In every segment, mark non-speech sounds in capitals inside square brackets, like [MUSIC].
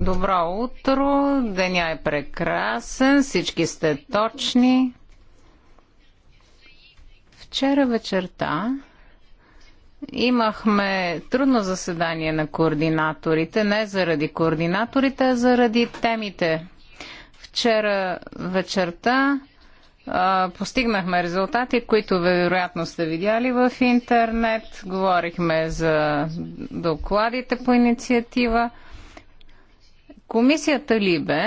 Добро утро, деня е прекрасен, всички сте точни. Вчера вечерта имахме трудно заседание на координаторите, не заради координаторите, а заради темите. Вчера вечерта постигнахме резултати, които вероятно сте видяли в интернет. Говорихме за докладите по инициатива. Комисията Либе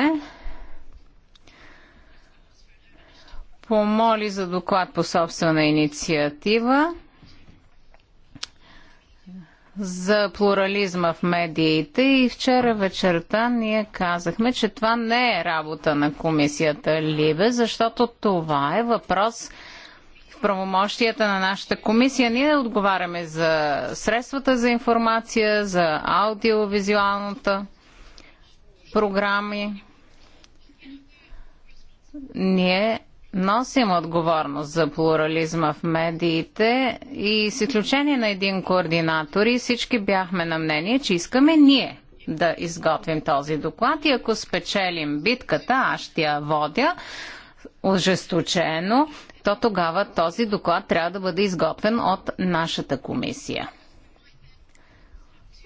помоли за доклад по собствена инициатива за плурализма в медиите и вчера вечерта ние казахме, че това не е работа на комисията Либе, защото това е въпрос в правомощията на нашата комисия. Ние отговаряме за средствата за информация, за аудиовизуалната програми. Ние носим отговорност за плурализма в медиите и с изключение на един координатор и всички бяхме на мнение, че искаме ние да изготвим този доклад и ако спечелим битката, аз ще я водя ожесточено, то тогава този доклад трябва да бъде изготвен от нашата комисия.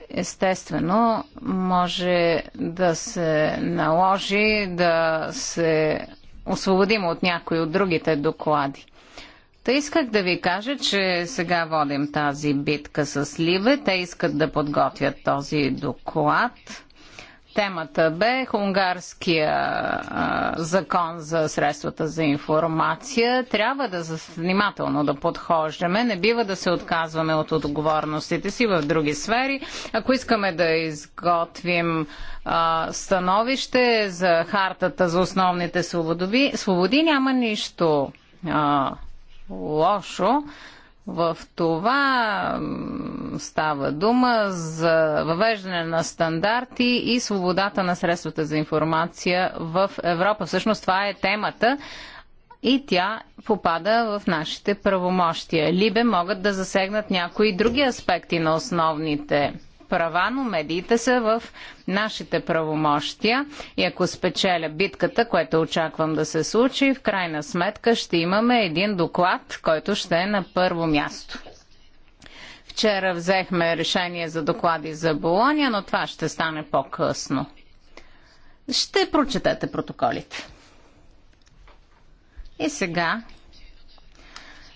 Естествено, може да се наложи да се освободим от някои от другите доклади. Та исках да ви кажа, че сега водим тази битка с Ливе. Те искат да подготвят този доклад. Темата бе хунгарския а, закон за средствата за информация. Трябва да внимателно да подхождаме. Не бива да се отказваме от отговорностите си в други сфери. Ако искаме да изготвим а, становище за хартата за основните свободи, свободи няма нищо а, лошо в това става дума за въвеждане на стандарти и свободата на средствата за информация в Европа. Всъщност това е темата и тя попада в нашите правомощия. Либе могат да засегнат някои други аспекти на основните права, но медиите са в нашите правомощия и ако спечеля битката, което очаквам да се случи, в крайна сметка ще имаме един доклад, който ще е на първо място. Вчера взехме решение за доклади за Болония, но това ще стане по-късно. Ще прочетете протоколите. И сега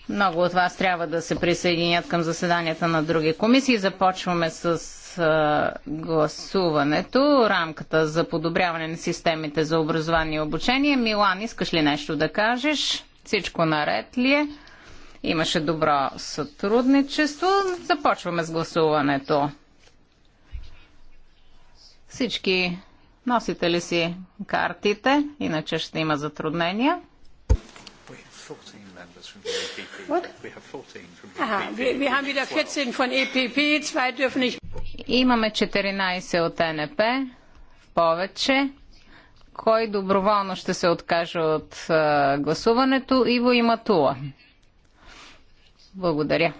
много от вас трябва да се присъединят към заседанията на други комисии. Започваме с гласуването, рамката за подобряване на системите за образование и обучение. Милан, искаш ли нещо да кажеш? Всичко наред ли е? Имаше добро сътрудничество. Започваме с гласуването. Всички носите ли си картите, иначе ще има затруднения. What? Aha, e wir, wir haben wieder 14 von EPP, zwei dürfen nicht. Имаме 14 от НП в повече. Кой доброволно ще се откаже от а, гласуването? Иво и Матула. Благодаря.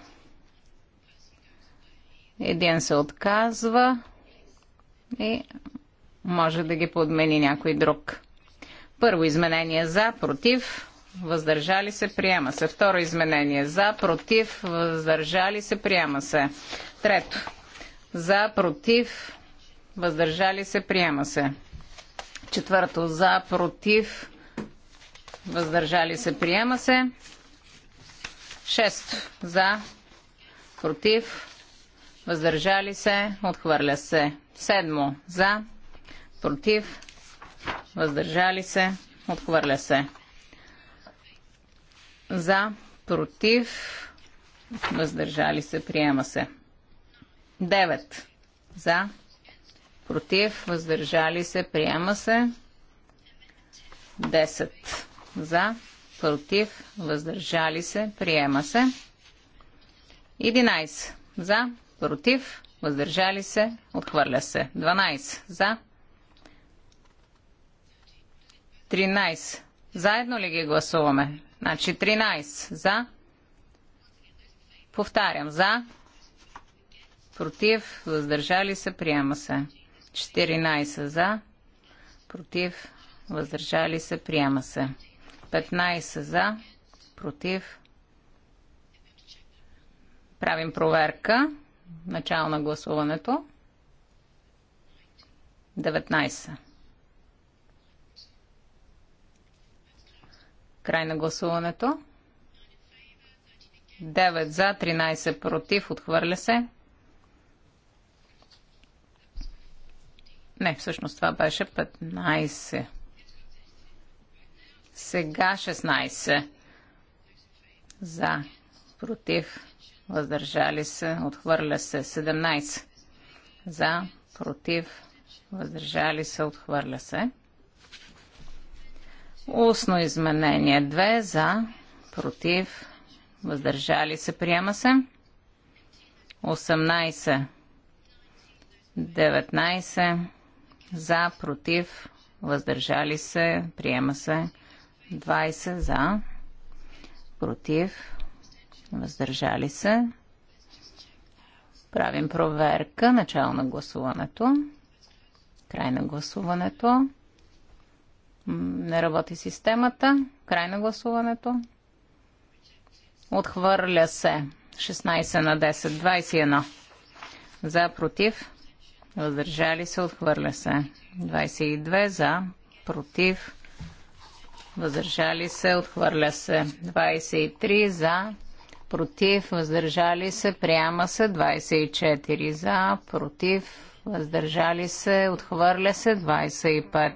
Един се отказва и може да ги подмени някой друг. Първо изменение за, против, въздържали се, приема се. Второ изменение за, против, въздържали се, приема се. Трето. За, против, въздържали се, приема се. Четвърто, за, против, въздържали се, приема се. Шесто, за, против, въздържали се, отхвърля се. Седмо, за, против, въздържали се, отхвърля се. За, против, въздържали се, приема се. 9. За. Против. Въздържали се. Приема се. 10. За. Против. Въздържали се. Приема се. 11. За. Против. Въздържали се. Отхвърля се. 12. За. 13. Заедно ли ги гласуваме? Значи 13. За. Повтарям. За против, въздържали се, приема се. 14 за, против, въздържали се, приема се. 15 за, против. Правим проверка. Начало на гласуването. 19. Край на гласуването. 9 за, 13 против, отхвърля се. Не, всъщност това беше 15. Сега 16. За, против, въздържали се, отхвърля се. 17. За, против, въздържали се, отхвърля се. Устно изменение 2 за, против, въздържали се, приема се. 18, 19, за, против, въздържали се, приема се 20 за, против, въздържали се. Правим проверка, начало на гласуването, край на гласуването. Не работи системата, край на гласуването. Отхвърля се 16 на 10, 21 за, против, въздържали се, отхвърля се. 22 за, против, въздържали се, отхвърля се. 23 за, против, въздържали се, приема се. 24 за, против, въздържали се, отхвърля се. 25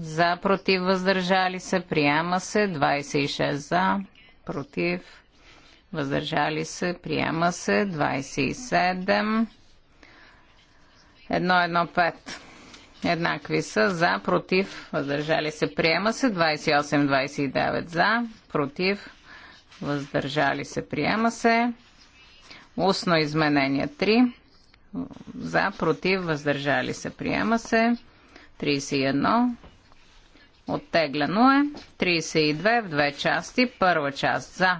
за, против, въздържали се, приема се. 26 за, против, въздържали се, приема се. 27 1-1-5. Еднакви са за, против, въздържали се, приема се. 28-29 за, против, въздържали се, приема се. Устно изменение 3. За, против, въздържали се, приема се. 31. Оттеглено е. 32 в две части. Първа част за,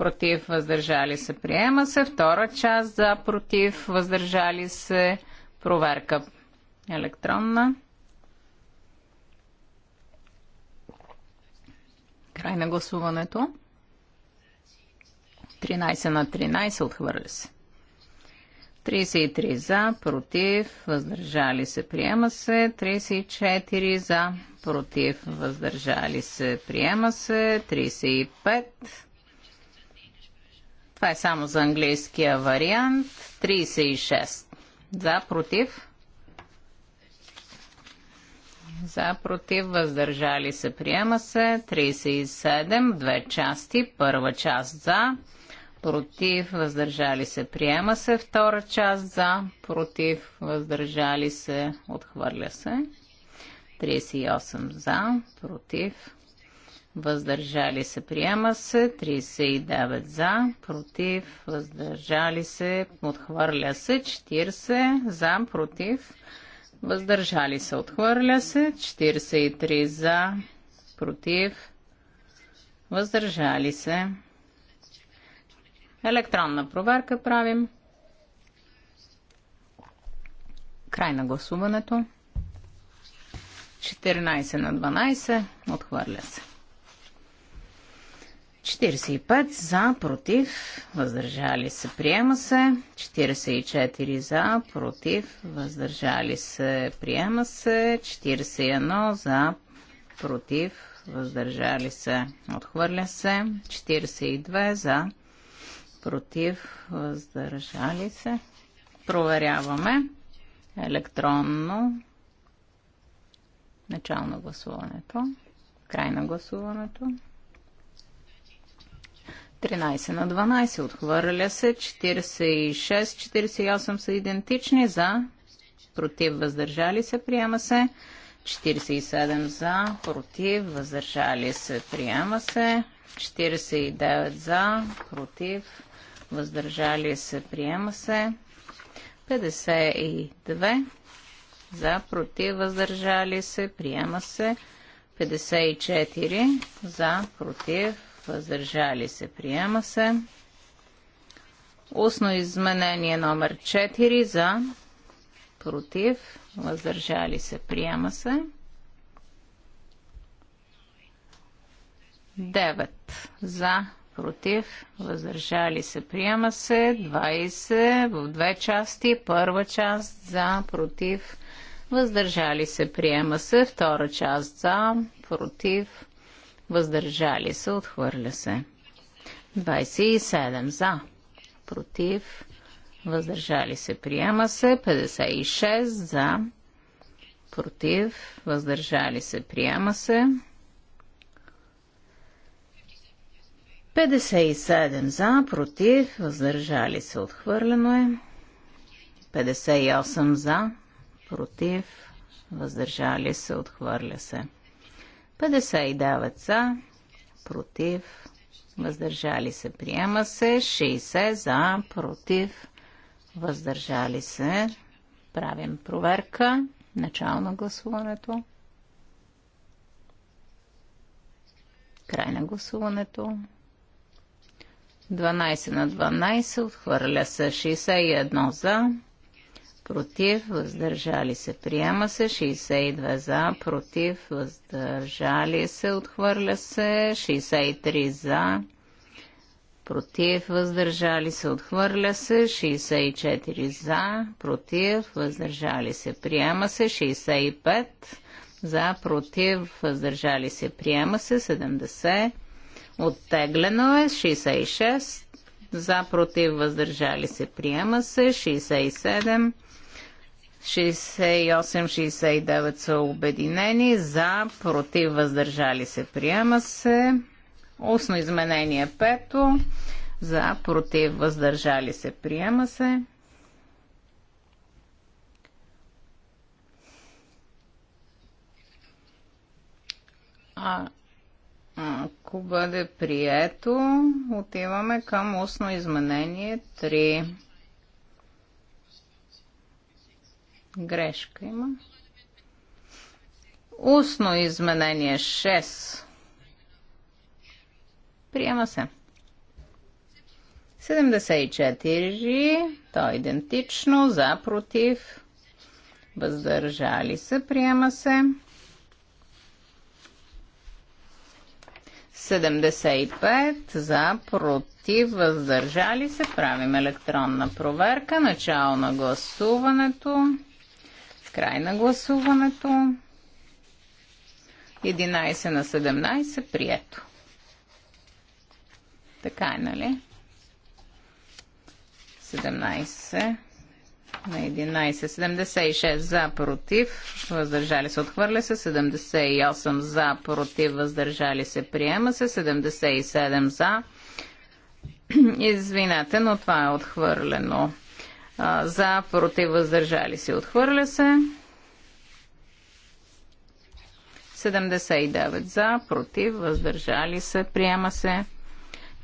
против, въздържали се, приема се. Втора част за, против, въздържали се, проверка електронна. Край на гласуването. 13 на 13 отхвърля се. 33 за, против, въздържали се, приема се. 34 за, против, въздържали се, приема се. 35 това е само за английския вариант. 36. За, против. За, против, въздържали се, приема се. 37, две части. Първа част за, против, въздържали се, приема се. Втора част за, против, въздържали се, отхвърля се. 38 за, против, въздържали се, приема се, 39 за, против, въздържали се, отхвърля се, 40 за, против, въздържали се, отхвърля се, 43 за, против, въздържали се. Електронна проверка правим. Край на гласуването. 14 на 12. Отхвърля се. 45 за, против, въздържали се, приема се. 44 за, против, въздържали се, приема се. 41 за, против, въздържали се, отхвърля се. 42 за, против, въздържали се. Проверяваме електронно начало на гласуването, край на гласуването. 13 на 12 отхвърля се. 46, 48 са идентични за. Против въздържали се. Приема се. 47 за. Против въздържали се. Приема се. 49 за. Против въздържали се. Приема се. 52 за. Против въздържали се. Приема се. 54 за. Против въздържали се, приема се. Устно изменение номер 4 за, против, въздържали се, приема се. 9 за, против, въздържали се, приема се. 20 в две части, първа част за, против, въздържали се, приема се. Втора част за, против, въздържали се, отхвърля се. 27 за, против, въздържали се, приема се. 56 за, против, въздържали се, приема се. 57 за, против, въздържали се, отхвърлено е. 58 за, против, въздържали се, отхвърля се. 59 за, против, въздържали се, приема се. 60 за, против, въздържали се. Правим проверка. Начало на гласуването. Край на гласуването. 12 на 12 отхвърля се 61 за против, въздържали се, приема се, 62 за, против, въздържали се, отхвърля се, 63 за, против, въздържали се, отхвърля се, 64 за, против, въздържали се, приема се, 65 за, против, въздържали се, приема се, 70, оттеглено е, 66 за, против, въздържали се, приема се, 67 68-69 са обединени. За, против, въздържали се. Приема се. Устно изменение 5. За, против, въздържали се. Приема се. А, ако бъде прието, отиваме към устно изменение 3. Грешка има. Устно изменение 6. Приема се. 74. То е идентично. За, против. Въздържали се. Приема се. 75 за, против, въздържали се. Правим електронна проверка. Начало на гласуването. Край на гласуването. 11 на 17, прието. Така е, нали? 17 на 11, 76 за, против, въздържали се, отхвърля се, 78 за, против, въздържали се, приема се, 77 за. [CLEARS THROAT] Извинете, но това е отхвърлено за, против, въздържали се, отхвърля се. 79 за, против, въздържали се, приема се.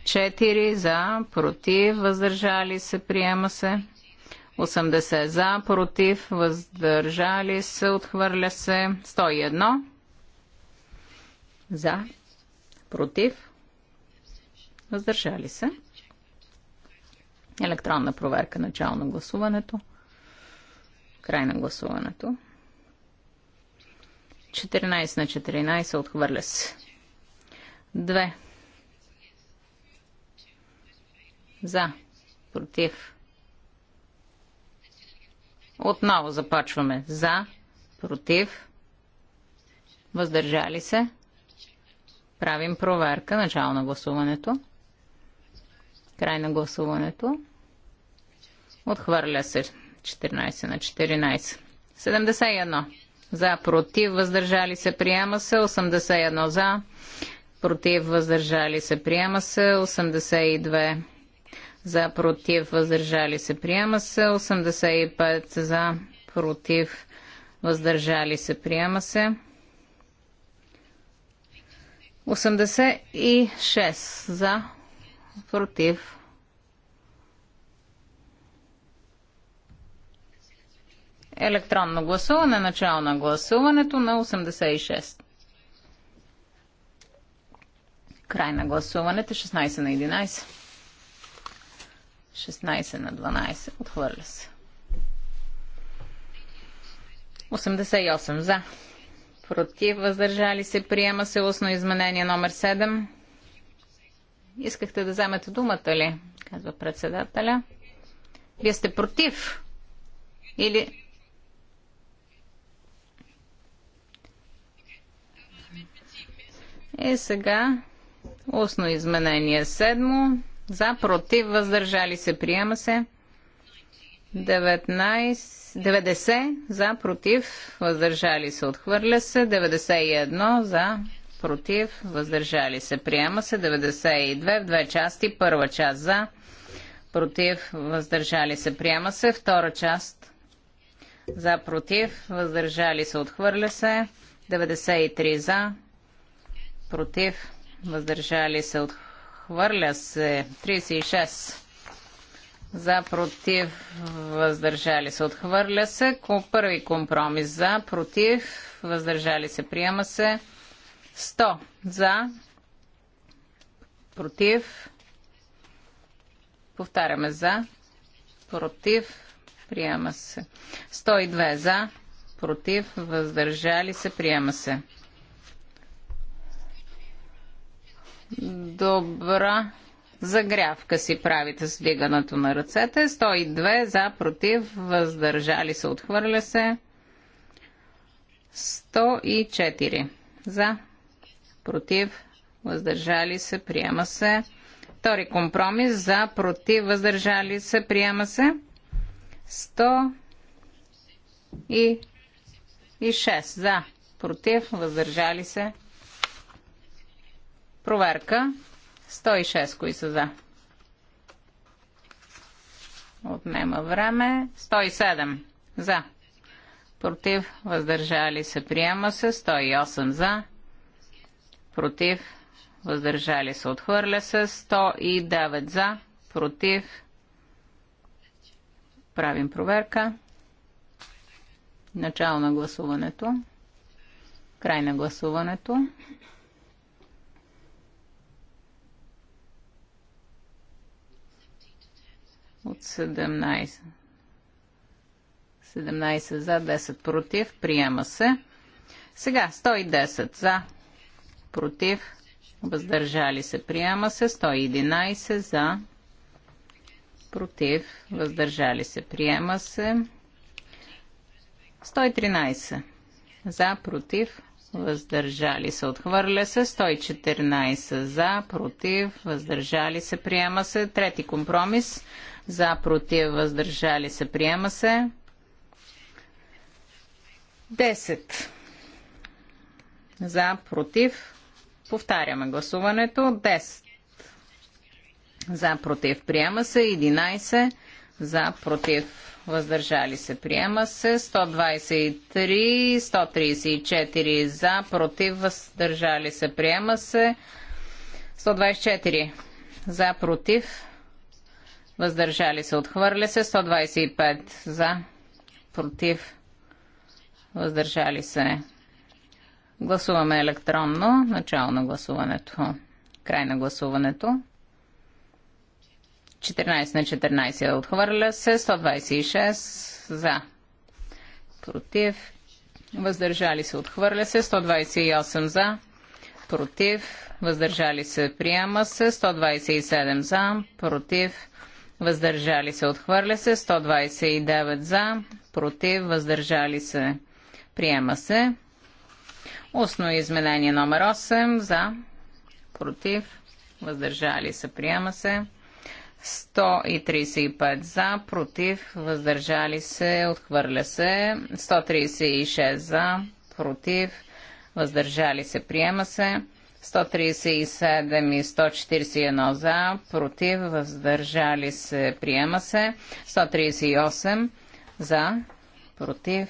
4 за, против, въздържали се, приема се. 80 за, против, въздържали се, отхвърля се. 101 за, против, въздържали се. Електронна проверка. Начало на гласуването. Край на гласуването. 14 на 14. Отхвърля се. 2. За. Против. Отново започваме. За. Против. Въздържали се. Правим проверка. Начало на гласуването. Край на гласуването. Отхвърля се 14 на 14. 71. За, против, въздържали се, приема се. 81 за, против, въздържали се, приема се. 82 за, против, въздържали се, приема се. 85 за, против, въздържали се, приема се. 86 за, против. Електронно гласуване, начало на гласуването на 86. Край на гласуването 16 на 11. 16 на 12. Отхвърля се. 88 за. Против въздържали се. Приема се устно изменение номер 7. Искахте да вземете думата ли? Казва председателя. Вие сте против? Или... И е, сега устно изменение седмо. За, против, въздържали се, приема се. 19, 90 за, против, въздържали се, отхвърля се. 91 за, против, въздържали се. Приема се 92 в две части. Първа част за, против, въздържали се. Приема се втора част за, против, въздържали се. Отхвърля се. 93 за, против, въздържали се. Отхвърля се. 36 за, против, въздържали се, отхвърля се. Първи компромис за, против, въздържали се, приема се. 100 за, против, повтаряме за, против, приема се. 102 за, против, въздържали се, приема се. Добра загрявка си правите с вдигането на ръцете. 102 за, против, въздържали се, отхвърля се. 104 за, против, въздържали се, приема се. Втори компромис за, против, въздържали се, приема се. 100 и, и 6 за, против, въздържали се. Проверка. 106, кои са за? Отнема време. 107 за. Против, въздържали се, приема се. 108 за против, въздържали се, отхвърля се, 109 за, против, правим проверка, начало на гласуването, край на гласуването. От 17. 17 за, 10 против. Приема се. Сега 110 за, против, въздържали се, приема се. 111 за, против, въздържали се, приема се. 113 за, против, въздържали се, отхвърля се. 114 за, против, въздържали се, приема се. Трети компромис за, против, въздържали се, приема се. 10 за, против, Повтаряме гласуването. 10 за, против, приема се. 11 за, против, въздържали се. Приема се 123, 134 за, против, въздържали се. Приема се 124 за, против, въздържали се. Отхвърля се 125 за, против, въздържали се. Гласуваме електронно. Начало на гласуването. Край на гласуването. 14 на 14 отхвърля се. 126 за. Против. Въздържали се. Отхвърля се. 128 за. Против. Въздържали се. Приема се. 127 за. Против. Въздържали се. Отхвърля се. 129 за. Против. Въздържали се. Приема се. Устно изменение номер 8 за, против, въздържали се, приема се. 135 за, против, въздържали се, отхвърля се. 136 за, против, въздържали се, приема се. 137 и 141 за, против, въздържали се, приема се. 138 за, против,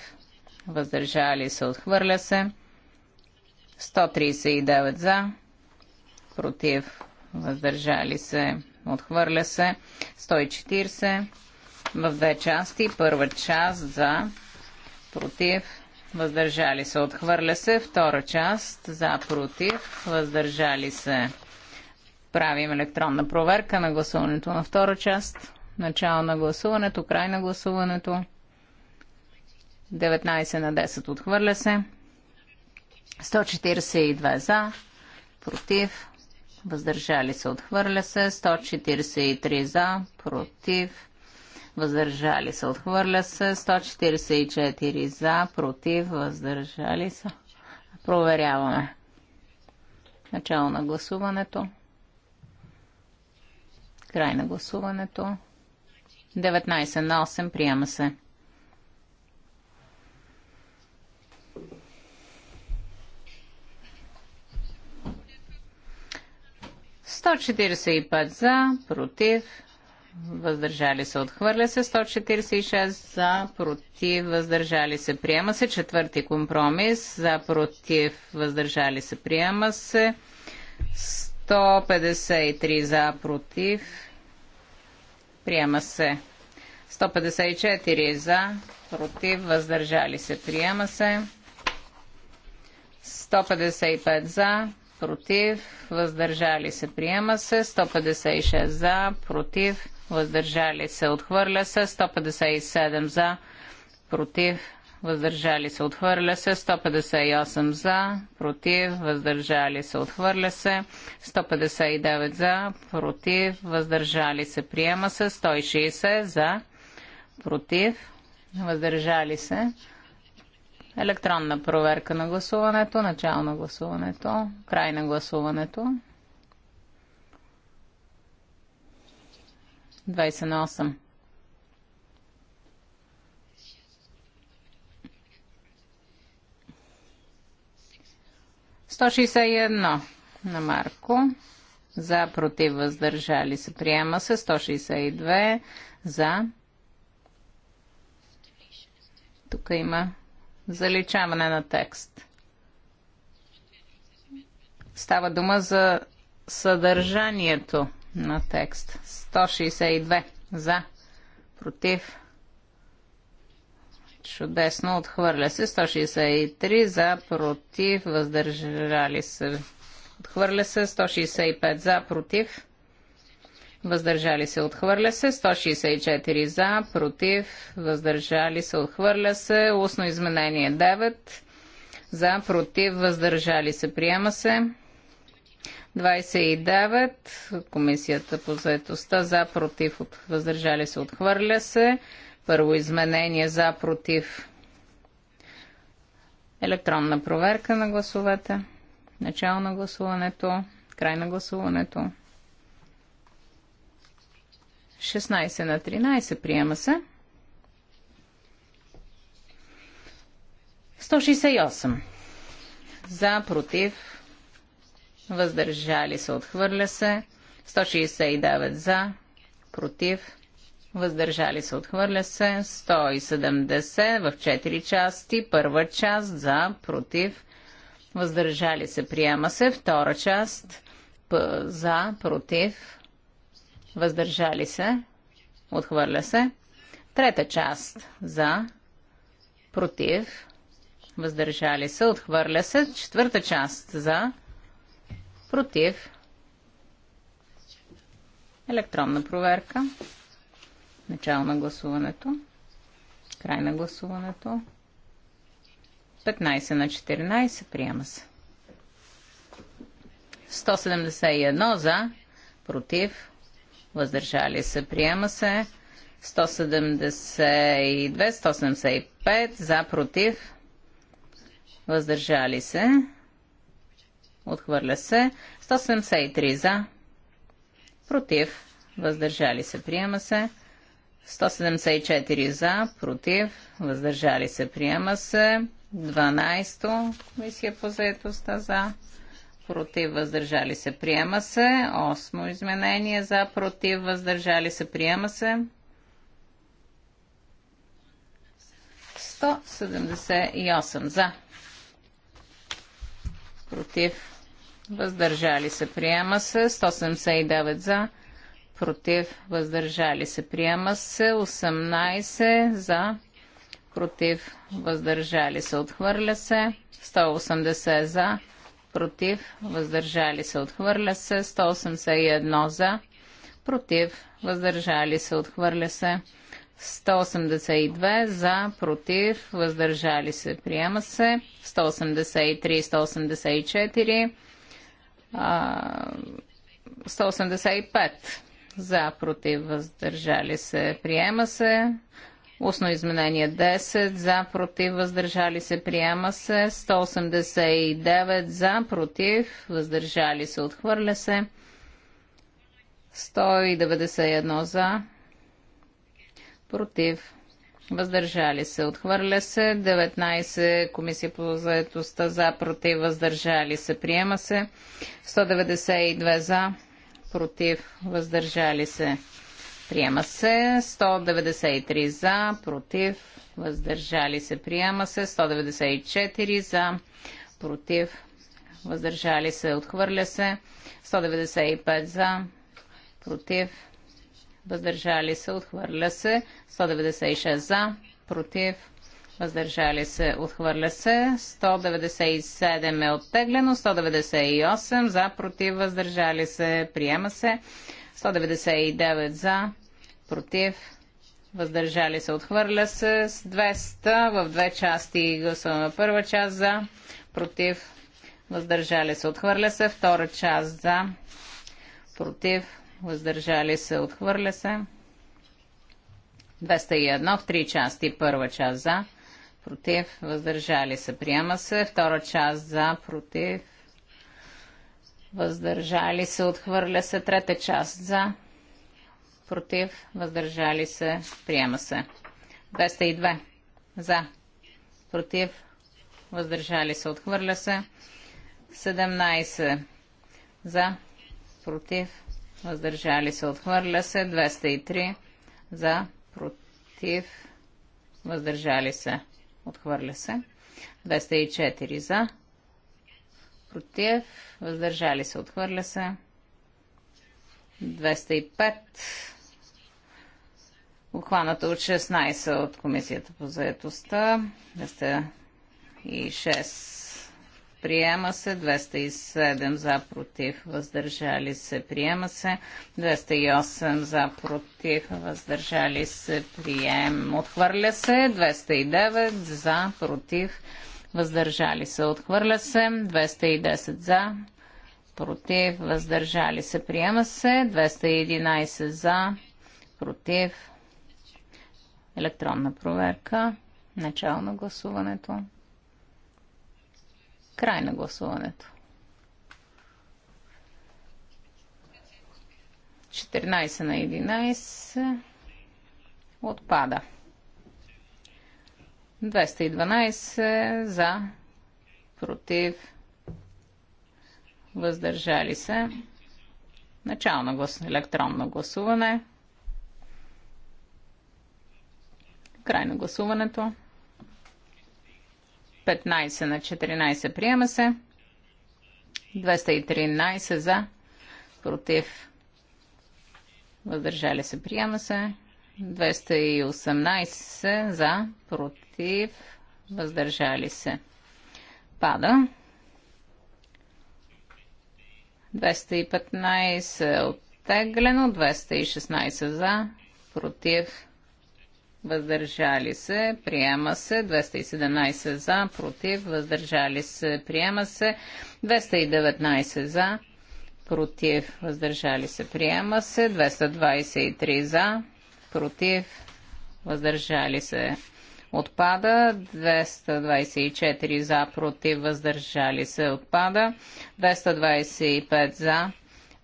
въздържали се, отхвърля се. 139 за, против, въздържали се, отхвърля се. 140 в две части. Първа част за, против, въздържали се, отхвърля се. Втора част за, против, въздържали се. Правим електронна проверка на гласуването на втора част. Начало на гласуването, край на гласуването. 19 на 10 отхвърля се. 142 за, против, въздържали се, отхвърля се. 143 за, против, въздържали се, отхвърля се. 144 за, против, въздържали се. Проверяваме. Начало на гласуването. Край на гласуването. 19 на 8 приема се. 145 за, против, въздържали се, отхвърля се. 146 за, против, въздържали се, приема се. Четвърти компромис за, против, въздържали се, приема се. 153 за, против, приема се. 154 за, против, въздържали се, приема се. 155 за, против, въздържали се, приема се, 156 за, против, въздържали се, отхвърля се, 157 за, против, въздържали се, отхвърля се, 158 за, против, въздържали се, отхвърля се, 159 за, против, въздържали се, приема се, 160 за, против, въздържали се, Електронна проверка на гласуването, начало на гласуването, край на гласуването. 20 на 8. 161 на Марко. За, против, въздържали се. Приема се. 162 за. Тук има заличаване на текст. Става дума за съдържанието на текст. 162 за, против. Чудесно, отхвърля се. 163 за, против, въздържали се. Отхвърля се. 165 за, против въздържали се, отхвърля се, 164 за, против, въздържали се, отхвърля се, устно изменение 9 за, против, въздържали се, приема се. 29. Комисията по заедостта за, против, въздържали се, отхвърля се. Първо изменение за, против. Електронна проверка на гласовете. Начало на гласуването. Край на гласуването. 16 на 13 приема се. 168. За, против, въздържали се, отхвърля се. 169 за, против, въздържали се, отхвърля се. 170 в 4 части. Първа част за, против, въздържали се, приема се. Втора част за, против, въздържали се, отхвърля се. Трета част за, против, въздържали се, отхвърля се. Четвърта част за, против, електронна проверка, начало на гласуването, край на гласуването, 15 на 14, приема се. 171 за, против, въздържали се, приема се. 172, 175 за, против, въздържали се, отхвърля се. 173 за, против, въздържали се, приема се. 174 за, против, въздържали се, приема се. 12 комисия по заедостта за, против въздържали се, приема се. Осмо изменение за против въздържали се, приема се. 178 за против въздържали се, приема се. 179 за против въздържали се, приема се. 18 за против въздържали се, отхвърля се. 180 за против, въздържали се, отхвърля се. 181 за, против, въздържали се, отхвърля се. 182 за, против, въздържали се, приема се. 183, 184, 185 за, против, въздържали се, приема се. Устно изменение 10 за, против, въздържали се, приема се. 189 за, против, въздържали се, отхвърля се. 191 за, против, въздържали се, отхвърля се. 19 комисия по заедостта за, против, въздържали се, приема се. 192 за, против, въздържали се. Приема се 193 за, против, въздържали се. Приема се 194 за, против, въздържали се. Отхвърля се 195 за, против, въздържали се. Отхвърля се 196 за, против, въздържали се. Отхвърля се 197 е оттеглено, 198 за, против, въздържали се. Приема се 199 за, против, въздържали се, отхвърля се. С 200 в две части гласуваме първа част за, против, въздържали се, отхвърля се. Втора част за, против, въздържали се, отхвърля се. 201 в три части, първа част за, против, въздържали се, приема се. Втора част за, против, въздържали се, отхвърля се. Трета част за, против, въздържали се, приема се. 202 за, против, въздържали се, отхвърля се. 17 за, против, въздържали се, отхвърля се. 203 за, против, въздържали се, отхвърля се. 204 за, против, въздържали се, отхвърля се. 205, обхваната от 16 от Комисията по заедостта. 206, приема се. 207 за против, въздържали се, приема се. 208 за против, въздържали се, прием, отхвърля се. 209 за против, въздържали се въздържали се, отхвърля се, 210 за, против, въздържали се, приема се, 211 за, против, електронна проверка, начало на гласуването, край на гласуването. 14 на 11 отпада. 212 за, против, въздържали се. Начало на глас, електронно гласуване. Край на гласуването. 15 на 14 приема се. 213 за, против, въздържали се, приема се. 218 за, против, въздържали се. Пада. 215 е оттеглено, 216 за, против, въздържали се, приема се, 217 за, против, въздържали се, приема се, 219 за, против, въздържали се, приема се, 223 за, против, въздържали се. Отпада. 224 за, против, въздържали се. Отпада. 225 за,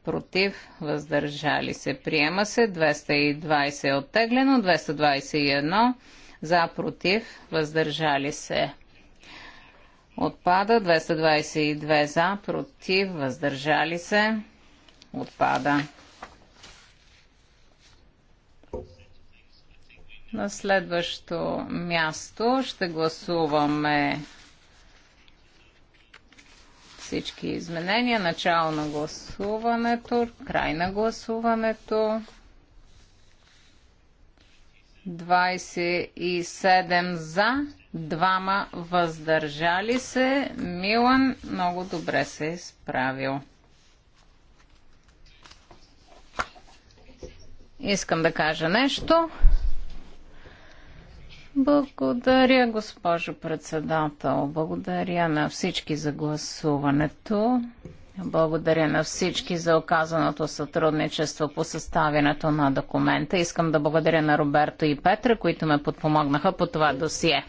против, въздържали се. Приема се. 220 е оттеглено. 221 за, против, въздържали се. Отпада. 222 за, против, въздържали се. Отпада. На следващо място ще гласуваме всички изменения. Начало на гласуването, край на гласуването. 27 за, двама въздържали се. Милан много добре се е справил. Искам да кажа нещо. Благодаря, госпожо председател. Благодаря на всички за гласуването. Благодаря на всички за оказаното сътрудничество по съставянето на документа. Искам да благодаря на Роберто и Петра, които ме подпомогнаха по това досие.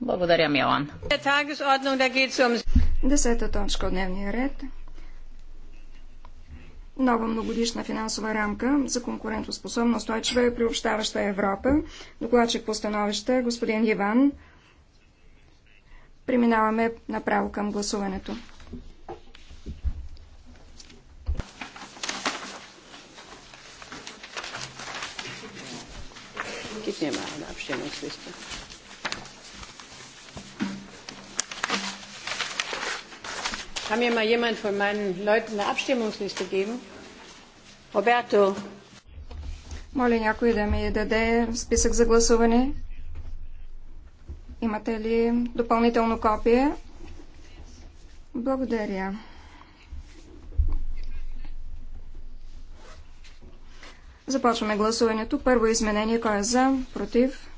Благодаря, Милан. Десета точка от дневния ред нова многодишна финансова рамка за конкурентоспособна, устойчива и приобщаваща Европа. Докладчик по становище, господин Иван. Преминаваме направо към гласуването. Gib Kann mir mal jemand von meinen Leuten eine Abstimmungsliste geben? Roberto. Моля някой да ми даде списък за гласуване. Имате ли допълнително копие? Благодаря. Започваме гласуването. Първо изменение. Кой е за? Против?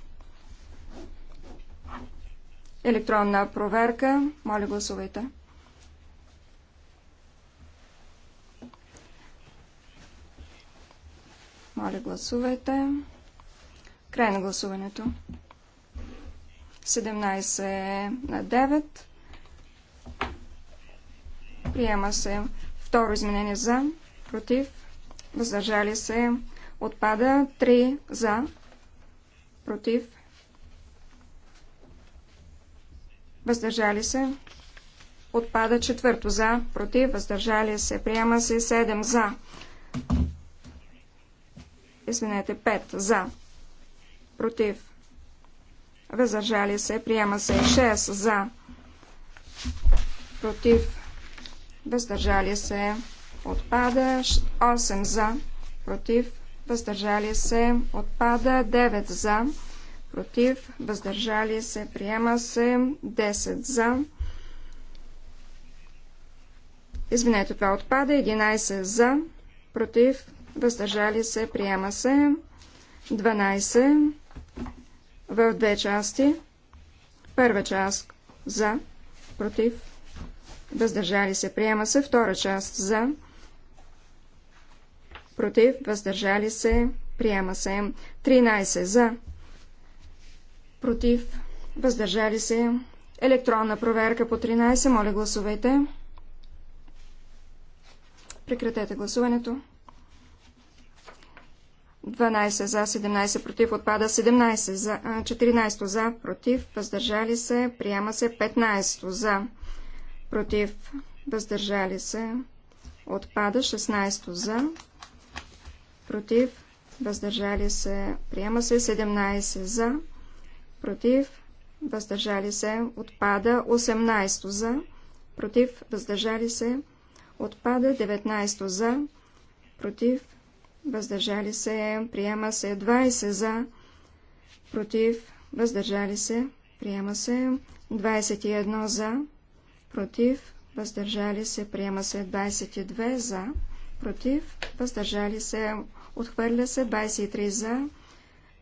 Електронна проверка. Моля гласувайте. Моля, гласувайте. Край на гласуването. 17 на 9. Приема се второ изменение за, против, въздържали се, отпада 3 за, против, въздържали се, отпада четвърто за, против, въздържали се, приема се 7 за, Извинете, 5 за. Против. Въздържали се. Приема се 6 за. Против. Въздържали се. Отпада 8 за. Против. Въздържали се. Отпада 9 за. Против. Въздържали се. Приема се 10 за. Извинете, това отпада. 11 за. Против въздържали се, приема се. 12 в две части. Първа част за, против, въздържали се, приема се. Втора част за, против, въздържали се, приема се. 13 за, против, въздържали се. Електронна проверка по 13. Моля, гласувайте. Прекратете гласуването. 12 за, 17 против, отпада 17 за, 14 за, против, въздържали се, приема се 15 за, против, въздържали се, отпада 16 за, против, въздържали се, приема се 17 за, против, въздържали се, отпада 18 за, против, въздържали се, отпада 19 за, против, въздържали се, приема се 20 за, против, въздържали се, приема се 21 за, против, въздържали се, приема се 22 за, против, въздържали се, отхвърля се 23 за,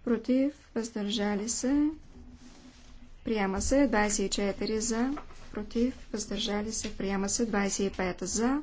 против, въздържали се, приема се 24 за, против, въздържали се, приема се 25 за,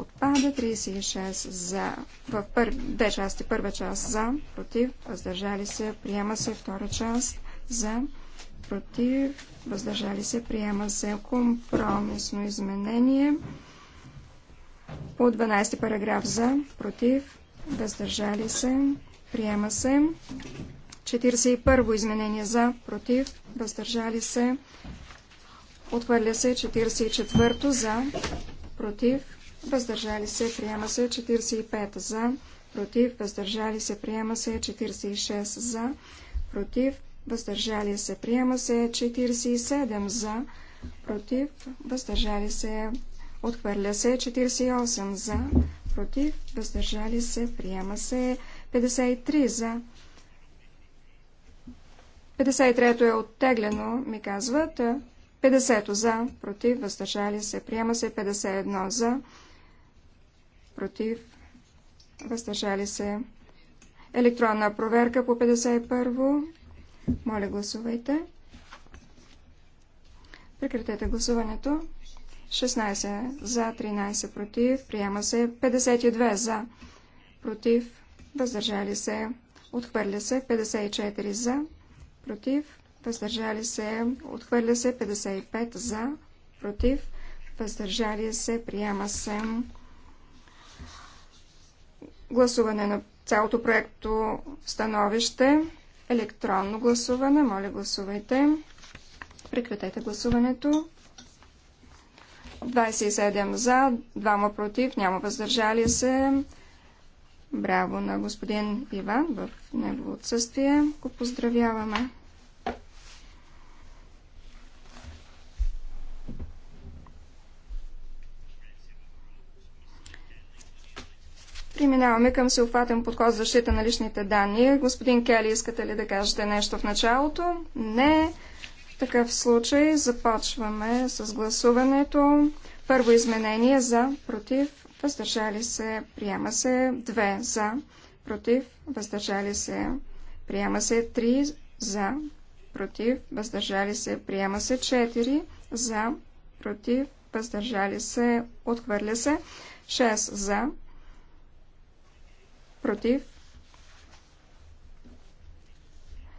отпада, 36 за, в пър, две части, първа част за, против, въздържали се, приема се, втора част за, против, въздържали се, приема се, компромисно изменение по 12 параграф за, против, въздържали се, приема се, 41 изменение за, против, въздържали се, отхвърля се, 44 за, против, въздържали се, приема се 45 за, против, въздържали се, приема се 46 за, против, въздържали се, приема се 47 за, против, въздържали се, отхвърля се 48 за, против, въздържали се, приема се 53 за. 53-то е оттеглено, ми казват. 50 за, против, въздържали се, приема се 51 за, против, въздържали се. Електронна проверка по 51. Моля, гласувайте. Прекратете гласуването. 16 за, 13 против. Приема се 52 за, против, въздържали се. Отхвърля се 54 за, против, въздържали се. Отхвърля се 55 за, против, въздържали се. Приема се. Гласуване на цялото проекто становище. Електронно гласуване. Моля, гласувайте. Прекратете гласуването. 27 за, 2 против, няма въздържали се. Браво на господин Иван в негово отсъствие. Го поздравяваме. Преминаваме към всеобхватен подход за защита на личните данни. Господин Кели, искате ли да кажете нещо в началото? Не. В такъв случай започваме с гласуването. Първо изменение за, против, въздържали се, приема се. Две за, против, въздържали се, приема се. Три за, против, въздържали се, приема се. Четири за, против, въздържали се, отхвърля се. 6 за, против.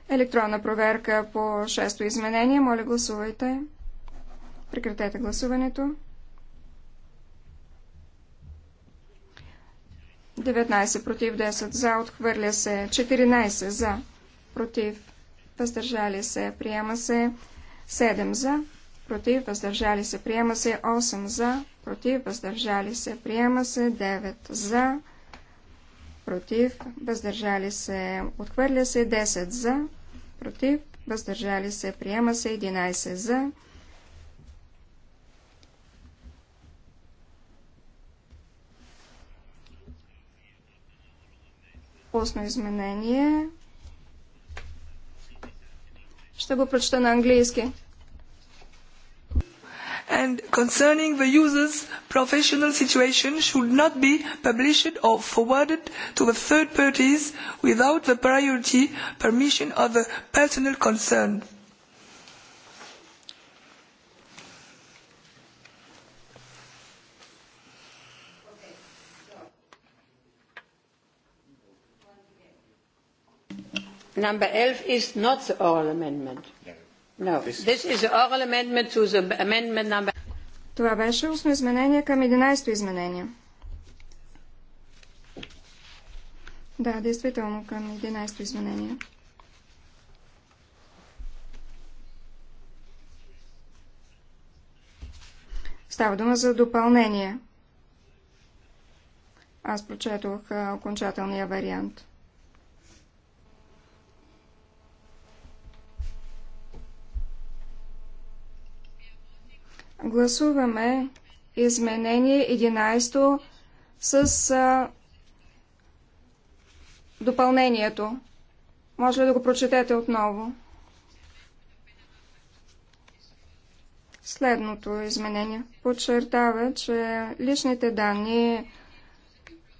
Електронна проверка по шесто изменение. Моля, гласувайте. Прекратете гласуването. 19 против 10 за, отхвърля се 14 за, против, въздържали се, приема се 7 за, против, въздържали се, приема се 8 за, против, въздържали се, приема се 9 за, против, въздържали се, отхвърля се 10 за, против, въздържали се, приема се 11 за. Устно изменение. Ще го прочета на английски and concerning the user's professional situation should not be published or forwarded to the third parties without the prior permission of the personal concerned. Number 11 is not the oral amendment. No, this is oral amendment to the amendment number... Това беше устно изменение към 11-то изменение. Да, действително към 11-то изменение. Става дума за допълнение. Аз прочетох окончателния вариант. Гласуваме изменение 11 с а, допълнението. Може ли да го прочетете отново? Следното изменение подчертава, че личните данни,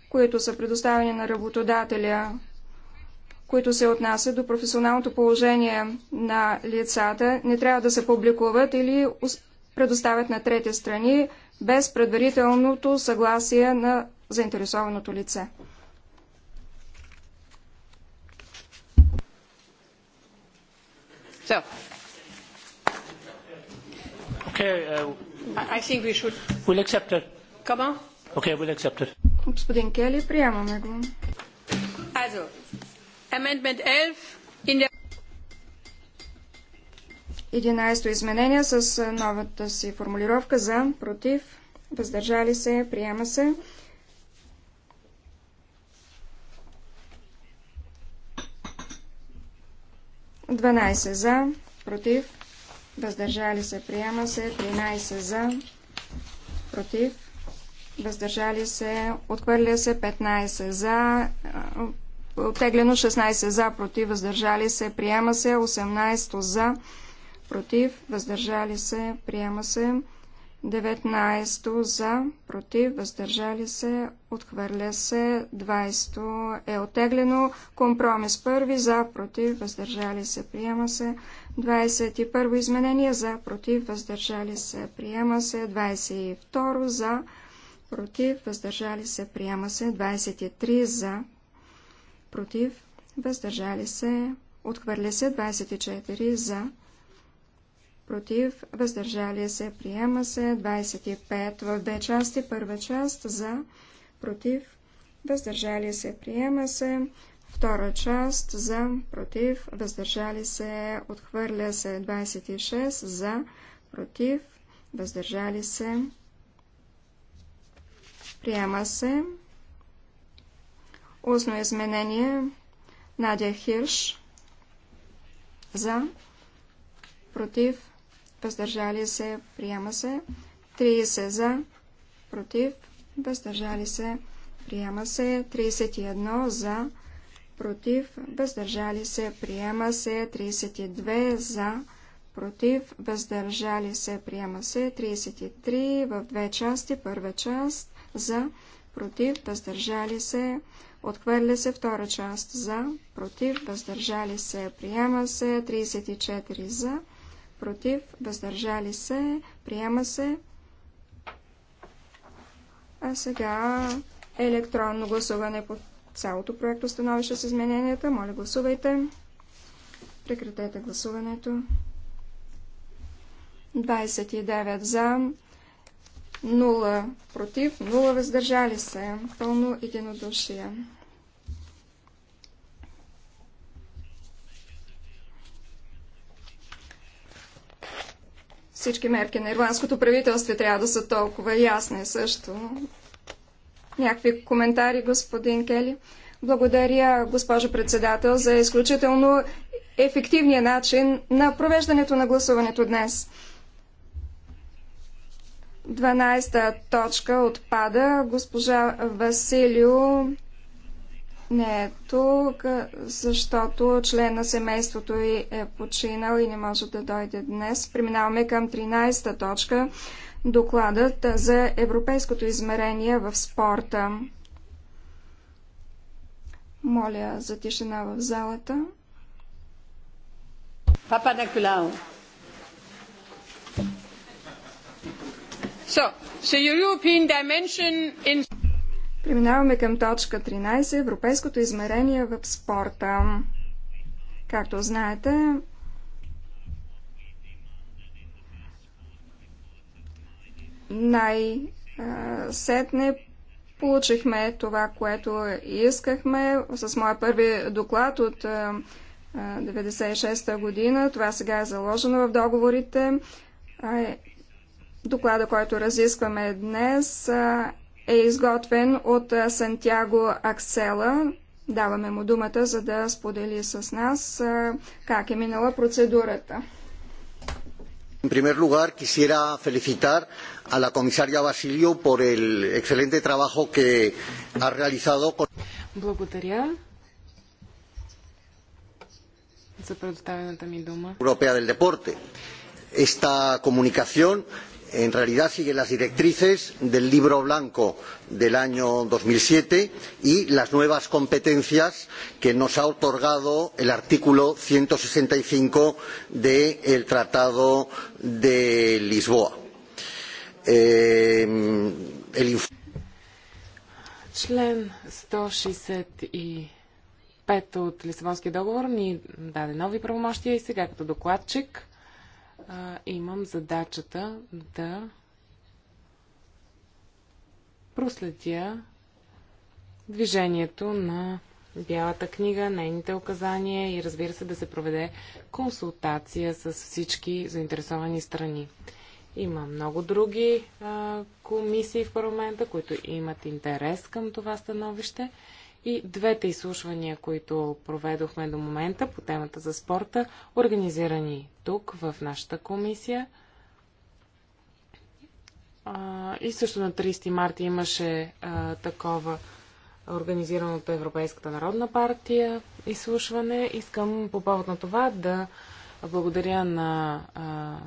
които са предоставени на работодателя, които се отнасят до професионалното положение на лицата, не трябва да се публикуват или предоставят на трети страни без предварителното съгласие на заинтересованото лице. So. Okay, uh, I think we should... We'll accept it. Come on. Okay, we'll accept it. Господин Кели, приемаме го. Also, amendment 11 in the... 11 изменение с новата си формулировка за, против, въздържали се, приема се. Дванайсе за, против, въздържали се, приема се. Тринайсе за, против, въздържали се, отхвърля се. Петнайсе за, оттеглено. Шестнайсе за, против, въздържали се, приема се. Осемнайсто за, против против, въздържали се, приема се. 19 за, против, въздържали се, отхвърля се, 20 е отеглено, компромис първи за, против, въздържали се, приема се, 21 изменение за, против, въздържали се, приема се, 22 за, против, въздържали се, приема се, 23 за, против, въздържали се, отхвърля се, 24 за, против, въздържали се, приема се, 25 в две части, първа част за, против, въздържали се, приема се, втора част за, против, въздържали се, отхвърля се, 26 за, против, въздържали се, приема се. Устно изменение Надя Хирш за, против, въздържали се, приема се. 30 за, против, въздържали се, приема се. 31 за, против, въздържали се, приема се. 32 за, против, въздържали се, приема се. 33 в две части, първа част за, против, въздържали се, отхвърля се втора част за, против, въздържали се, приема се, 34 за, против, въздържали се, приема се. А сега електронно гласуване по цялото проекто становище с измененията. Моля, гласувайте. Прекратете гласуването. 29 за, 0 против, 0 въздържали се. Пълно единодушие. Всички мерки на ирландското правителство трябва да са толкова ясни също. Някакви коментари, господин Кели? Благодаря, госпожо председател, за изключително ефективния начин на провеждането на гласуването днес. 12-та точка отпада. Госпожа Василио не е тук, защото член на семейството й е починал и не може да дойде днес. Преминаваме към 13-та точка. Докладът за европейското измерение в спорта. Моля за тишина в залата. Папа Николао. So, the European dimension in Преминаваме към точка 13 Европейското измерение в спорта. Както знаете, най-сетне получихме това, което искахме с моя първи доклад от 96-та година. Това сега е заложено в договорите. Е, доклада, който разискваме днес, е изготвен от Сантьяго Аксела. Даваме му думата, за да сподели с нас как е минала процедурата. En primer lugar, quisiera felicitar a la comisaria Basilio por el excelente trabajo que ha realizado. Con... за Europea del Deporte. Esta comunicación en realidad sigue las directrices del libro blanco del año dos mil siete y las nuevas competencias que nos ha otorgado el artículo ciento sesenta y cinco del tratado de lisboa Член 165 от Лисабонския договор ни даде нови правомощия и сега като докладчик а, имам задачата да проследя движението на Бялата книга, нейните указания и разбира се да се проведе консултация с всички заинтересовани страни. Има много други а, комисии в парламента, които имат интерес към това становище и двете изслушвания, които проведохме до момента по темата за спорта, организирани тук в нашата комисия. И също на 30 марта имаше такова организирано от Европейската народна партия изслушване. Искам по повод на това да благодаря на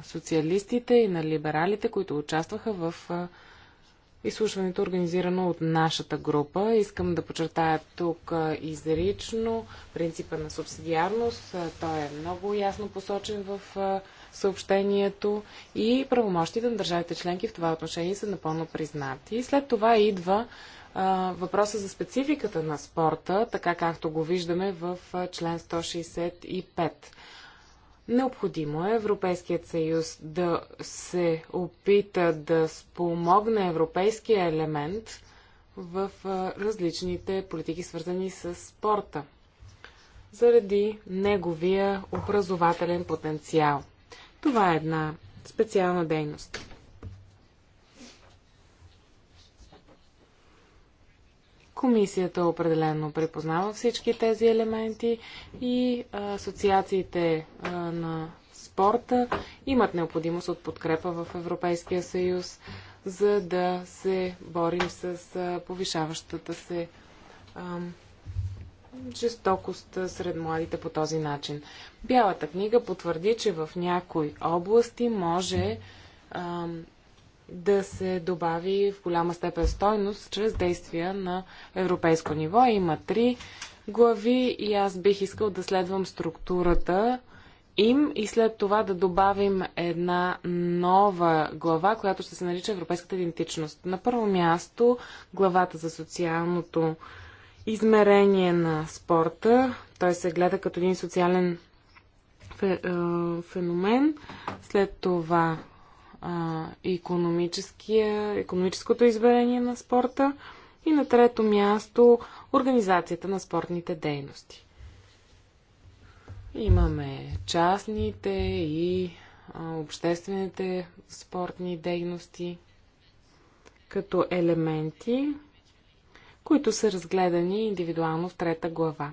социалистите и на либералите, които участваха в Изслушването е организирано от нашата група. Искам да подчертая тук изрично принципа на субсидиарност. Той е много ясно посочен в съобщението и правомощите на държавите членки в това отношение са напълно признати. И след това идва въпроса за спецификата на спорта, така както го виждаме в член 165. Необходимо е Европейският съюз да се опита да спомогне европейския елемент в различните политики, свързани с спорта, заради неговия образователен потенциал. Това е една специална дейност. Комисията определено припознава всички тези елементи и асоциациите на спорта имат необходимост от подкрепа в Европейския съюз, за да се борим с повишаващата се жестокост сред младите по този начин. Бялата книга потвърди, че в някои области може да се добави в голяма степен стойност чрез действия на европейско ниво. Има три глави и аз бих искал да следвам структурата им и след това да добавим една нова глава, която ще се нарича Европейската идентичност. На първо място главата за социалното измерение на спорта. Той се гледа като един социален е, феномен. След това а, економическото измерение на спорта и на трето място организацията на спортните дейности. Имаме частните и а, обществените спортни дейности като елементи, които са разгледани индивидуално в трета глава.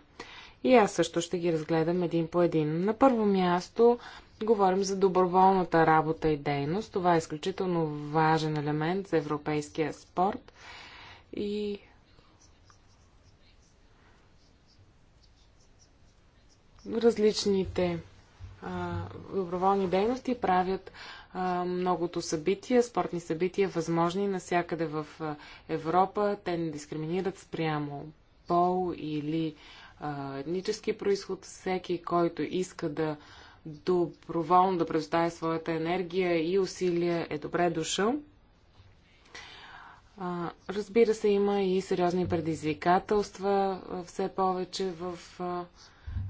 И аз също ще ги разгледам един по един. На първо място Говорим за доброволната работа и дейност. Това е изключително важен елемент за европейския спорт и различните а, доброволни дейности правят а, многото събития, спортни събития, възможни навсякъде в Европа. Те не дискриминират спрямо пол или а, етнически происход. Всеки, който иска да доброволно да предоставя своята енергия и усилия, е добре дошъл. Разбира се, има и сериозни предизвикателства все повече в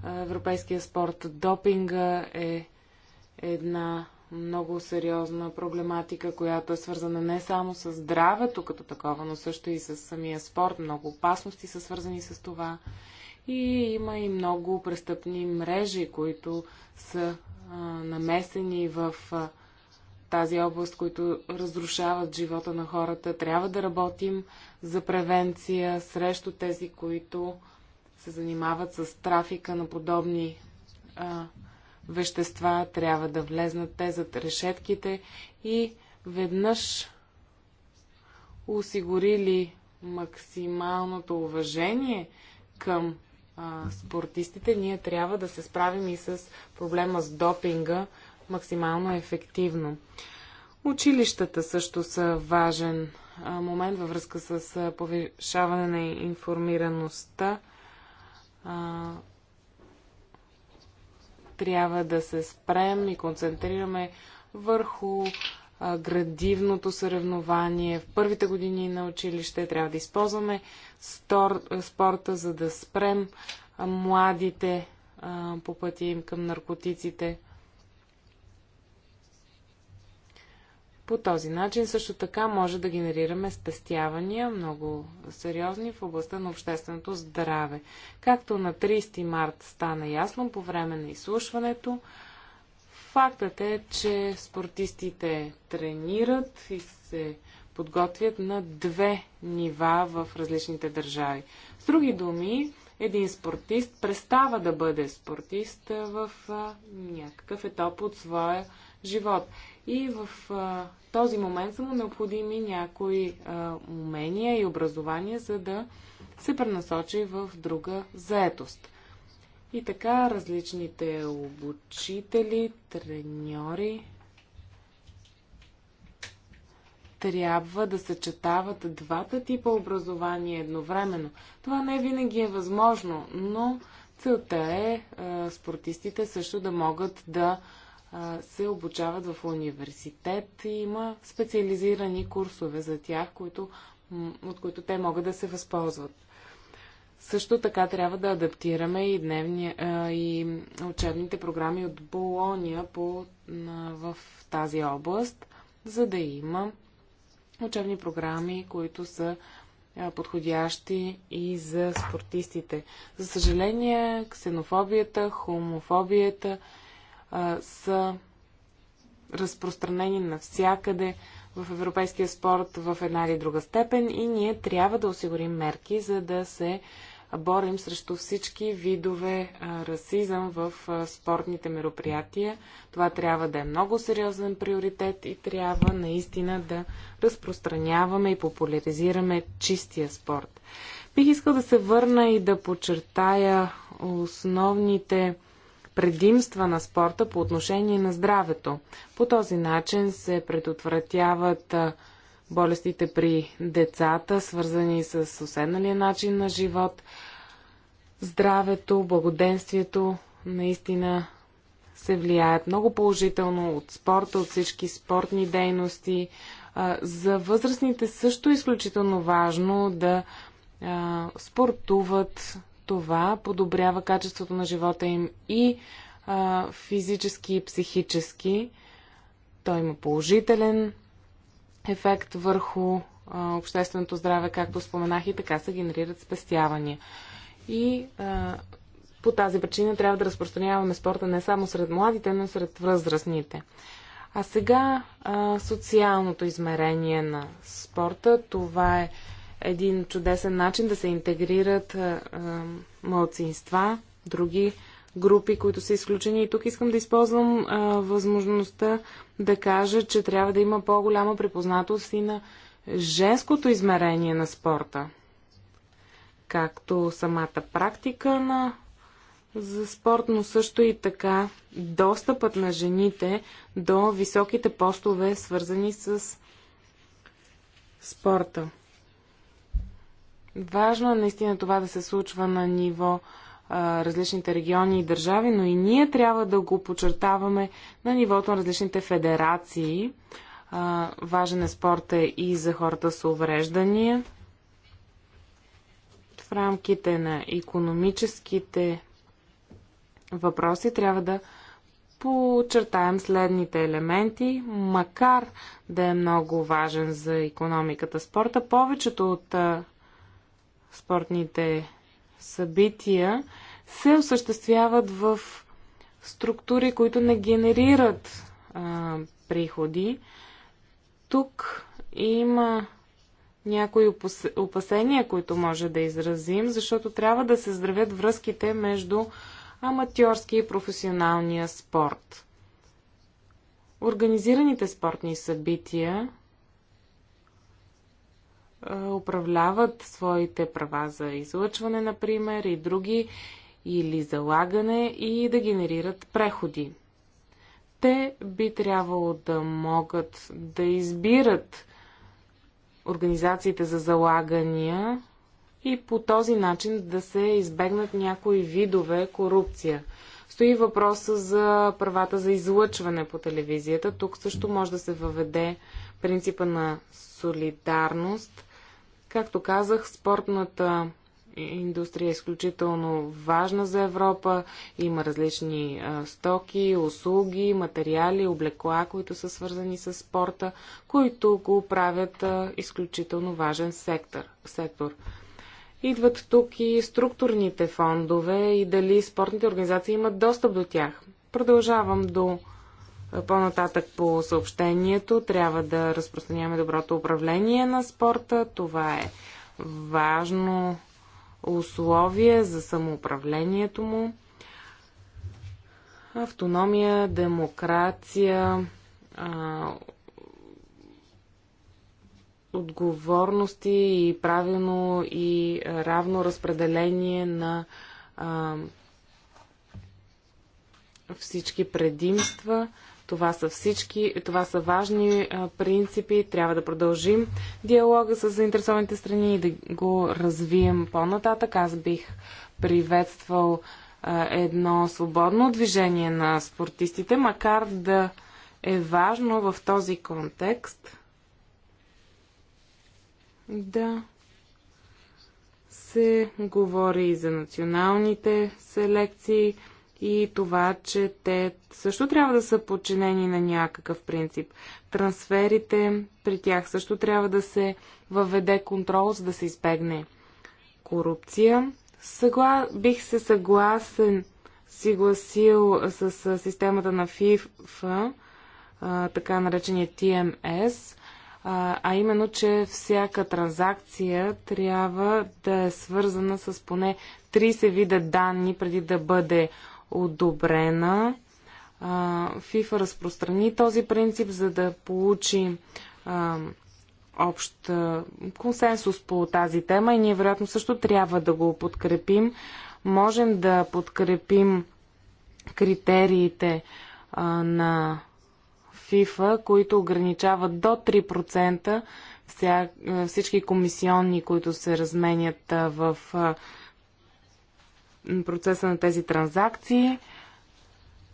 европейския спорт. Допинга е една много сериозна проблематика, която е свързана не само с здравето като такова, но също и с самия спорт. Много опасности са свързани с това. И има и много престъпни мрежи, които са а, намесени в а, тази област, които разрушават живота на хората. Трябва да работим за превенция срещу тези, които се занимават с трафика на подобни а, вещества. Трябва да влезнат те зад решетките и веднъж осигурили максималното уважение към спортистите, ние трябва да се справим и с проблема с допинга максимално ефективно. Училищата също са важен момент във връзка с повишаване на информираността. трябва да се спрем и концентрираме върху градивното съревнование в първите години на училище. Трябва да използваме стор, спорта, за да спрем младите по пътя им към наркотиците. По този начин също така може да генерираме спестявания много сериозни в областта на общественото здраве. Както на 30 март стана ясно по време на изслушването, фактът е, че спортистите тренират и се подготвят на две нива в различните държави. С други думи, един спортист престава да бъде спортист в а, някакъв етап от своя живот. И в а, този момент са му необходими някои а, умения и образование, за да се пренасочи в друга заетост. И така различните обучители, треньори трябва да съчетават двата типа образование едновременно. Това не винаги е възможно, но целта е, е спортистите също да могат да е, се обучават в университет и има специализирани курсове за тях, които, от които те могат да се възползват. Също така трябва да адаптираме и, дневни, е, и учебните програми от Болония по, в тази област, за да има учебни програми, които са подходящи и за спортистите. За съжаление, ксенофобията, хомофобията а, са разпространени навсякъде в европейския спорт в една или друга степен и ние трябва да осигурим мерки, за да се борим срещу всички видове расизъм в спортните мероприятия. Това трябва да е много сериозен приоритет и трябва наистина да разпространяваме и популяризираме чистия спорт. Бих искал да се върна и да подчертая основните предимства на спорта по отношение на здравето. По този начин се предотвратяват болестите при децата, свързани с уседналия начин на живот, здравето, благоденствието, наистина се влияят много положително от спорта, от всички спортни дейности. За възрастните също е изключително важно да спортуват. Това подобрява качеството на живота им и физически, и психически. Той има положителен ефект върху а, общественото здраве, както споменах, и така се генерират спестявания. И а, по тази причина трябва да разпространяваме спорта не само сред младите, но и сред възрастните. А сега а, социалното измерение на спорта. Това е един чудесен начин да се интегрират а, а, младсинства, други групи, които са изключени. И тук искам да използвам а, възможността да кажа, че трябва да има по-голяма препознатост и на женското измерение на спорта, както самата практика на за спорт, но също и така достъпът на жените до високите постове, свързани с спорта. Важно е наистина това да се случва на ниво различните региони и държави, но и ние трябва да го подчертаваме на нивото на различните федерации. важен е спорта е и за хората с увреждания. В рамките на економическите въпроси трябва да подчертаем следните елементи. Макар да е много важен за економиката спорта, повечето от спортните събития се осъществяват в структури, които не генерират а, приходи. Тук има някои опасения, които може да изразим, защото трябва да се здравят връзките между аматьорски и професионалния спорт. Организираните спортни събития управляват своите права за излъчване, например, и други, или залагане, и да генерират преходи. Те би трябвало да могат да избират организациите за залагания и по този начин да се избегнат някои видове корупция. Стои въпроса за правата за излъчване по телевизията. Тук също може да се въведе принципа на солидарност Както казах, спортната индустрия е изключително важна за Европа. Има различни стоки, услуги, материали, облекла, които са свързани с спорта, които го правят изключително важен сектор. сектор. Идват тук и структурните фондове и дали спортните организации имат достъп до тях. Продължавам до е, по-нататък по съобщението трябва да разпространяваме доброто управление на спорта. Това е важно условие за самоуправлението му. Автономия, демокрация, а, отговорности и правилно и равно разпределение на а, всички предимства. Това са всички, това са важни принципи. Трябва да продължим диалога с заинтересованите страни и да го развием по-нататък. Аз бих приветствал едно свободно движение на спортистите, макар да е важно в този контекст да се говори и за националните селекции и това, че те също трябва да са подчинени на някакъв принцип. Трансферите при тях също трябва да се въведе контрол, за да се избегне корупция. Съгла... Бих се съгласен, сигласил с, с системата на FIFA, така наречения TMS, а именно, че всяка транзакция трябва да е свързана с поне 30 вида данни преди да бъде одобрена. ФИФА разпространи този принцип, за да получи общ консенсус по тази тема и ние вероятно също трябва да го подкрепим. Можем да подкрепим критериите на ФИФА, които ограничават до 3% всички комисионни, които се разменят в процеса на тези транзакции.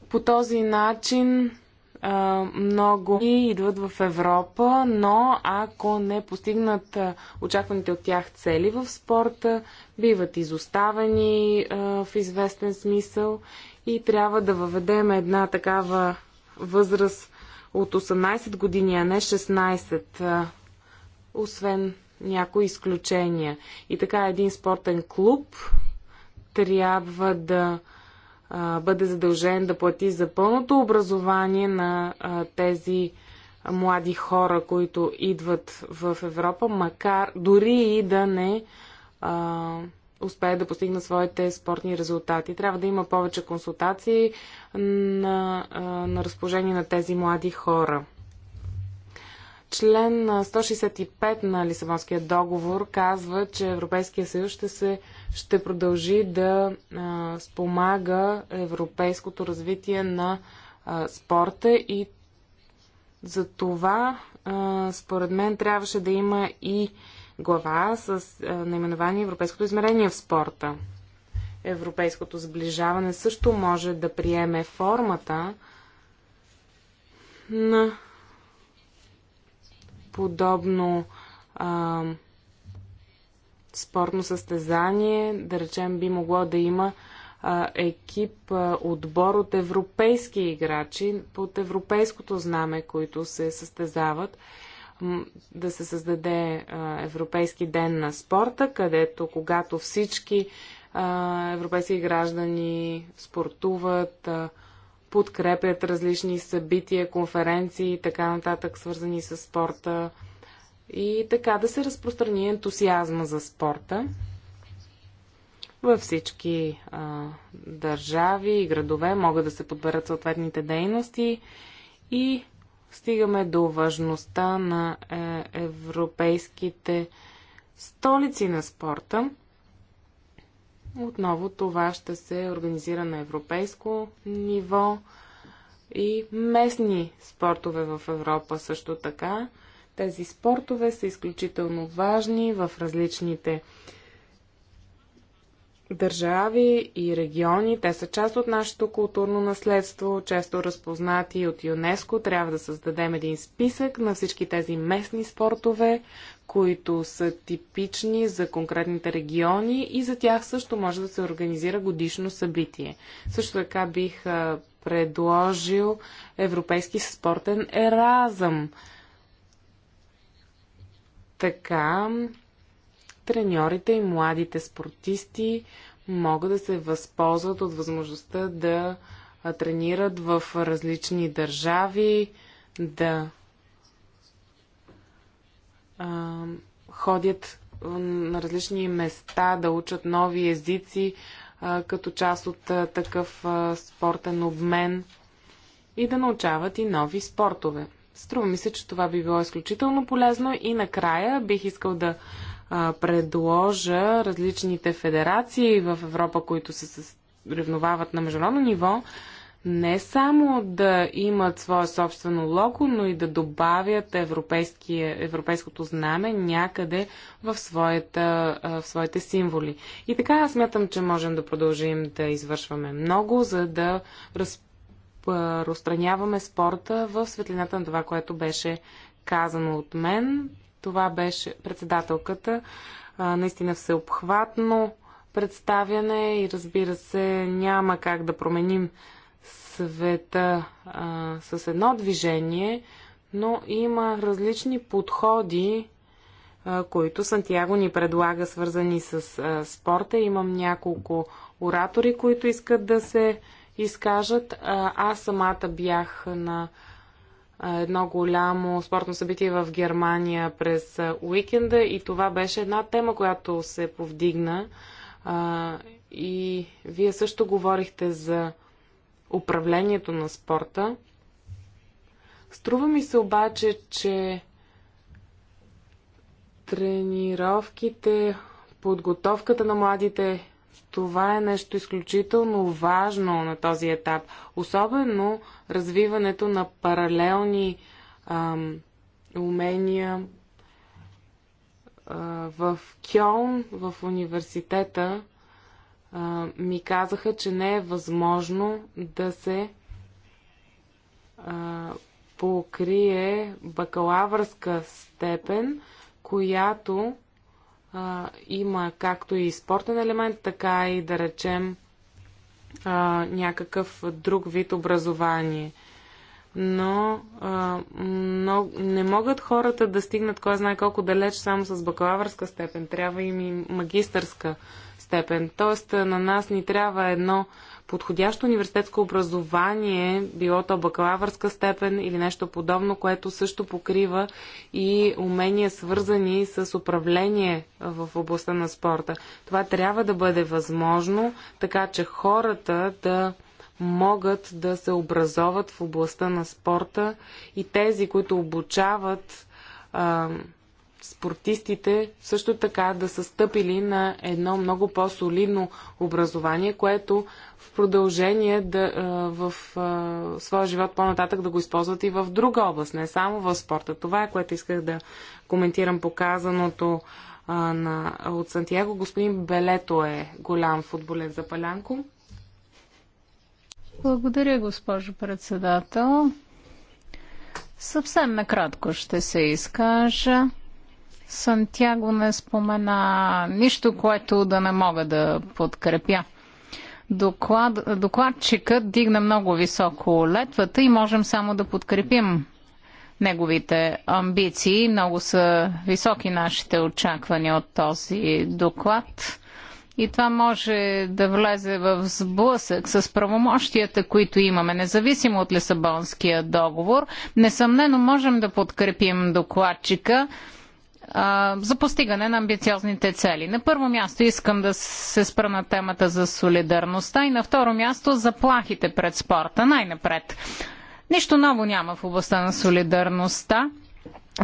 По този начин много и идват в Европа, но ако не постигнат очакваните от тях цели в спорта, биват изоставени в известен смисъл и трябва да въведем една такава възраст от 18 години, а не 16, освен някои изключения. И така един спортен клуб трябва да бъде задължен да плати за пълното образование на тези млади хора, които идват в Европа, макар дори и да не успее успеят да постигнат своите спортни резултати. Трябва да има повече консултации на, на разположение на тези млади хора. Член 165 на Лисабонския договор казва, че Европейския съюз ще се ще продължи да а, спомага европейското развитие на а, спорта и за това а, според мен трябваше да има и глава с а, наименование Европейското измерение в спорта. Европейското сближаване също може да приеме формата на подобно а, спортно състезание, да речем, би могло да има а, екип, а, отбор от европейски играчи под европейското знаме, които се състезават. Да се създаде а, Европейски ден на спорта, където когато всички европейски граждани спортуват, подкрепят различни събития, конференции и така нататък, свързани с спорта, и така да се разпространи ентусиазма за спорта във всички а, държави и градове могат да се подберат съответните дейности и стигаме до важността на е, европейските столици на спорта. Отново това ще се организира на европейско ниво и местни спортове в Европа също така. Тези спортове са изключително важни в различните държави и региони. Те са част от нашето културно наследство, често разпознати от ЮНЕСКО. Трябва да създадем един списък на всички тези местни спортове, които са типични за конкретните региони и за тях също може да се организира годишно събитие. Също така бих предложил Европейски спортен еразъм така, треньорите и младите спортисти могат да се възползват от възможността да тренират в различни държави, да а, ходят на различни места, да учат нови езици а, като част от а, такъв а, спортен обмен и да научават и нови спортове. Струва ми се, че това би било изключително полезно и накрая бих искал да а, предложа различните федерации в Европа, които се съревновават на международно ниво, не само да имат свое собствено лого, но и да добавят европейското знаме някъде в, своята, в своите символи. И така аз смятам, че можем да продължим да извършваме много, за да разпочваме разпространяваме спорта в светлината на това, което беше казано от мен. Това беше председателката. Наистина всеобхватно представяне и разбира се, няма как да променим света а, с едно движение, но има различни подходи, а, които Сантьяго ни предлага, свързани с а, спорта. Имам няколко оратори, които искат да се изкажат. Аз самата бях на едно голямо спортно събитие в Германия през уикенда и това беше една тема, която се повдигна. И вие също говорихте за управлението на спорта. Струва ми се обаче, че тренировките, подготовката на младите това е нещо изключително важно на този етап. Особено развиването на паралелни ам, умения а, в Кьон в университета, а, ми казаха, че не е възможно да се а, покрие бакалавърска степен, която а, има както и спортен елемент, така и да речем а, някакъв друг вид образование. Но а, не могат хората да стигнат кой знае колко далеч само с бакалавърска степен. Трябва им и магистърска степен. Тоест на нас ни трябва едно подходящо университетско образование, било то бакалавърска степен или нещо подобно, което също покрива и умения свързани с управление в областта на спорта. Това трябва да бъде възможно, така че хората да могат да се образоват в областта на спорта и тези, които обучават спортистите също така да са стъпили на едно много по-солидно образование, което в продължение да, в своя живот по-нататък да го използват и в друга област, не само в спорта. Това е което исках да коментирам показаното на, от Сантьяго. Господин Белето е голям футболен за Палянко. Благодаря, госпожо председател. Съвсем накратко ще се изкажа. Сантьяго не спомена нищо, което да не мога да подкрепя. Доклад, докладчикът дигна много високо летвата и можем само да подкрепим неговите амбиции. Много са високи нашите очаквания от този доклад. И това може да влезе в сблъсък с правомощията, които имаме, независимо от Лисабонския договор. Несъмнено можем да подкрепим докладчика а, за постигане на амбициозните цели. На първо място искам да се спра на темата за солидарността и на второ място заплахите пред спорта. Най-напред. Нищо ново няма в областта на солидарността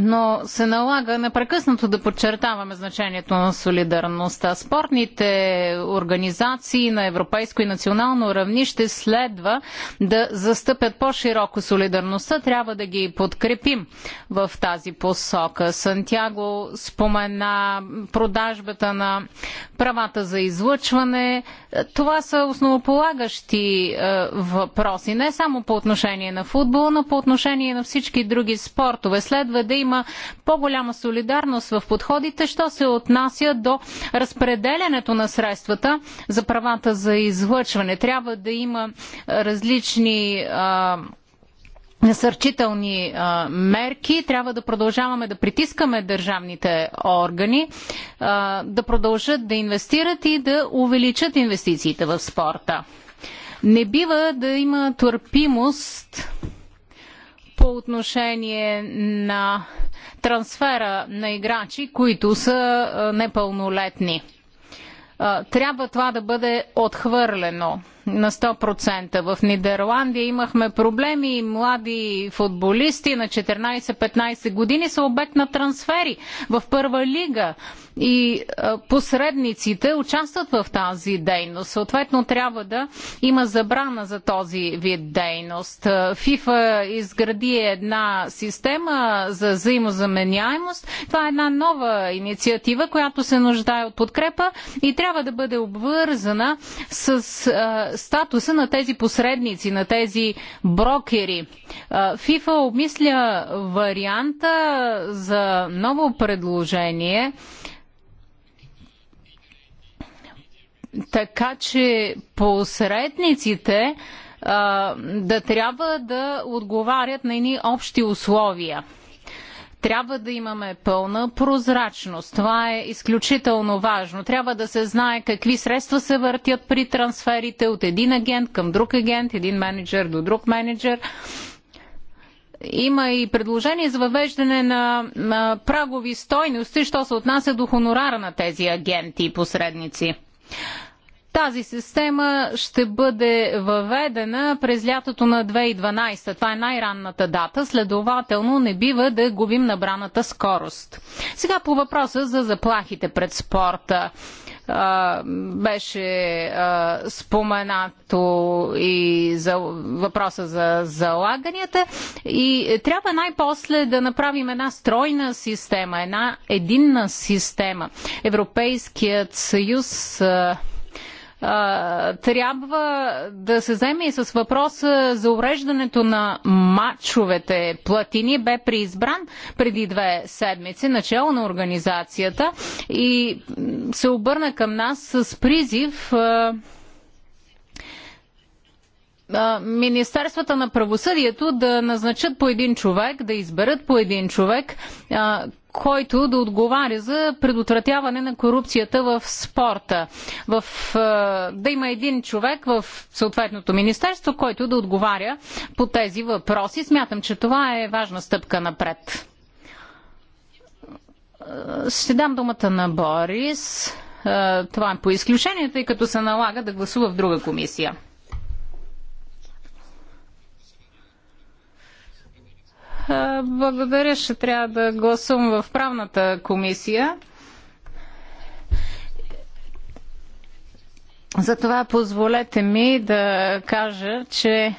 но се налага непрекъснато да подчертаваме значението на солидарността. Спортните организации на европейско и национално равнище следва да застъпят по-широко солидарността. Трябва да ги подкрепим в тази посока. Сантьяго спомена продажбата на правата за излъчване. Това са основополагащи е, въпроси, не само по отношение на футбол, но по отношение на всички други спортове. Следва да има по-голяма солидарност в подходите, що се отнася до разпределянето на средствата за правата за излъчване. Трябва да има различни а, насърчителни а, мерки. Трябва да продължаваме да притискаме държавните органи, а, да продължат да инвестират и да увеличат инвестициите в спорта. Не бива да има търпимост по отношение на трансфера на играчи, които са е, непълнолетни. Е, трябва това да бъде отхвърлено на 100%. В Нидерландия имахме проблеми и млади футболисти на 14-15 години са обект на трансфери в първа лига и посредниците участват в тази дейност. Съответно трябва да има забрана за този вид дейност. ФИФА изгради една система за взаимозаменяемост. Това е една нова инициатива, която се нуждае от подкрепа и трябва да бъде обвързана с статуса на тези посредници, на тези брокери. ФИФА обмисля варианта за ново предложение, така че посредниците да трябва да отговарят на едни общи условия – трябва да имаме пълна прозрачност. Това е изключително важно. Трябва да се знае какви средства се въртят при трансферите от един агент към друг агент, един менеджер до друг менеджер има и предложение за въвеждане на, на прагови стойности, що се отнася до хонорара на тези агенти и посредници. Тази система ще бъде въведена през лятото на 2012. Това е най-ранната дата, следователно не бива да губим набраната скорост. Сега по въпроса за заплахите пред спорта. А, беше а, споменато и за въпроса за залаганията. И трябва най-после да направим една стройна система, една единна система. Европейският съюз а, трябва да се вземе и с въпроса за уреждането на матчовете. Платини бе преизбран преди две седмици начало на организацията и се обърна към нас с призив Министерствата на правосъдието да назначат по един човек, да изберат по един човек, който да отговаря за предотвратяване на корупцията в спорта. В, е, да има един човек в съответното министерство, който да отговаря по тези въпроси. Смятам, че това е важна стъпка напред. Е, ще дам думата на Борис. Е, това е по изключение, тъй като се налага да гласува в друга комисия. Благодаря, ще трябва да гласувам в правната комисия. Затова позволете ми да кажа, че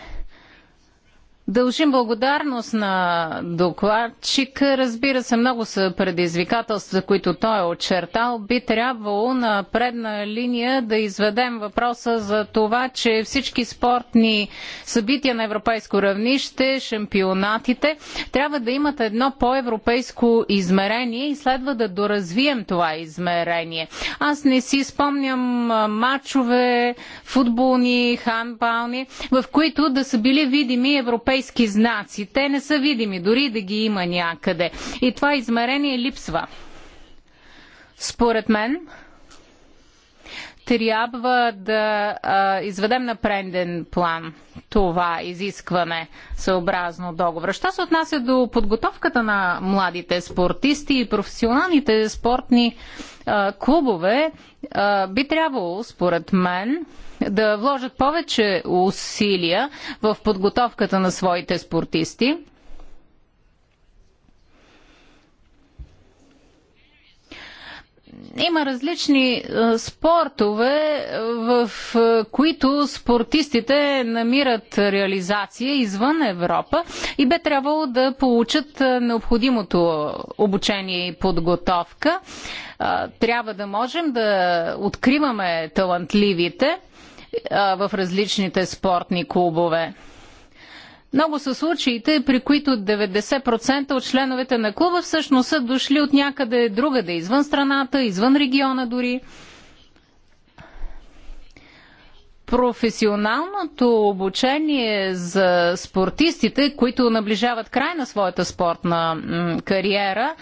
Дължим благодарност на докладчик. Разбира се, много са предизвикателства, които той е очертал. Би трябвало на предна линия да изведем въпроса за това, че всички спортни събития на европейско равнище, шампионатите, трябва да имат едно по-европейско измерение и следва да доразвием това измерение. Аз не си спомням матчове, футболни, ханбални, в които да са били видими европейски европейски знаци. Те не са видими, дори да ги има някъде. И това измерение липсва. Според мен, трябва да а, изведем на пренден план това изискване съобразно договора. Що се отнася до подготовката на младите спортисти и професионалните спортни а, клубове, а, би трябвало, според мен, да вложат повече усилия в подготовката на своите спортисти. има различни спортове, в които спортистите намират реализация извън Европа и бе трябвало да получат необходимото обучение и подготовка. Трябва да можем да откриваме талантливите в различните спортни клубове. Много са случаите, при които 90% от членовете на клуба всъщност са дошли от някъде другаде, извън страната, извън региона дори. Професионалното обучение за спортистите, които наближават край на своята спортна кариера,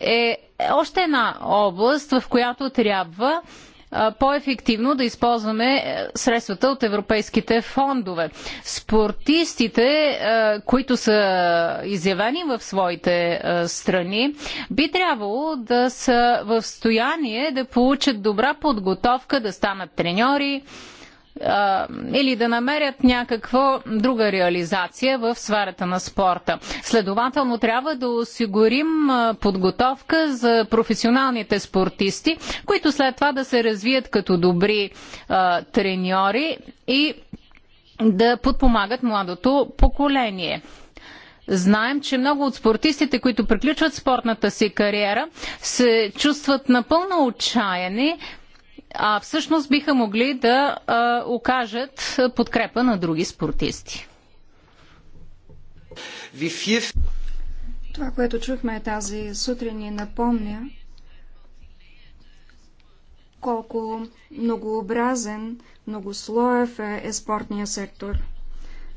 е още една област, в която трябва по-ефективно да използваме е, средствата от европейските фондове. Спортистите, е, които са изявени в своите е, страни, би трябвало да са в стояние да получат добра подготовка, да станат треньори, а, или да намерят някаква друга реализация в сферата на спорта. Следователно трябва да осигурим подготовка за професионалните спортисти, които след това да се развият като добри а, треньори и да подпомагат младото поколение. Знаем, че много от спортистите, които приключват спортната си кариера, се чувстват напълно отчаяни, а всъщност биха могли да а, окажат подкрепа на други спортисти. Това, което чухме тази сутрин ни напомня колко многообразен, многослоев е, е спортния сектор.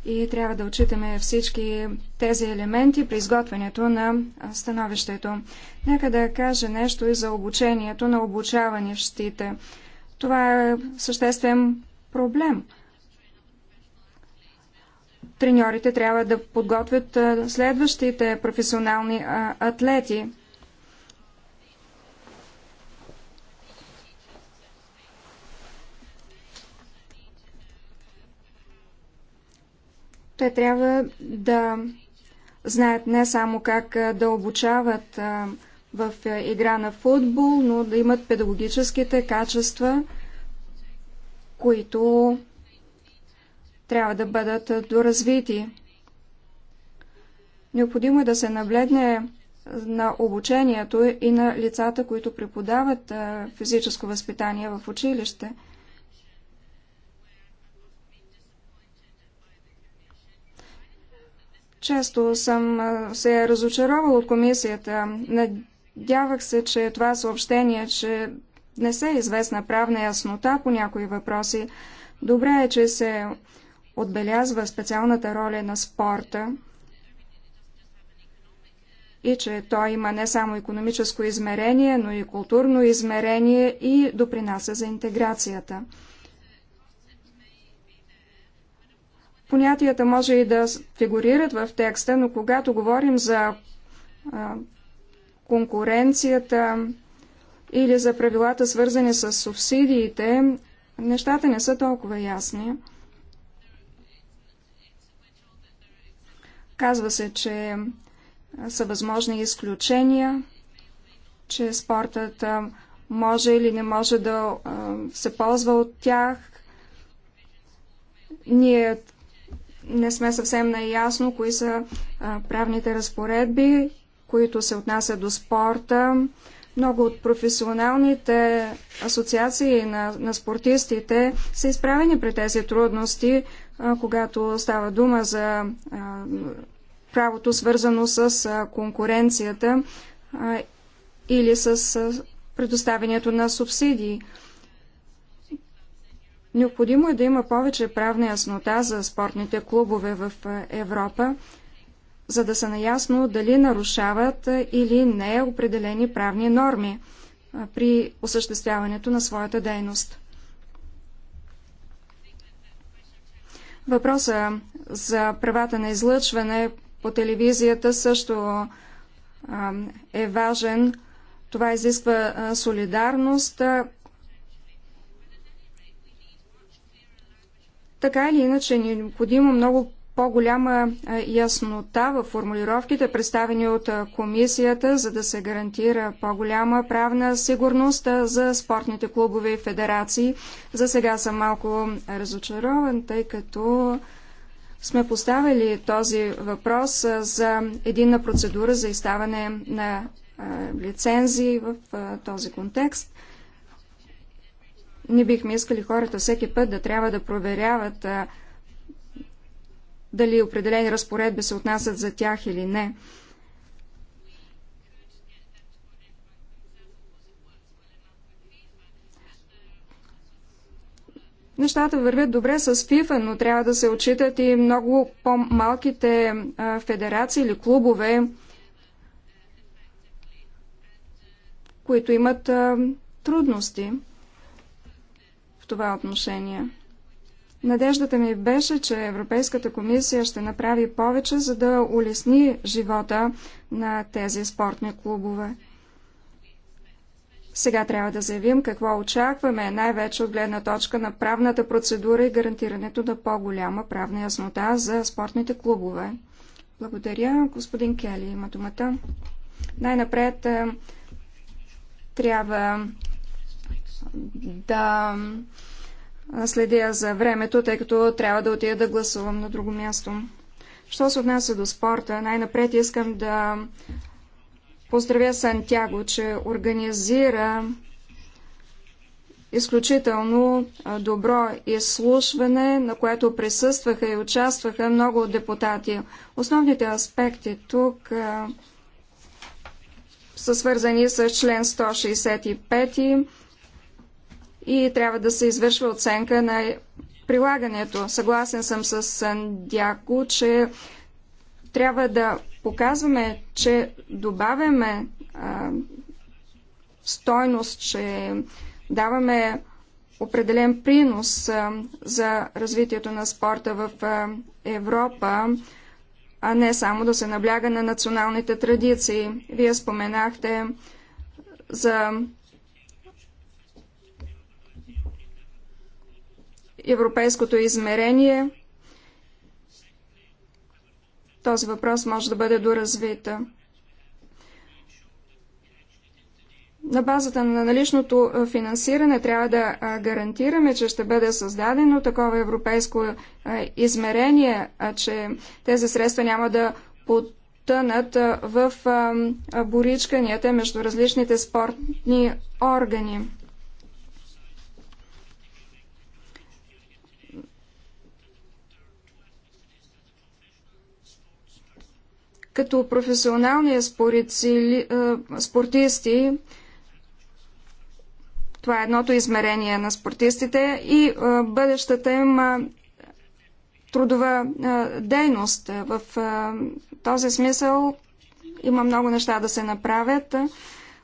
И трябва да отчитаме всички тези елементи при изготвянето на становището. Нека да кажа нещо и за обучението на обучаванищите. щите. Това е съществен проблем. Треньорите трябва да подготвят следващите професионални атлети. Те трябва да знаят не само как да обучават в е, игра на футбол, но да имат педагогическите качества, които трябва да бъдат е, доразвити. Необходимо е да се наблегне на обучението и на лицата, които преподават е, физическо възпитание в училище. Често съм се разочаровал от комисията. Надявах се, че това съобщение, че не се е известна правна яснота по някои въпроси, добре е, че се отбелязва специалната роля на спорта и че той има не само економическо измерение, но и културно измерение и допринася за интеграцията. Понятията може и да фигурират в текста, но когато говорим за конкуренцията или за правилата свързани с субсидиите, нещата не са толкова ясни. Казва се, че са възможни изключения, че спортът може или не може да се ползва от тях. Ние не сме съвсем наясно кои са правните разпоредби които се отнасят до спорта. Много от професионалните асоциации на, на спортистите са изправени при тези трудности, а, когато става дума за а, правото свързано с а, конкуренцията а, или с а, предоставянето на субсидии. Необходимо е да има повече правна яснота за спортните клубове в Европа за да са наясно дали нарушават или не определени правни норми при осъществяването на своята дейност. Въпроса за правата на излъчване по телевизията също е важен. Това изисква солидарност. Така или иначе е необходимо много по-голяма яснота в формулировките, представени от комисията, за да се гарантира по-голяма правна сигурност за спортните клубове и федерации. За сега съм малко разочарован, тъй като сме поставили този въпрос за единна процедура за изставане на лицензии в този контекст. Не бихме искали хората всеки път да трябва да проверяват дали определени разпоредби се отнасят за тях или не. Нещата вървят добре с FIFA, но трябва да се отчитат и много по-малките федерации или клубове, които имат трудности в това отношение. Надеждата ми беше, че Европейската комисия ще направи повече, за да улесни живота на тези спортни клубове. Сега трябва да заявим какво очакваме, най-вече от гледна точка на правната процедура и гарантирането на по-голяма правна яснота за спортните клубове. Благодаря. Господин Кели има думата. Най-напред е, трябва да следя за времето, тъй като трябва да отида да гласувам на друго място. Що се отнася до спорта, най-напред искам да поздравя Сантяго, че организира изключително добро изслушване, на което присъстваха и участваха много депутати. Основните аспекти тук са свързани с член 165 и трябва да се извършва оценка на прилагането. Съгласен съм с Сандяко, че трябва да показваме, че добавяме а, стойност, че даваме определен принос а, за развитието на спорта в а, Европа, а не само да се набляга на националните традиции. Вие споменахте за европейското измерение. Този въпрос може да бъде доразвита. На базата на наличното финансиране трябва да гарантираме, че ще бъде създадено такова европейско измерение, а че тези средства няма да потънат в боричканията между различните спортни органи. Като професионалния е, спортисти, това е едното измерение на спортистите и е, бъдещата им е, трудова дейност. В този смисъл има много неща да се направят.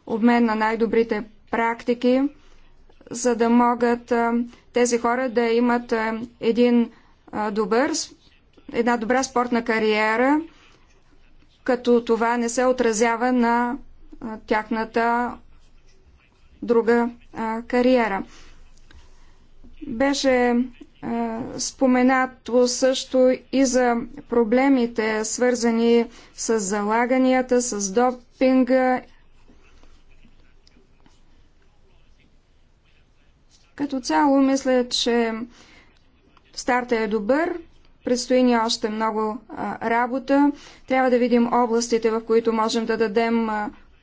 Обмен на най-добрите практики, за да могат тези хора да имат един добър, една добра спортна кариера като това не се отразява на тяхната друга кариера. Беше споменато също и за проблемите, свързани с залаганията, с допинга. Като цяло, мисля, че старта е добър, Предстои ни още много а, работа. Трябва да видим областите, в които можем да дадем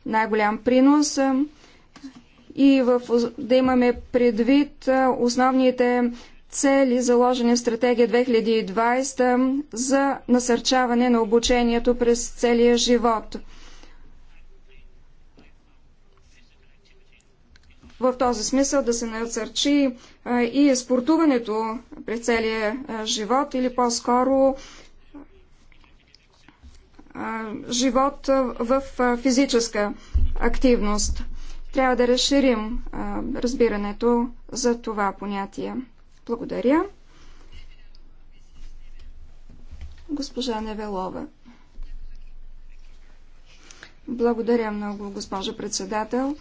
най-голям принос а, и в, да имаме предвид а, основните цели, заложени в стратегия 2020 за насърчаване на обучението през целия живот – В този смисъл да се насърчи и спортуването през целия живот или по-скоро живот в физическа активност. Трябва да разширим разбирането за това понятие. Благодаря. Госпожа Невелова. Благодаря много, госпожа председател.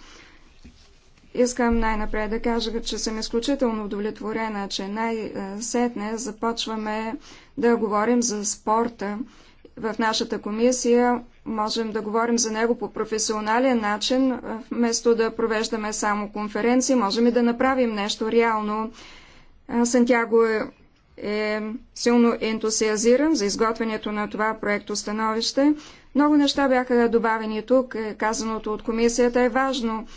Искам най-напред да кажа, че съм изключително удовлетворена, че най-сетне започваме да говорим за спорта. В нашата комисия можем да говорим за него по професионален начин, вместо да провеждаме само конференции, можем и да направим нещо реално. Сантьяго е, е силно ентусиазиран за изготвянето на това проекто становище. Много неща бяха добавени тук. Казаното от комисията е важно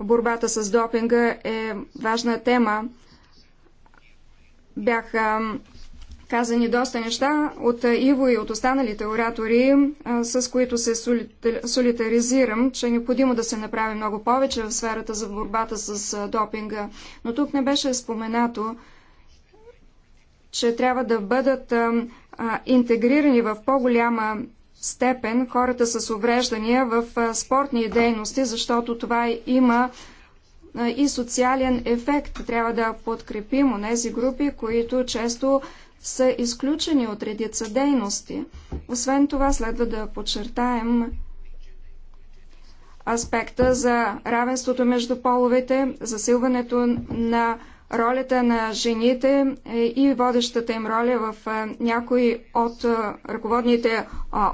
борбата с допинга е важна тема. Бяха казани доста неща от Иво и от останалите оратори, с които се солитаризирам, че е необходимо да се направи много повече в сферата за борбата с допинга. Но тук не беше споменато, че трябва да бъдат интегрирани в по-голяма степен хората с увреждания в спортни дейности, защото това има и социален ефект. Трябва да подкрепим онези групи, които често са изключени от редица дейности. Освен това, следва да подчертаем аспекта за равенството между половете, засилването на ролята на жените е, и водещата им роля в е, някои от е, ръководните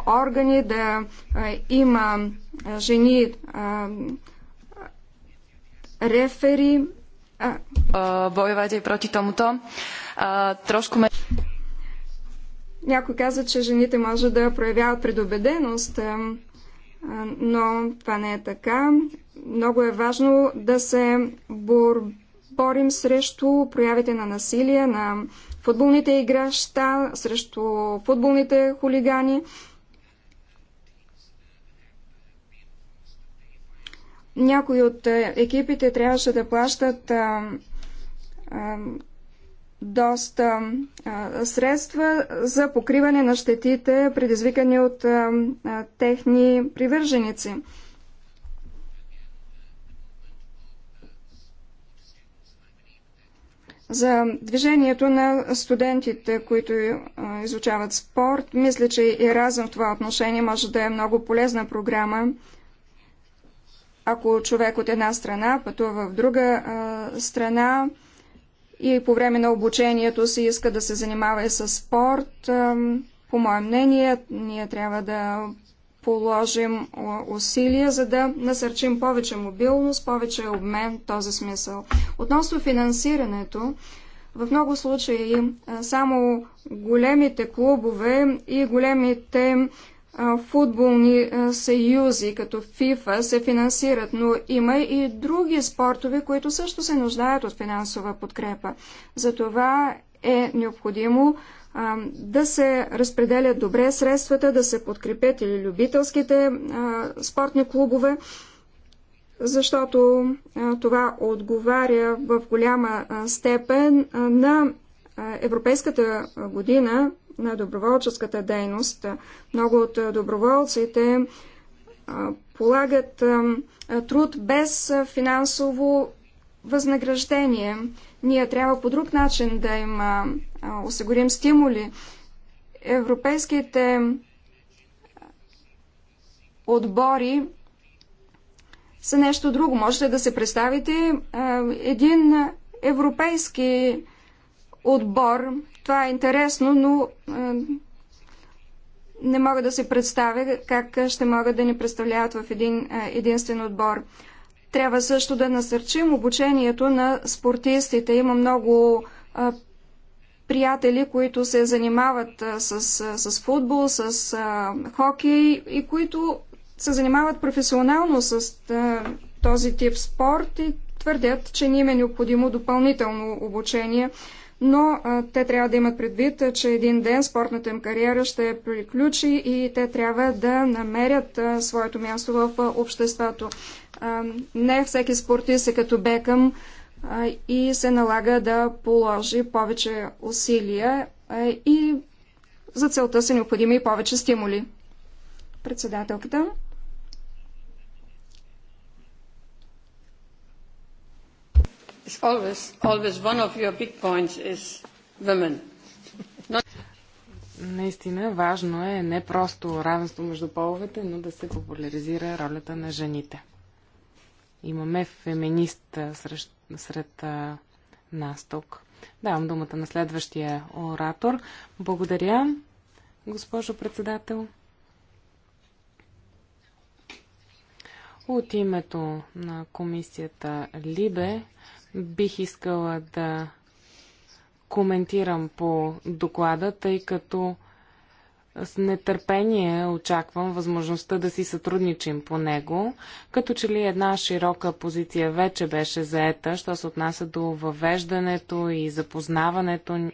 органи, да има жени рефери. и против томуто. Трошко ме... Някой каза, че жените може да проявяват предубеденост, но това не е така. Много е важно да се борба борим срещу проявите на насилие, на футболните игращи, срещу футболните хулигани. Някои от е, екипите трябваше да плащат а, а, доста а, средства за покриване на щетите, предизвикани от а, а, техни привърженици. За движението на студентите, които е, изучават спорт, мисля, че и разъм в това отношение може да е много полезна програма. Ако човек от една страна пътува в друга е, страна и по време на обучението си иска да се занимава и с спорт, е, по мое мнение, ние трябва да положим усилия, за да насърчим повече мобилност, повече обмен в този смисъл. Относно финансирането, в много случаи само големите клубове и големите футболни съюзи, като ФИФА, се финансират, но има и други спортове, които също се нуждаят от финансова подкрепа. Затова е необходимо да се разпределят добре средствата, да се подкрепят или любителските спортни клубове, защото това отговаря в голяма степен на Европейската година на доброволческата дейност. Много от доброволците полагат труд без финансово възнаграждение. Ние трябва по друг начин да им осигурим стимули. Европейските отбори са нещо друго. Можете да се представите един европейски отбор. Това е интересно, но не мога да се представя как ще могат да ни представляват в един единствен отбор. Трябва също да насърчим обучението на спортистите. Има много приятели, които се занимават с, с футбол, с хокей и които се занимават професионално с този тип спорт и твърдят, че не им е необходимо допълнително обучение, но а, те трябва да имат предвид, че един ден спортната им кариера ще приключи и те трябва да намерят а, своето място в а, обществото. А, не всеки спортист е като Бекъм, и се налага да положи повече усилия и за целта са необходими и повече стимули. Председателката. It's always, always one of your big points is women. Not... Наистина важно е не просто равенство между половете, но да се популяризира ролята на жените имаме феминист сред, сред нас тук. Давам думата на следващия оратор. Благодаря, госпожо председател. От името на комисията Либе бих искала да коментирам по доклада, тъй като с нетърпение очаквам възможността да си сътрудничим по него, като че ли една широка позиция вече беше заета, що се отнася до въвеждането и запознаването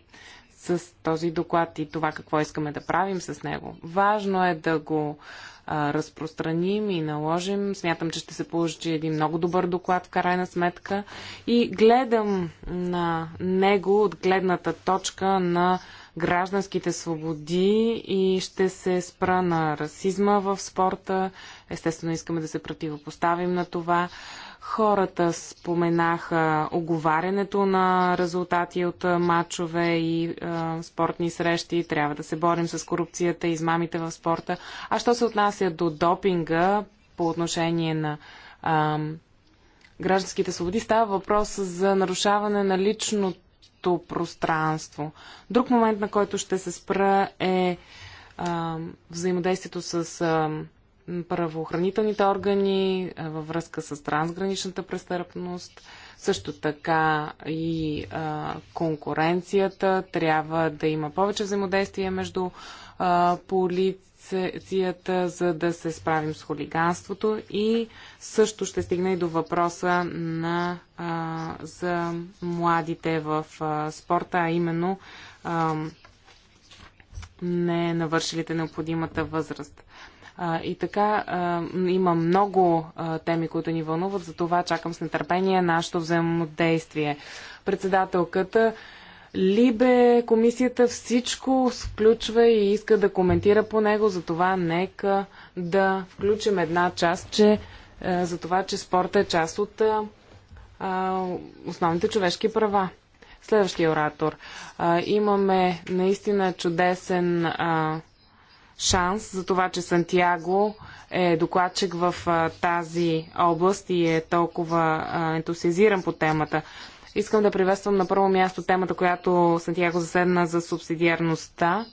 с този доклад и това какво искаме да правим с него. Важно е да го а, разпространим и наложим. Смятам, че ще се получи един много добър доклад в крайна сметка. И гледам на него от гледната точка на гражданските свободи и ще се спра на расизма в спорта. Естествено, искаме да се противопоставим на това. Хората споменаха оговарянето на резултати от матчове и е, спортни срещи. Трябва да се борим с корупцията и измамите в спорта. А що се отнася до допинга по отношение на е, гражданските свободи, става въпрос за нарушаване на личното цифровото пространство. Друг момент, на който ще се спра е а, взаимодействието с а, правоохранителните органи а, във връзка с трансграничната престъпност. Също така и а, конкуренцията. Трябва да има повече взаимодействие между а, полиция полицията, за да се справим с хулиганството и също ще стигна и до въпроса на, а, за младите в а, спорта, а именно а, не навършилите необходимата възраст. А, и така а, има много а, теми, които ни вълнуват, за това чакам с нетърпение нашето взаимодействие. Председателката Либе, комисията всичко включва и иска да коментира по него, затова нека да включим една част, че е, за това, че спорта е част от е, а, основните човешки права. Следващия оратор. А, имаме наистина чудесен а, шанс за това, че Сантьяго е докладчик в а, тази област и е толкова ентусиазиран по темата. Искам да приветствам на първо място темата, която Сантьяго заседна за субсидиарността.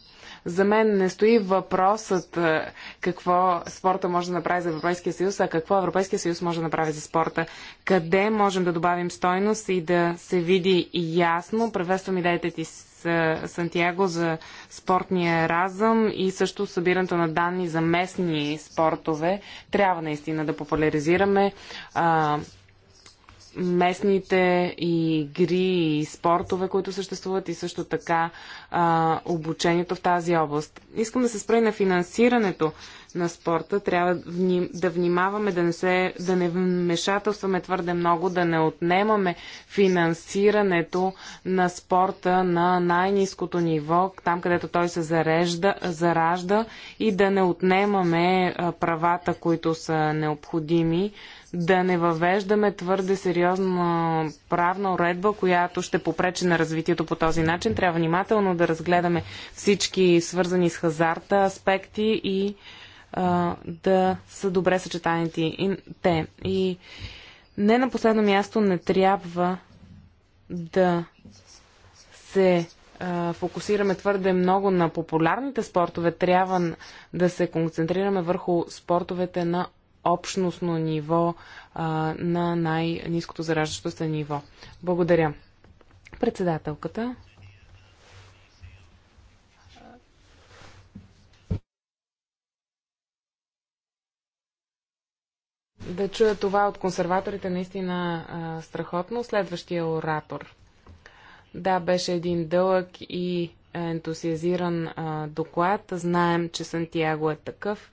За мен не стои въпросът е, какво спорта може да направи за Европейския съюз, а какво Европейския съюз може да направи за спорта. Къде можем да добавим стойност и да се види ясно. Приветствам идеите ти с е, Сантьяго за спортния разъм и също събирането на данни за местни спортове. Трябва наистина да популяризираме а, местните игри и спортове, които съществуват и също така а, обучението в тази област. Искам да се спра и на финансирането на спорта. Трябва да внимаваме да не, се, да не вмешателстваме твърде много, да не отнемаме финансирането на спорта на най-низкото ниво, там където той се зарежда, заражда и да не отнемаме правата, които са необходими да не въвеждаме твърде сериозна правна уредба, която ще попречи на развитието по този начин. Трябва внимателно да разгледаме всички свързани с хазарта аспекти и а, да са добре съчетаните и, те. И не на последно място не трябва да се фокусираме твърде много на популярните спортове, трябва да се концентрираме върху спортовете на общностно ниво а, на най-низкото зараждащо се ниво. Благодаря. Председателката. Да чуя това от консерваторите наистина а, страхотно. Следващия оратор. Да, беше един дълъг и ентусиазиран а, доклад. Знаем, че Сантьяго е такъв.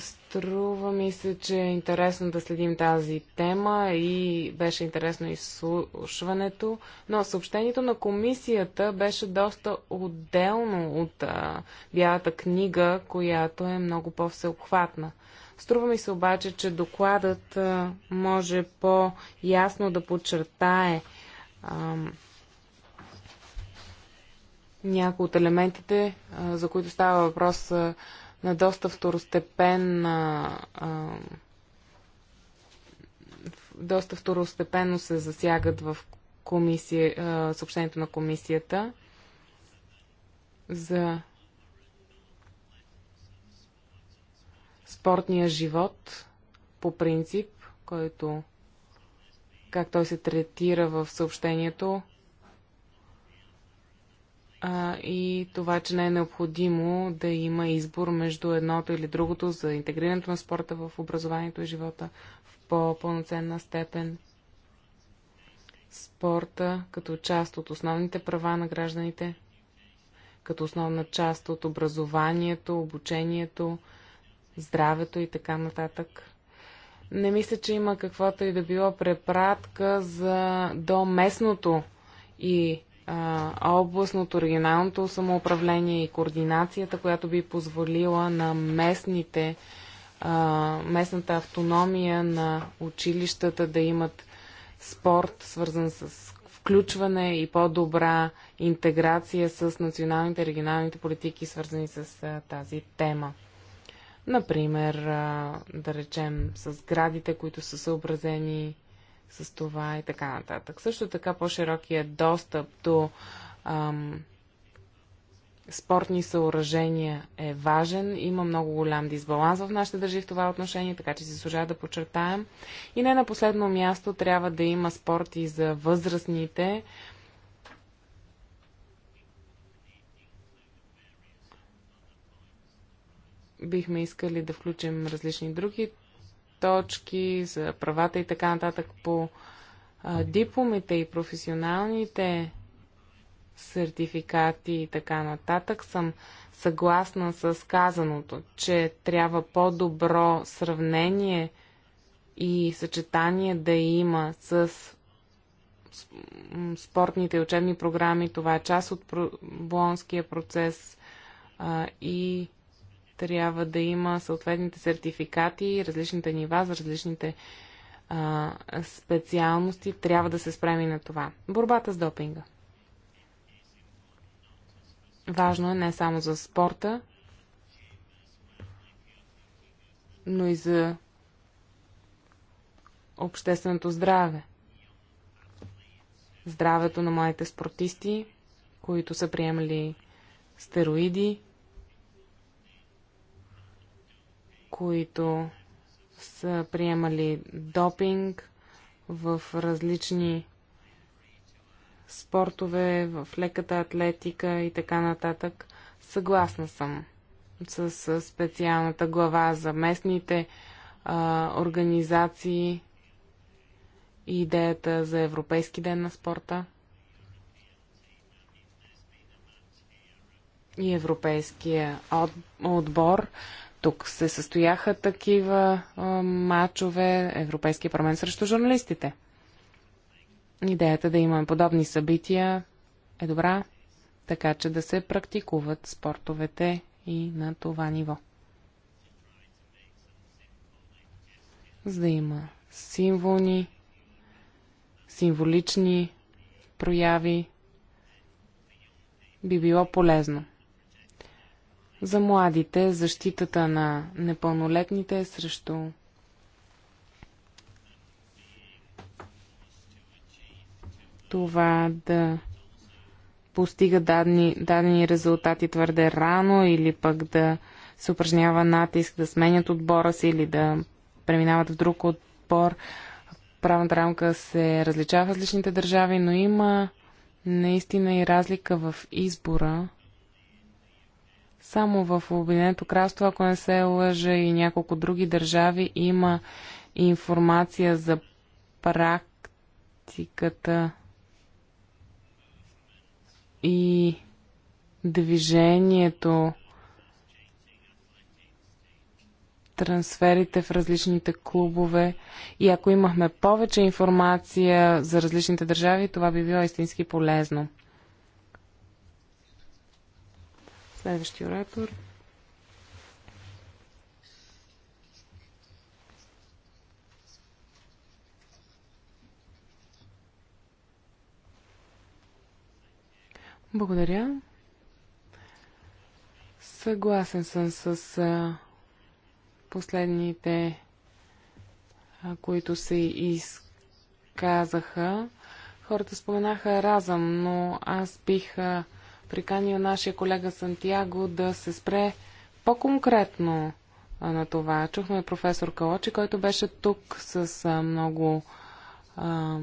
Струва ми се, че е интересно да следим тази тема и беше интересно изслушването, но съобщението на комисията беше доста отделно от а, Бялата книга, която е много по-всеобхватна. Струва ми се обаче, че докладът а, може по-ясно да подчертае а, някои от елементите, а, за които става въпрос. А, на доста второстепенна а, доста второстепенно се засягат в комисия, а, съобщението на комисията за спортния живот по принцип, който как той се третира в съобщението, а, и това, че не е необходимо да има избор между едното или другото за интегрирането на спорта в образованието и живота в по-пълноценна степен. Спорта като част от основните права на гражданите, като основна част от образованието, обучението, здравето и така нататък. Не мисля, че има каквото и да било препратка за до местното и областното, регионалното самоуправление и координацията, която би позволила на местните, а, местната автономия на училищата да имат спорт, свързан с включване и по-добра интеграция с националните и регионалните политики, свързани с а, тази тема. Например, да речем, с градите, които са съобразени с това и така нататък. Също така по-широкия достъп до ам, спортни съоръжения е важен. Има много голям дисбаланс в нашите държи в това отношение, така че си служава да подчертаем. И не на последно място трябва да има спорти за възрастните. Бихме искали да включим различни други точки, за правата и така нататък по а, дипломите и професионалните сертификати и така нататък, съм съгласна с казаното, че трябва по-добро сравнение и съчетание да има с спортните учебни програми. Това е част от болонския процес а, и трябва да има съответните сертификати, различните нива за различните а, специалности. Трябва да се спреми на това. Борбата с допинга. Важно е не само за спорта, но и за общественото здраве. Здравето на моите спортисти, които са приемали стероиди, които са приемали допинг в различни спортове, в леката атлетика и така нататък. Съгласна съм с специалната глава за местните а, организации и идеята за Европейски ден на спорта и Европейския отбор. Тук се състояха такива а, матчове Европейския парламент срещу журналистите. Идеята да имаме подобни събития е добра, така че да се практикуват спортовете и на това ниво. За да има символни, символични прояви, би било полезно за младите, защитата на непълнолетните е срещу това да постига дадени, дадени резултати твърде рано или пък да се упражнява натиск, да сменят отбора си или да преминават в друг отбор. Правната рамка се различава в различните държави, но има наистина и разлика в избора само в Обединеното кралство, ако не се лъжа и няколко други държави, има информация за практиката и движението, трансферите в различните клубове. И ако имахме повече информация за различните държави, това би било истински полезно. Следващия оратор. Благодаря. Съгласен съм с а, последните, а, които се изказаха. Хората споменаха разъм, но аз бих а, приканил нашия колега Сантьяго да се спре по-конкретно на това. Чухме професор Калочи, който беше тук с а, много а,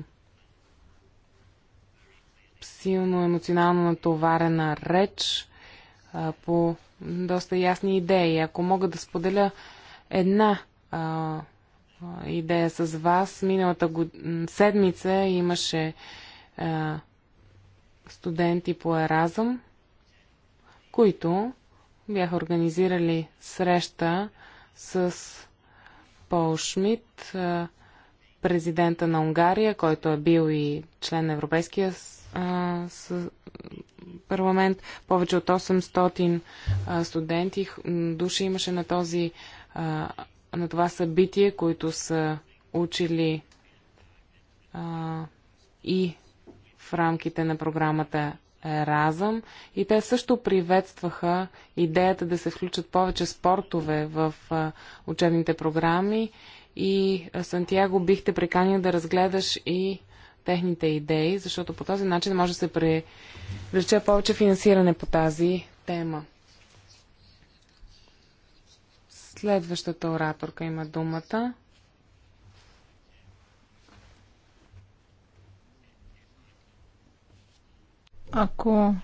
силно емоционално натоварена реч а, по доста ясни идеи. Ако мога да споделя една а, идея с вас, миналата год... седмица имаше а, студенти по Еразъм, които бяха организирали среща с Пол Шмидт, президента на Унгария, който е бил и член на Европейския парламент. Повече от 800 студенти души имаше на, този, на това събитие, които са учили и в рамките на програмата Еразъм и те също приветстваха идеята да се включат повече спортове в учебните програми и Сантьяго бихте приканил да разгледаш и техните идеи, защото по този начин може да се привлече повече финансиране по тази тема. Следващата ораторка има думата. Ако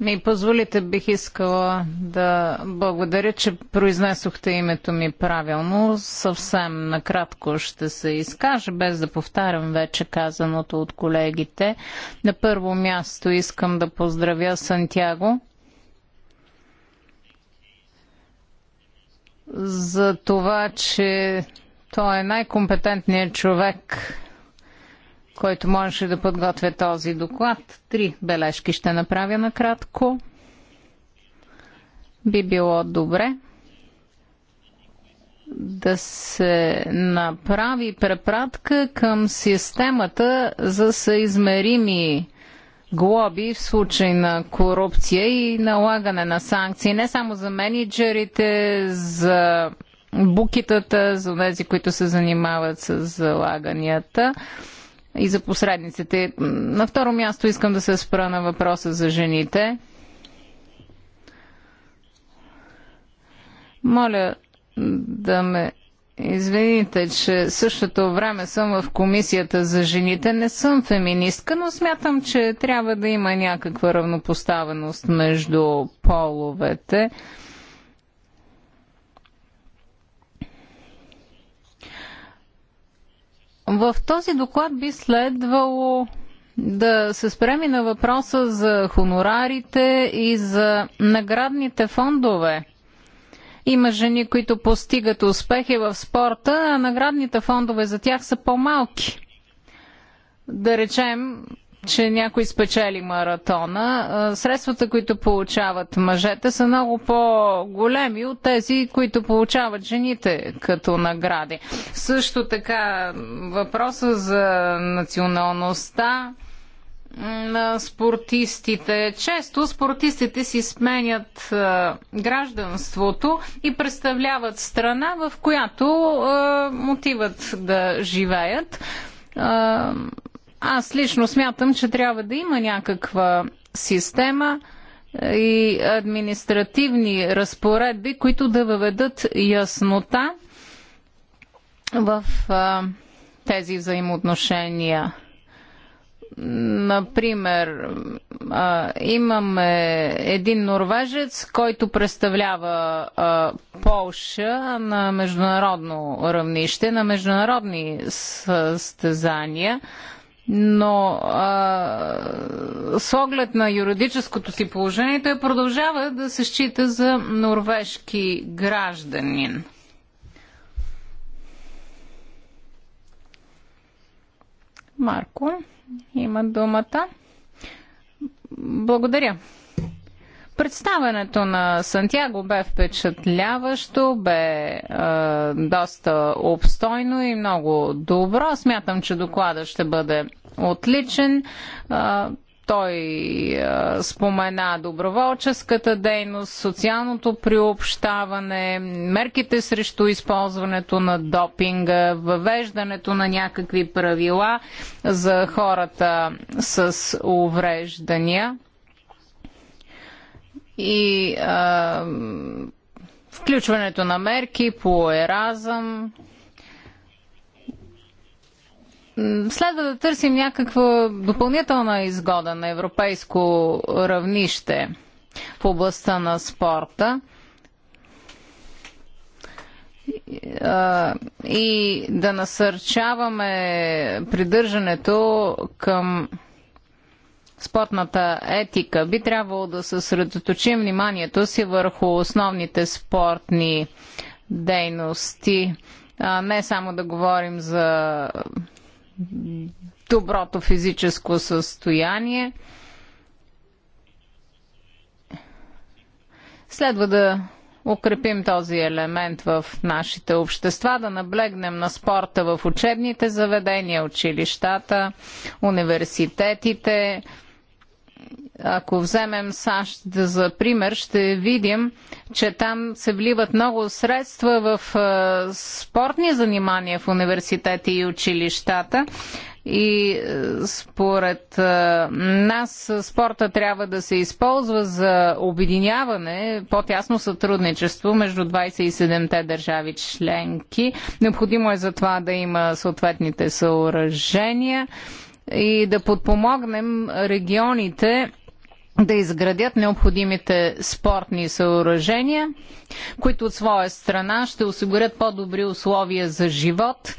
ми позволите, бих искала да благодаря, че произнесохте името ми правилно. Съвсем накратко ще се изкажа, без да повтарям вече казаното от колегите. На първо място искам да поздравя Сантяго за това, че той е най-компетентният човек който можеше да подготвя този доклад. Три бележки ще направя накратко. Би било добре да се направи препратка към системата за съизмерими глоби в случай на корупция и налагане на санкции не само за менеджерите, за букитата, за тези, които се занимават с залаганията и за посредниците. На второ място искам да се спра на въпроса за жените. Моля да ме извините, че същото време съм в комисията за жените. Не съм феминистка, но смятам, че трябва да има някаква равнопоставеност между половете. В този доклад би следвало да се спреми на въпроса за хонорарите и за наградните фондове. Има жени, които постигат успехи в спорта, а наградните фондове за тях са по-малки. Да речем, че някой спечели маратона. Средствата, които получават мъжете, са много по-големи от тези, които получават жените като награди. Също така въпроса за националността на спортистите. Често спортистите си сменят гражданството и представляват страна, в която а, отиват да живеят. Аз лично смятам, че трябва да има някаква система и административни разпоредби, които да въведат яснота в а, тези взаимоотношения. Например, а, имаме един норвежец, който представлява а, Полша на международно равнище, на международни състезания но а, с оглед на юридическото си положение той продължава да се счита за норвежки гражданин. Марко има думата. Благодаря. Представенето на Сантьяго бе впечатляващо, бе е, доста обстойно и много добро. Смятам, че докладът ще бъде отличен. Е, той е, спомена доброволческата дейност, социалното приобщаване, мерките срещу използването на допинга, въвеждането на някакви правила за хората с увреждания и а, включването на мерки по еразъм. Следва да търсим някаква допълнителна изгода на европейско равнище в областта на спорта и да насърчаваме придържането към спортната етика. Би трябвало да съсредоточим вниманието си върху основните спортни дейности, а не само да говорим за доброто физическо състояние. Следва да укрепим този елемент в нашите общества, да наблегнем на спорта в учебните заведения, училищата, университетите, ако вземем САЩ за пример, ще видим, че там се вливат много средства в спортни занимания в университети и училищата. И според нас спорта трябва да се използва за обединяване, по-тясно сътрудничество между 27-те държави членки. Необходимо е за това да има съответните съоръжения и да подпомогнем регионите да изградят необходимите спортни съоръжения, които от своя страна ще осигурят по-добри условия за живот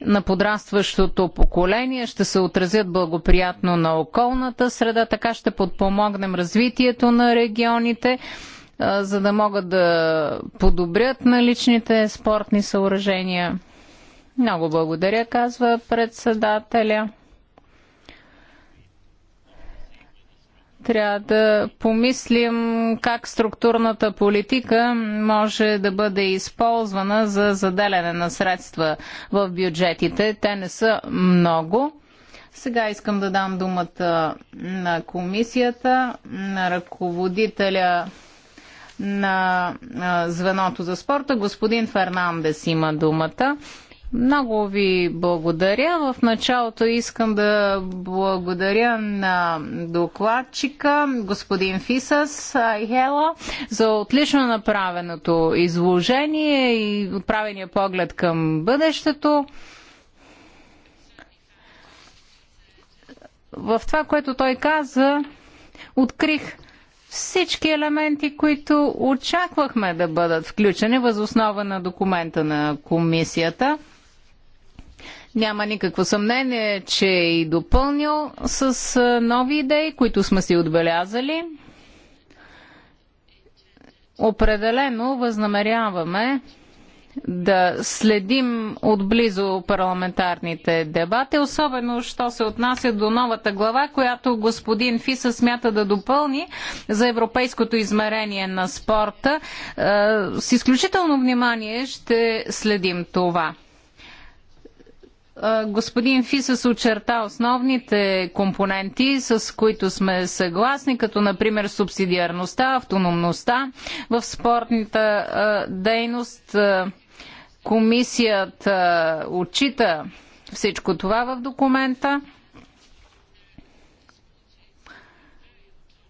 на подрастващото поколение, ще се отразят благоприятно на околната среда, така ще подпомогнем развитието на регионите, за да могат да подобрят наличните спортни съоръжения. Много благодаря, казва председателя. Трябва да помислим как структурната политика може да бъде използвана за заделяне на средства в бюджетите. Те не са много. Сега искам да дам думата на комисията, на ръководителя на звеното за спорта. Господин Фернандес има думата. Много ви благодаря. В началото искам да благодаря на докладчика, господин Фисас Айхела, за отлично направеното изложение и отправения поглед към бъдещето. В това, което той каза, открих всички елементи, които очаквахме да бъдат включени възоснова на документа на комисията – няма никакво съмнение, че е и допълнил с нови идеи, които сме си отбелязали. Определено възнамеряваме да следим отблизо парламентарните дебати, особено що се отнася до новата глава, която господин Фиса смята да допълни за европейското измерение на спорта. С изключително внимание ще следим това. Господин Фисъс очерта основните компоненти, с които сме съгласни, като например субсидиарността, автономността в спортната дейност. Комисията отчита всичко това в документа.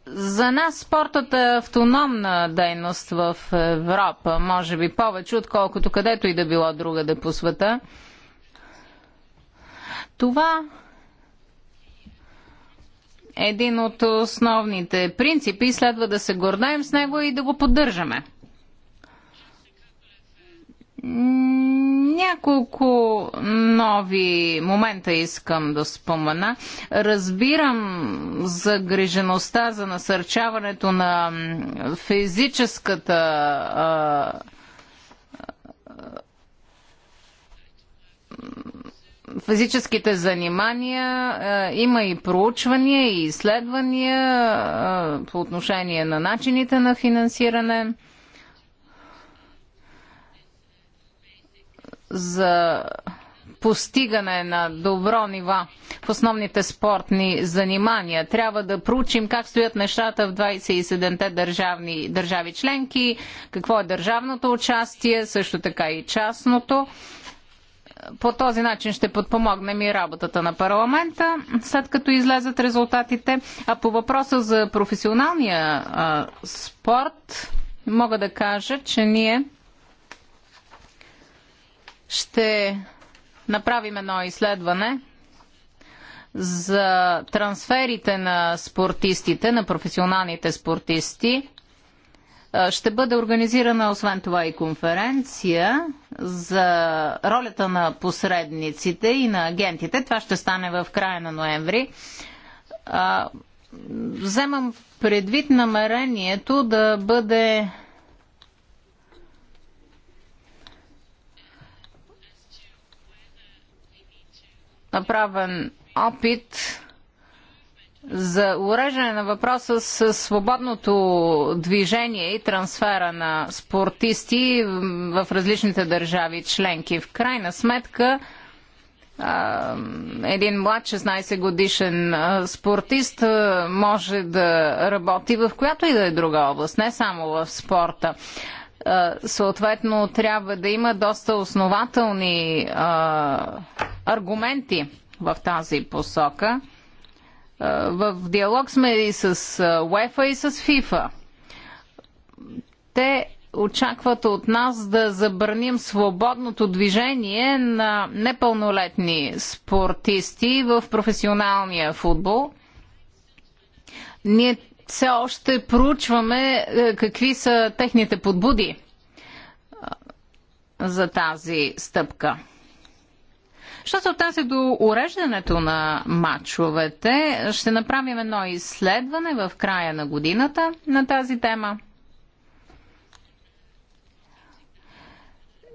За нас спортът е автономна дейност в Европа, може би повече, отколкото където и да било другаде по света. Това е един от основните принципи. Следва да се гордаем с него и да го поддържаме. Няколко нови момента искам да спомена. Разбирам загрижеността за насърчаването на физическата а, а, физическите занимания е, има и проучвания и изследвания е, по отношение на начините на финансиране. за постигане на добро нива в основните спортни занимания. Трябва да проучим как стоят нещата в 27-те държавни, държави членки, какво е държавното участие, също така и частното по този начин ще подпомогнем и работата на парламента, след като излезат резултатите. А по въпроса за професионалния а, спорт, мога да кажа, че ние ще направим едно изследване за трансферите на спортистите, на професионалните спортисти ще бъде организирана освен това и конференция за ролята на посредниците и на агентите. Това ще стане в края на ноември. Вземам предвид намерението да бъде направен опит за уреждане на въпроса с свободното движение и трансфера на спортисти в различните държави членки. В крайна сметка, един млад 16 годишен спортист може да работи в която и да е друга област, не само в спорта. Съответно, трябва да има доста основателни аргументи в тази посока. В диалог сме и с УЕФА и с ФИФА. Те очакват от нас да забраним свободното движение на непълнолетни спортисти в професионалния футбол. Ние все още проучваме е, какви са техните подбуди за тази стъпка. Що се отнася до уреждането на матчовете, ще направим едно изследване в края на годината на тази тема.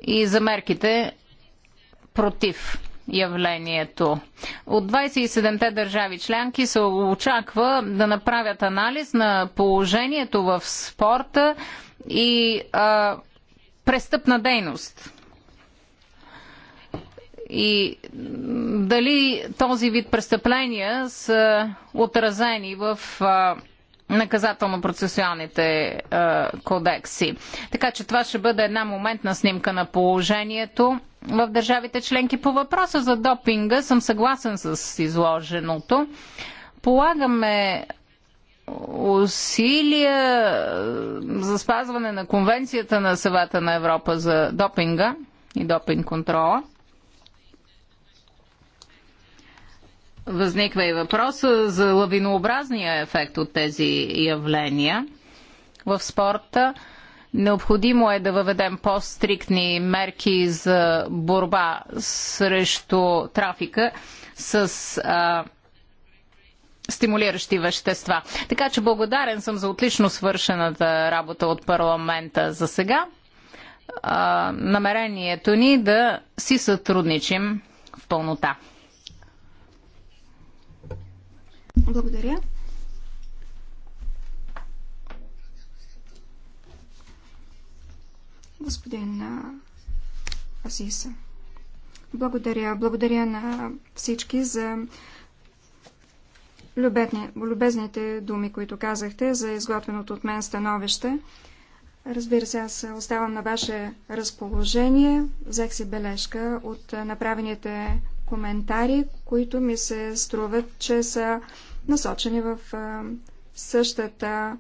И за мерките против явлението. От 27-те държави членки се очаква да направят анализ на положението в спорта и а, престъпна дейност и дали този вид престъпления са отразени в наказателно-процесуалните кодекси. Така че това ще бъде една моментна снимка на положението в държавите членки. По въпроса за допинга съм съгласен с изложеното. Полагаме усилия за спазване на Конвенцията на Съвета на Европа за допинга и допинг контрола. Възниква и въпроса за лавинообразния ефект от тези явления в спорта. Необходимо е да въведем по-стриктни мерки за борба срещу трафика с а, стимулиращи вещества. Така че благодарен съм за отлично свършената работа от парламента за сега. А, намерението ни е да си сътрудничим в пълнота. Благодаря. Господин Асиса. Благодаря. Благодаря на всички за любезни, любезните думи, които казахте, за изготвеното от мен становище. Разбира се, аз оставам на ваше разположение. Взех си бележка от направените коментари, които ми се струват, че са насочени в същата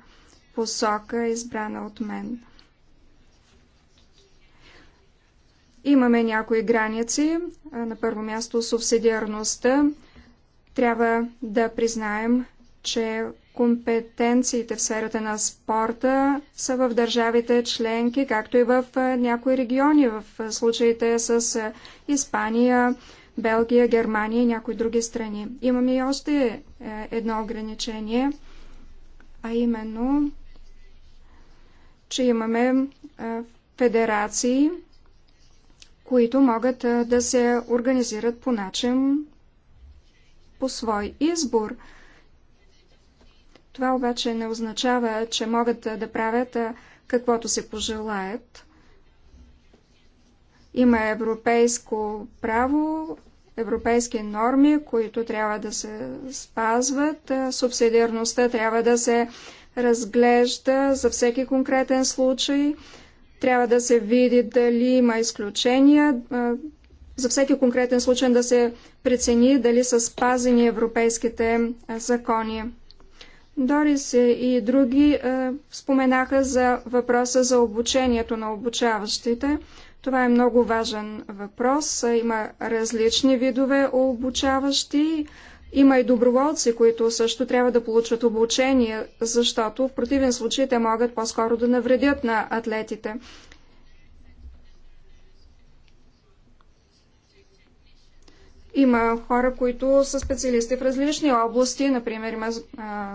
посока, избрана от мен. Имаме някои граници. На първо място субсидиарността. Трябва да признаем, че компетенциите в сферата на спорта са в държавите членки, както и в някои региони, в случаите с Испания, Белгия, Германия и някои други страни. Имаме и още е, едно ограничение, а именно, че имаме е, федерации, които могат е, да се организират по начин, по свой избор. Това обаче не означава, че могат да правят каквото се пожелаят. Има европейско право, европейски норми, които трябва да се спазват. Субсидиарността трябва да се разглежда за всеки конкретен случай. Трябва да се види дали има изключения. За всеки конкретен случай да се прецени дали са спазени европейските закони. Дорис и други споменаха за въпроса за обучението на обучаващите. Това е много важен въпрос. Има различни видове обучаващи. Има и доброволци, които също трябва да получат обучение, защото в противен случай те могат по-скоро да навредят на атлетите. Има хора, които са специалисти в различни области, например има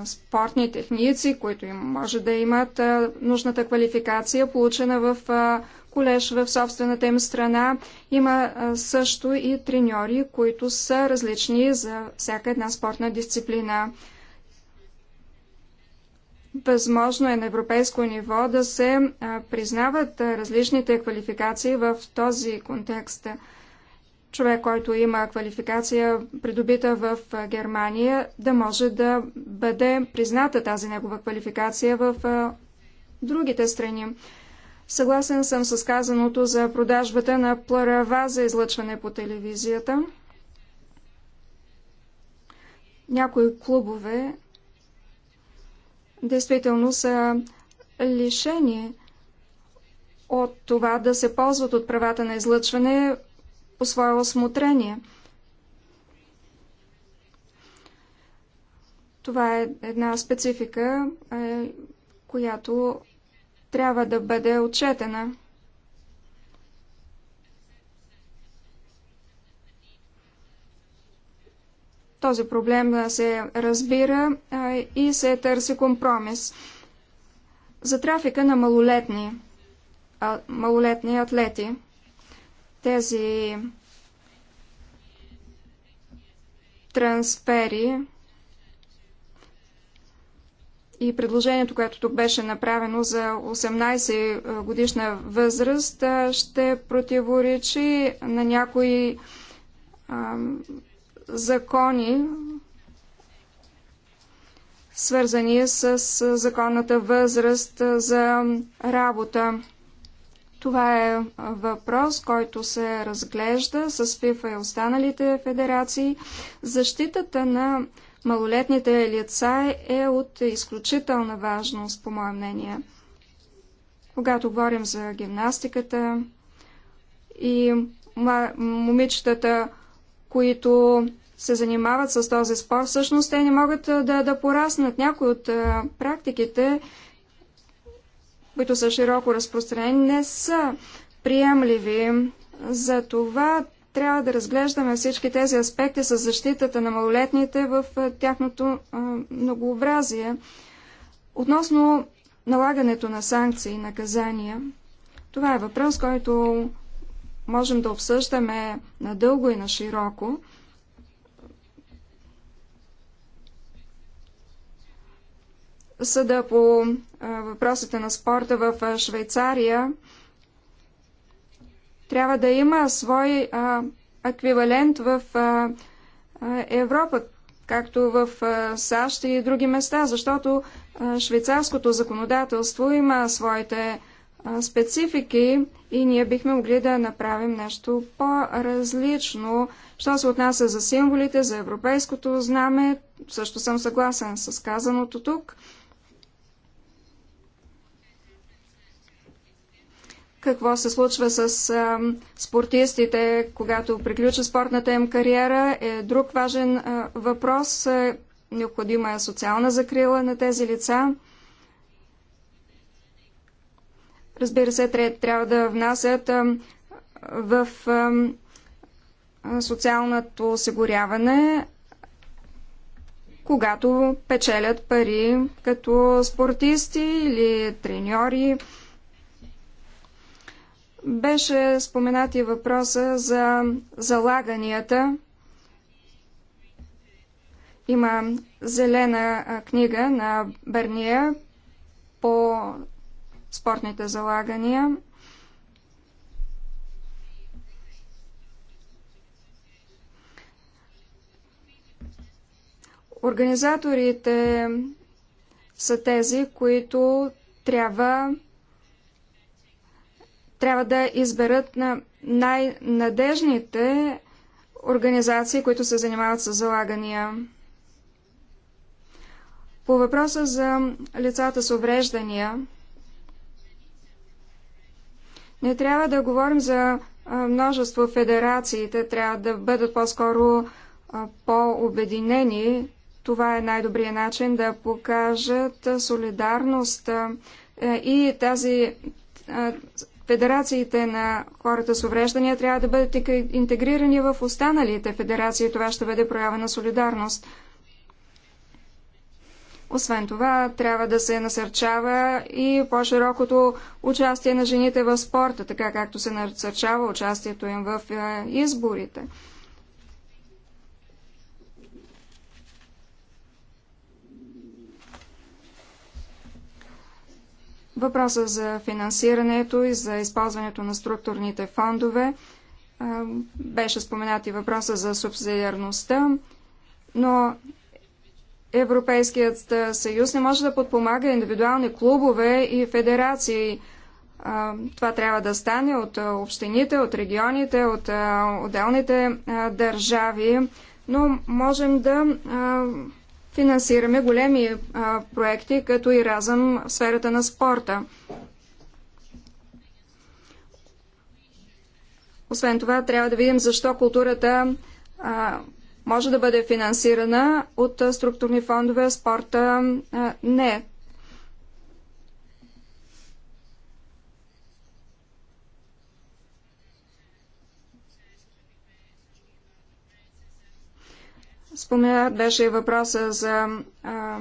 спортни техници, които им може да имат нужната квалификация, получена в колеж в собствената им страна. Има също и треньори, които са различни за всяка една спортна дисциплина. Възможно е на европейско ниво да се признават различните квалификации в този контекст. Човек, който има квалификация придобита в Германия, да може да бъде призната тази негова квалификация в другите страни. Съгласен съм с казаното за продажбата на плърава за излъчване по телевизията. Някои клубове действително са лишени от това да се ползват от правата на излъчване по свое осмотрение. Това е една специфика, е, която трябва да бъде отчетена. Този проблем се разбира и се търси компромис. За трафика на малолетни, малолетни атлети, тези трансфери и предложението, което тук беше направено за 18 годишна възраст, ще противоречи на някои а, закони, свързани с законната възраст за работа. Това е въпрос, който се разглежда с ФИФА и останалите федерации. Защитата на малолетните лица е от изключителна важност, по мое мнение. Когато говорим за гимнастиката и момичетата, които се занимават с този спорт, всъщност те не могат да, да пораснат. Някои от практиките, които са широко разпространени, не са приемливи. За това трябва да разглеждаме всички тези аспекти с защитата на малолетните в тяхното многообразие. Относно налагането на санкции и наказания, това е въпрос, който можем да обсъждаме надълго и на широко. Съда по въпросите на спорта в Швейцария трябва да има свой а, еквивалент в а, Европа, както в а, САЩ и други места, защото а, швейцарското законодателство има своите а, специфики и ние бихме могли да направим нещо по-различно. Що се отнася за символите, за европейското знаме, също съм съгласен с казаното тук. какво се случва с а, спортистите, когато приключи спортната им кариера, е друг важен а, въпрос. Е, необходима е социална закрила на тези лица. Разбира се, трябва да внасят а, в а, социалното осигуряване, когато печелят пари като спортисти или треньори. Беше споменат и въпроса за залаганията. Има зелена книга на Берния по спортните залагания. Организаторите са тези, които трябва трябва да изберат на най-надежните организации, които се занимават с залагания. По въпроса за лицата с увреждания, не трябва да говорим за множество федерации. Те трябва да бъдат по-скоро по-обединени. Това е най-добрият начин да покажат солидарност е, и тази Федерациите на хората с увреждания трябва да бъдат интегрирани в останалите федерации. Това ще бъде проява на солидарност. Освен това, трябва да се насърчава и по-широкото участие на жените в спорта, така както се насърчава участието им в е, изборите. Въпроса за финансирането и за използването на структурните фондове беше споменат и въпроса за субсидиарността, но Европейският съюз не може да подпомага индивидуални клубове и федерации. Това трябва да стане от общините, от регионите, от отделните държави, но можем да финансираме големи а, проекти, като и разъм в сферата на спорта. Освен това, трябва да видим защо културата а, може да бъде финансирана от структурни фондове, спорта а, не. Споменат беше въпроса за а,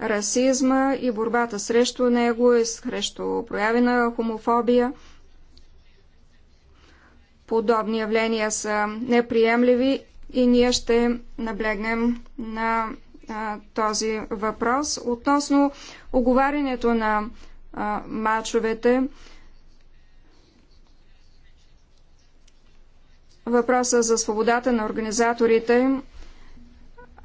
расизма и борбата срещу него и срещу прояви на хомофобия. Подобни явления са неприемливи и ние ще наблегнем на а, този въпрос. Относно оговарянето на а, мачовете, въпроса за свободата на организаторите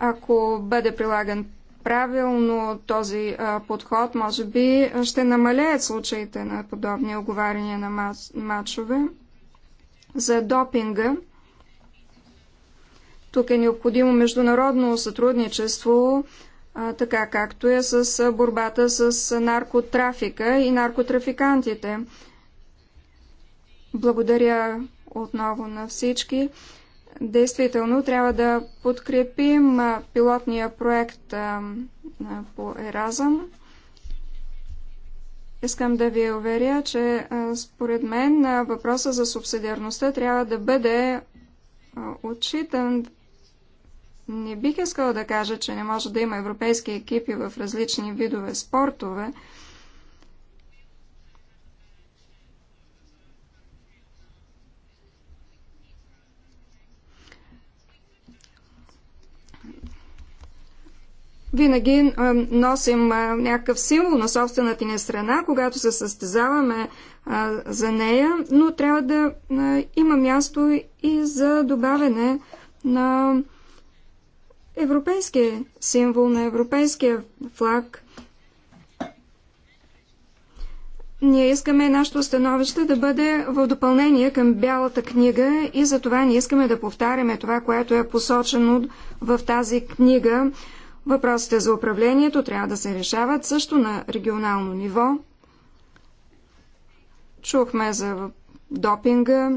ако бъде прилаган правилно този подход, може би ще намалеят случаите на подобни оговаряния на мачове За допинга тук е необходимо международно сътрудничество, така както е с борбата с наркотрафика и наркотрафикантите. Благодаря отново на всички. Действително трябва да подкрепим пилотния проект по Еразъм. Искам да ви уверя, че според мен въпроса за субсидиарността трябва да бъде отчитан. Не бих искала да кажа, че не може да има европейски екипи в различни видове спортове, Винаги носим някакъв символ на собствената ни страна, когато се състезаваме за нея, но трябва да има място и за добавяне на европейския символ, на европейския флаг. Ние искаме нашето становище да бъде в допълнение към Бялата книга и затова не искаме да повтаряме това, което е посочено в тази книга Въпросите за управлението трябва да се решават също на регионално ниво. Чухме за допинга.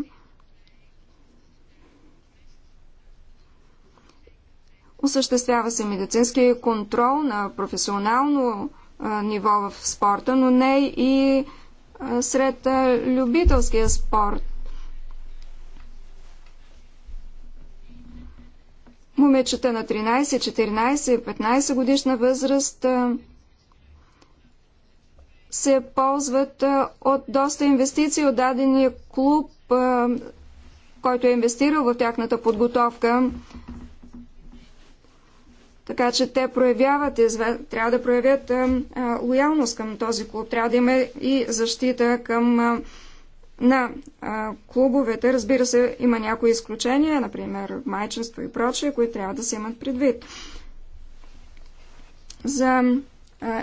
Осъществява се медицински контрол на професионално ниво в спорта, но не и сред любителския спорт. момичета на 13, 14, 15 годишна възраст се ползват от доста инвестиции от дадения клуб, който е инвестирал в тяхната подготовка. Така че те проявяват, трябва да проявят лоялност към този клуб, трябва да има и защита към на а, клубовете. Разбира се, има някои изключения, например майчинство и прочие, които трябва да се имат предвид. За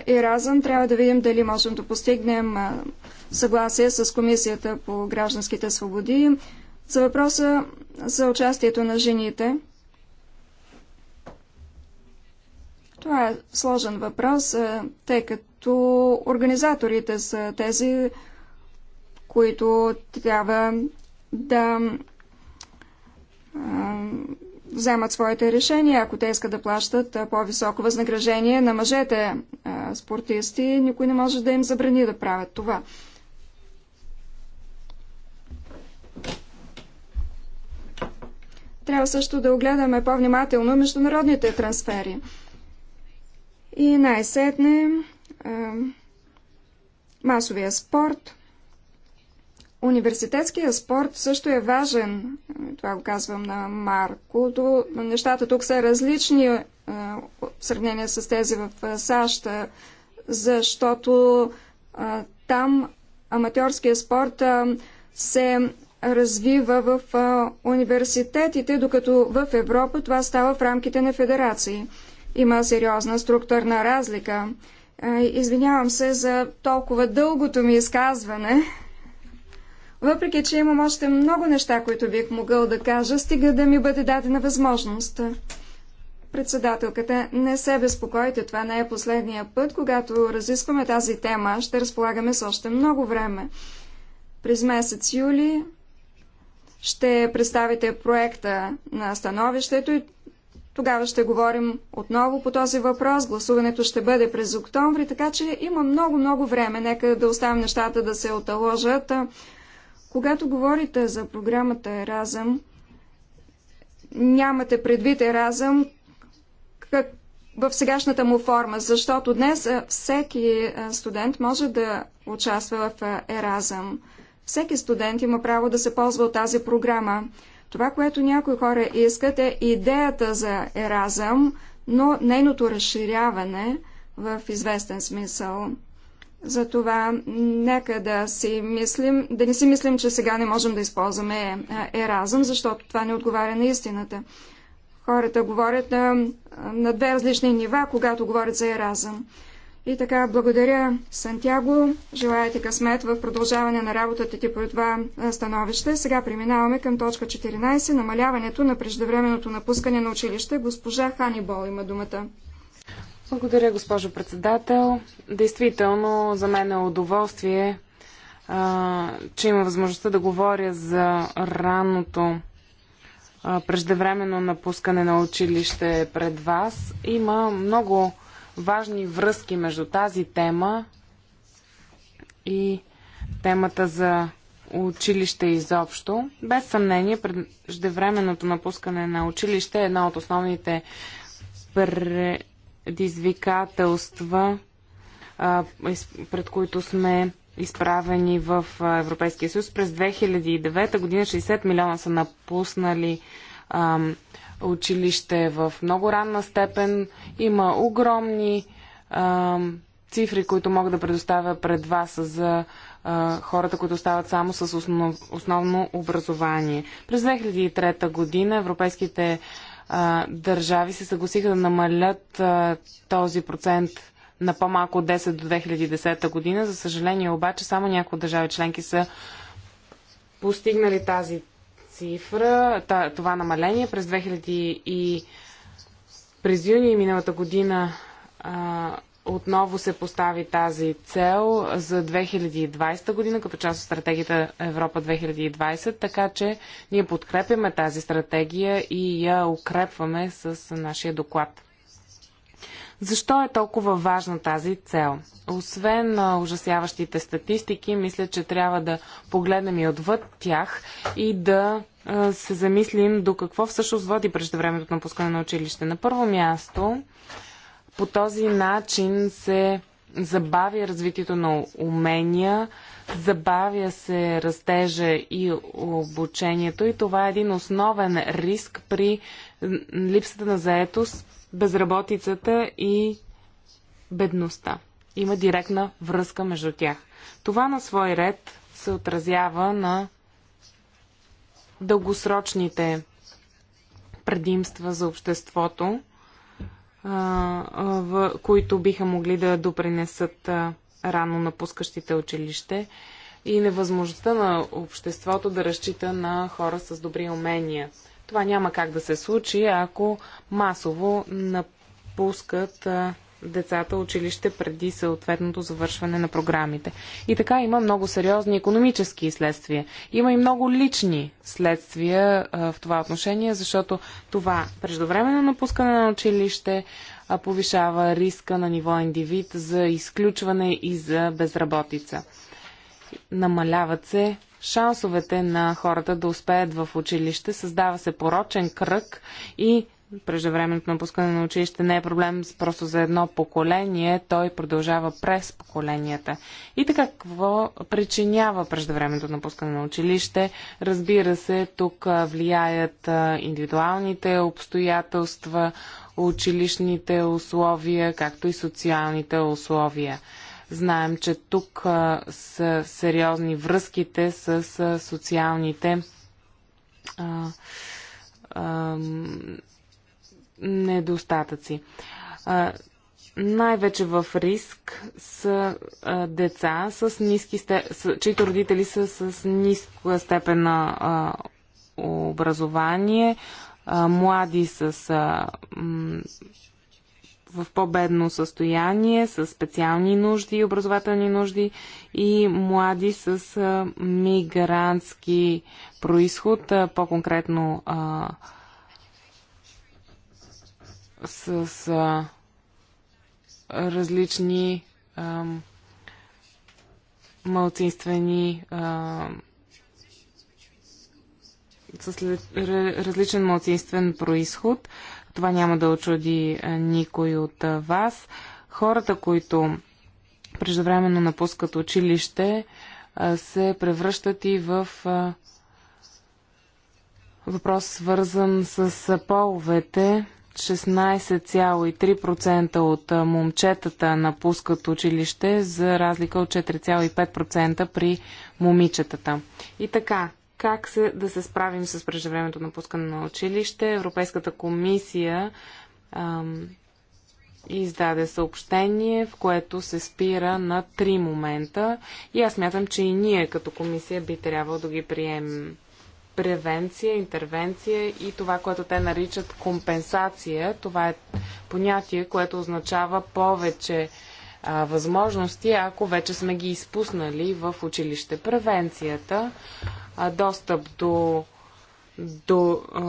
Еразъм трябва да видим дали можем да постигнем а, съгласие с Комисията по гражданските свободи. За въпроса за участието на жените. Това е сложен въпрос, а, тъй като организаторите са тези, които трябва да вземат своите решения, ако те искат да плащат по-високо възнаграждение на мъжете спортисти, никой не може да им забрани да правят това. Трябва също да огледаме по-внимателно международните трансфери. И най-сетне масовия спорт – Университетския спорт също е важен, това го казвам на Марко. Нещата тук са различни е, в сравнение с тези в е, САЩ, е, защото там аматьорския спорт се развива в университетите, докато в Европа това става в рамките на федерации. Има сериозна структурна разлика. Извинявам се за толкова дългото ми изказване. Въпреки, че имам още много неща, които бих могъл да кажа, стига да ми бъде дадена възможност. Председателката, не се безпокойте, това не е последния път. Когато разискваме тази тема, ще разполагаме с още много време. През месец юли ще представите проекта на становището и тогава ще говорим отново по този въпрос. Гласуването ще бъде през октомври, така че има много-много време. Нека да оставим нещата да се оталожат. Когато говорите за програмата Еразъм, нямате предвид Еразъм как, в сегашната му форма, защото днес всеки студент може да участва в Еразъм. Всеки студент има право да се ползва от тази програма. Това, което някои хора искат е идеята за Еразъм, но нейното разширяване в известен смисъл – затова нека да си мислим, да не си мислим, че сега не можем да използваме е, е, еразъм, защото това не отговаря на истината. Хората говорят на, на две различни нива, когато говорят за еразъм. И така, благодаря, Сантяго. Желая ти късмет в продължаване на работата ти по това становище. Сега преминаваме към точка 14. Намаляването на преждевременното напускане на училище. Госпожа Ханибол има думата. Благодаря, госпожо председател. Действително, за мен е удоволствие, а, че има възможността да говоря за ранното а, преждевременно напускане на училище пред вас. Има много важни връзки между тази тема и темата за училище изобщо. Без съмнение, преждевременното напускане на училище е една от основните пре предизвикателства, пред които сме изправени в Европейския съюз. През 2009 година 60 милиона са напуснали училище в много ранна степен. Има огромни цифри, които мога да предоставя пред вас за хората, които остават само с основно образование. През 2003 година европейските а, държави се съгласиха да намалят а, този процент на по-малко от 10 до 2010 година. За съжаление обаче само някои държави членки са постигнали тази цифра, това намаление през 2000 и през юни миналата година а, отново се постави тази цел за 2020 година, като част от стратегията Европа 2020, така че ние подкрепяме тази стратегия и я укрепваме с нашия доклад. Защо е толкова важна тази цел? Освен на ужасяващите статистики, мисля, че трябва да погледнем и отвъд тях и да се замислим до какво всъщност води преждевременното напускане на училище. На първо място, по този начин се забавя развитието на умения, забавя се растежа и обучението и това е един основен риск при липсата на заетост, безработицата и бедността. Има директна връзка между тях. Това на свой ред се отразява на дългосрочните предимства за обществото, в, които биха могли да допринесат рано напускащите училище и невъзможността на обществото да разчита на хора с добри умения. Това няма как да се случи, ако масово напускат а, децата училище преди съответното завършване на програмите. И така има много сериозни економически следствия. Има и много лични следствия в това отношение, защото това преждовременно напускане на училище повишава риска на ниво индивид за изключване и за безработица. Намаляват се шансовете на хората да успеят в училище, създава се порочен кръг и преждевременното напускане на училище не е проблем просто за едно поколение, той продължава през поколенията. И така, какво причинява преждевременното напускане на училище? Разбира се, тук влияят индивидуалните обстоятелства, училищните условия, както и социалните условия. Знаем, че тук са сериозни връзките с социалните недостатъци. Най-вече в риск са а, деца, с ниски сте... с... чието родители са с ниска степен на образование, а, млади с а, м... в по-бедно състояние, с специални нужди, образователни нужди и млади с а, мигрантски происход, а, по-конкретно а, с, с различни ам, малцинствени с различен малцинствен происход. Това няма да очуди никой от вас. Хората, които преждевременно напускат училище, се превръщат и в въпрос свързан с половете 16,3% от момчетата напускат училище, за разлика от 4,5% при момичетата. И така, как се, да се справим с преждевременното напускане на училище? Европейската комисия ам, издаде съобщение, в което се спира на три момента и аз мятам, че и ние като комисия би трябвало да ги приемем превенция, интервенция и това, което те наричат компенсация. Това е понятие, което означава повече а, възможности, ако вече сме ги изпуснали в училище. Превенцията, а, достъп до, до а,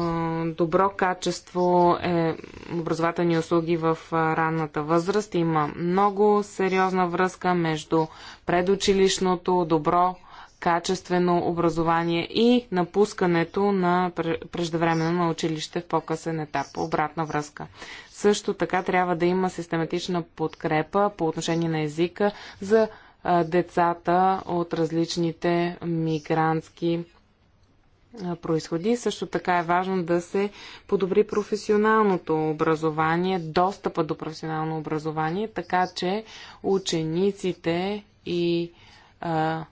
добро качество е, образователни услуги в а, ранната възраст. Има много сериозна връзка между предучилищното добро качествено образование и напускането на преждевременно на училище в по-късен етап. Обратна връзка. Също така трябва да има систематична подкрепа по отношение на езика за децата от различните мигрантски происходи. Също така е важно да се подобри професионалното образование, достъпа до професионално образование, така че учениците и а,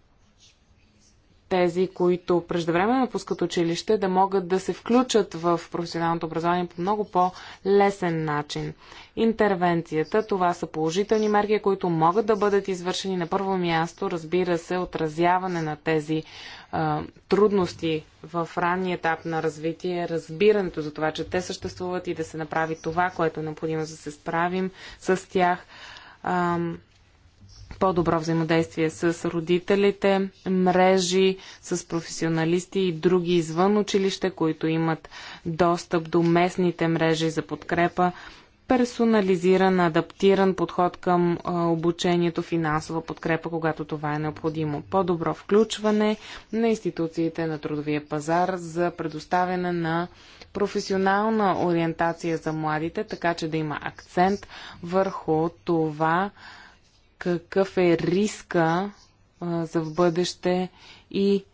тези, които преждевременно напускат училище, да могат да се включат в професионалното образование по много по-лесен начин. Интервенцията, това са положителни мерки, които могат да бъдат извършени на първо място, разбира се, отразяване на тези а, трудности в ранния етап на развитие, разбирането за това, че те съществуват и да се направи това, което е необходимо за да се справим с тях по-добро взаимодействие с родителите, мрежи, с професионалисти и други извън училище, които имат достъп до местните мрежи за подкрепа, персонализиран, адаптиран подход към обучението, финансова подкрепа, когато това е необходимо. По-добро включване на институциите на трудовия пазар за предоставяне на професионална ориентация за младите, така че да има акцент върху това, какъв е риска за в бъдеще и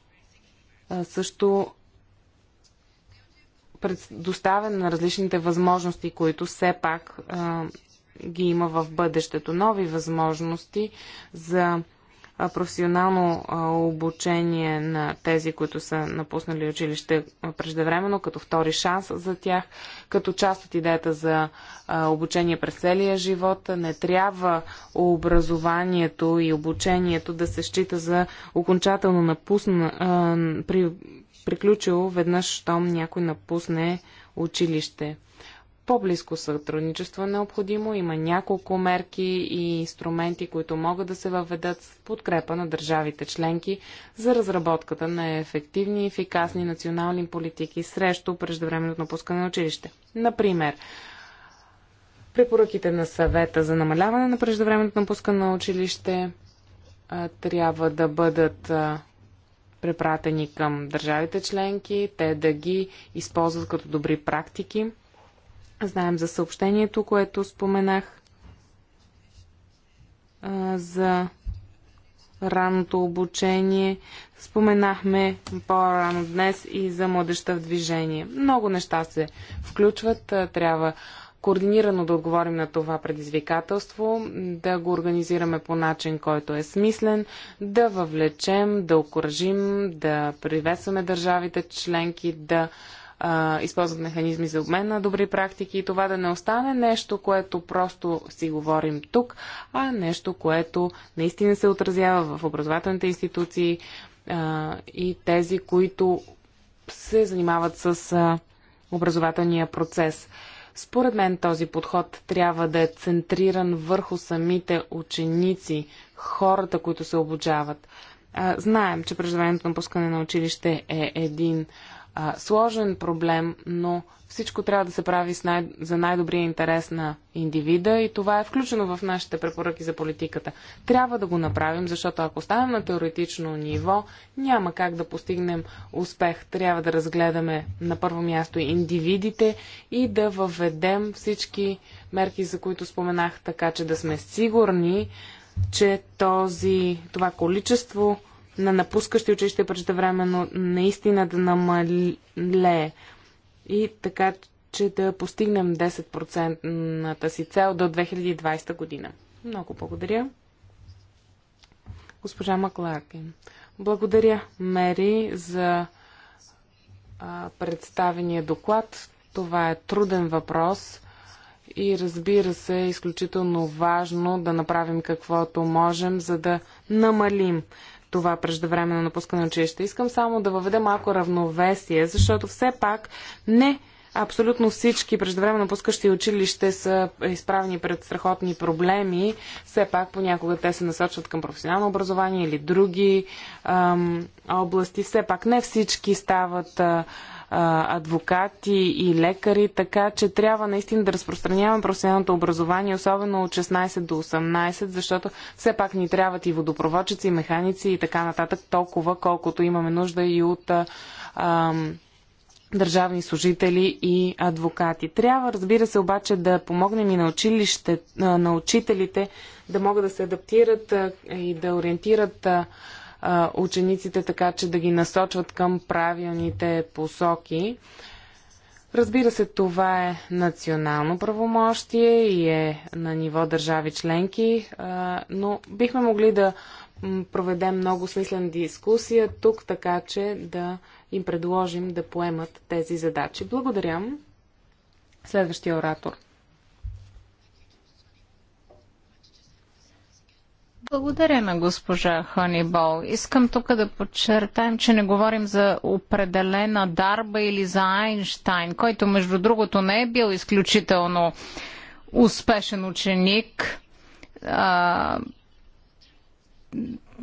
също предоставяне на различните възможности, които все пак ги има в бъдещето. Нови възможности за професионално обучение на тези, които са напуснали училище преждевременно, като втори шанс за тях, като част от идеята за обучение през целия живот. Не трябва образованието и обучението да се счита за окончателно напусна, при, приключило веднъж, щом някой напусне училище по-близко сътрудничество е необходимо. Има няколко мерки и инструменти, които могат да се въведат в подкрепа на държавите членки за разработката на ефективни и ефикасни национални политики срещу преждевременното напускане на училище. Например, препоръките на съвета за намаляване на преждевременното напускане на училище трябва да бъдат препратени към държавите членки, те да ги използват като добри практики Знаем за съобщението, което споменах за ранното обучение. Споменахме по-рано днес и за младеща в движение. Много неща се включват. Трябва координирано да отговорим на това предизвикателство, да го организираме по начин, който е смислен, да въвлечем, да окоръжим, да приветстваме държавите членки, да а, използват механизми за обмен на добри практики и това да не остане нещо, което просто си говорим тук, а нещо, което наистина се отразява в образователните институции а, и тези, които се занимават с а, образователния процес. Според мен този подход трябва да е центриран върху самите ученици, хората, които се обучават. А, знаем, че преждевременното напускане на училище е един а, сложен проблем, но всичко трябва да се прави с най- за най-добрия интерес на индивида и това е включено в нашите препоръки за политиката. Трябва да го направим, защото ако оставим на теоретично ниво, няма как да постигнем успех. Трябва да разгледаме на първо място индивидите и да въведем всички мерки, за които споменах, така че да сме сигурни, че този, това количество на напускащи училище преждевременно наистина да намалее и така, че да постигнем 10%-ната си цел до 2020 година. Много благодаря. Госпожа Макларкин. Благодаря, Мери, за а, представения доклад. Това е труден въпрос и разбира се е изключително важно да направим каквото можем, за да намалим това преждевременно напускане на училище. Искам само да въведа малко равновесие, защото все пак не абсолютно всички преждевременно напускащи училище са изправени пред страхотни проблеми. Все пак понякога те се насочват към професионално образование или други ам, области. Все пак не всички стават. А, адвокати и лекари, така че трябва наистина да разпространяваме професионалното образование, особено от 16 до 18, защото все пак ни трябват и водопроводчици, и механици и така нататък, толкова колкото имаме нужда и от ам, държавни служители и адвокати. Трябва, разбира се, обаче да помогнем и на, училище, на учителите да могат да се адаптират и да ориентират учениците, така че да ги насочват към правилните посоки. Разбира се, това е национално правомощие и е на ниво държави членки, но бихме могли да проведем много смислен дискусия тук, така че да им предложим да поемат тези задачи. Благодаря. Следващия оратор. Благодаря на госпожа Ханибол. Искам тук да подчертаем, че не говорим за определена дарба или за Айнштайн, който между другото не е бил изключително успешен ученик. А,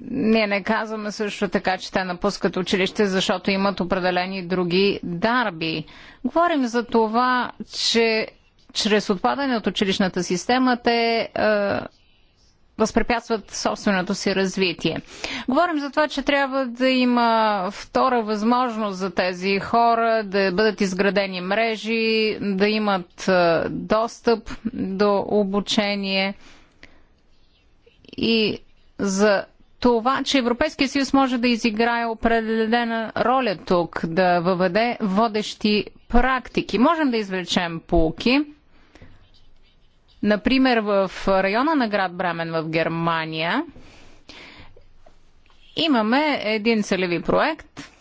ние не казваме също така, че те напускат училище, защото имат определени други дарби. Говорим за това, че чрез отпадане от училищната система те а, възпрепятстват собственото си развитие. Говорим за това, че трябва да има втора възможност за тези хора да бъдат изградени мрежи, да имат достъп до обучение и за това, че Европейския съюз може да изиграе определена роля тук, да въведе водещи практики. Можем да извлечем полки Например, в района на град Брамен в Германия имаме един целеви проект –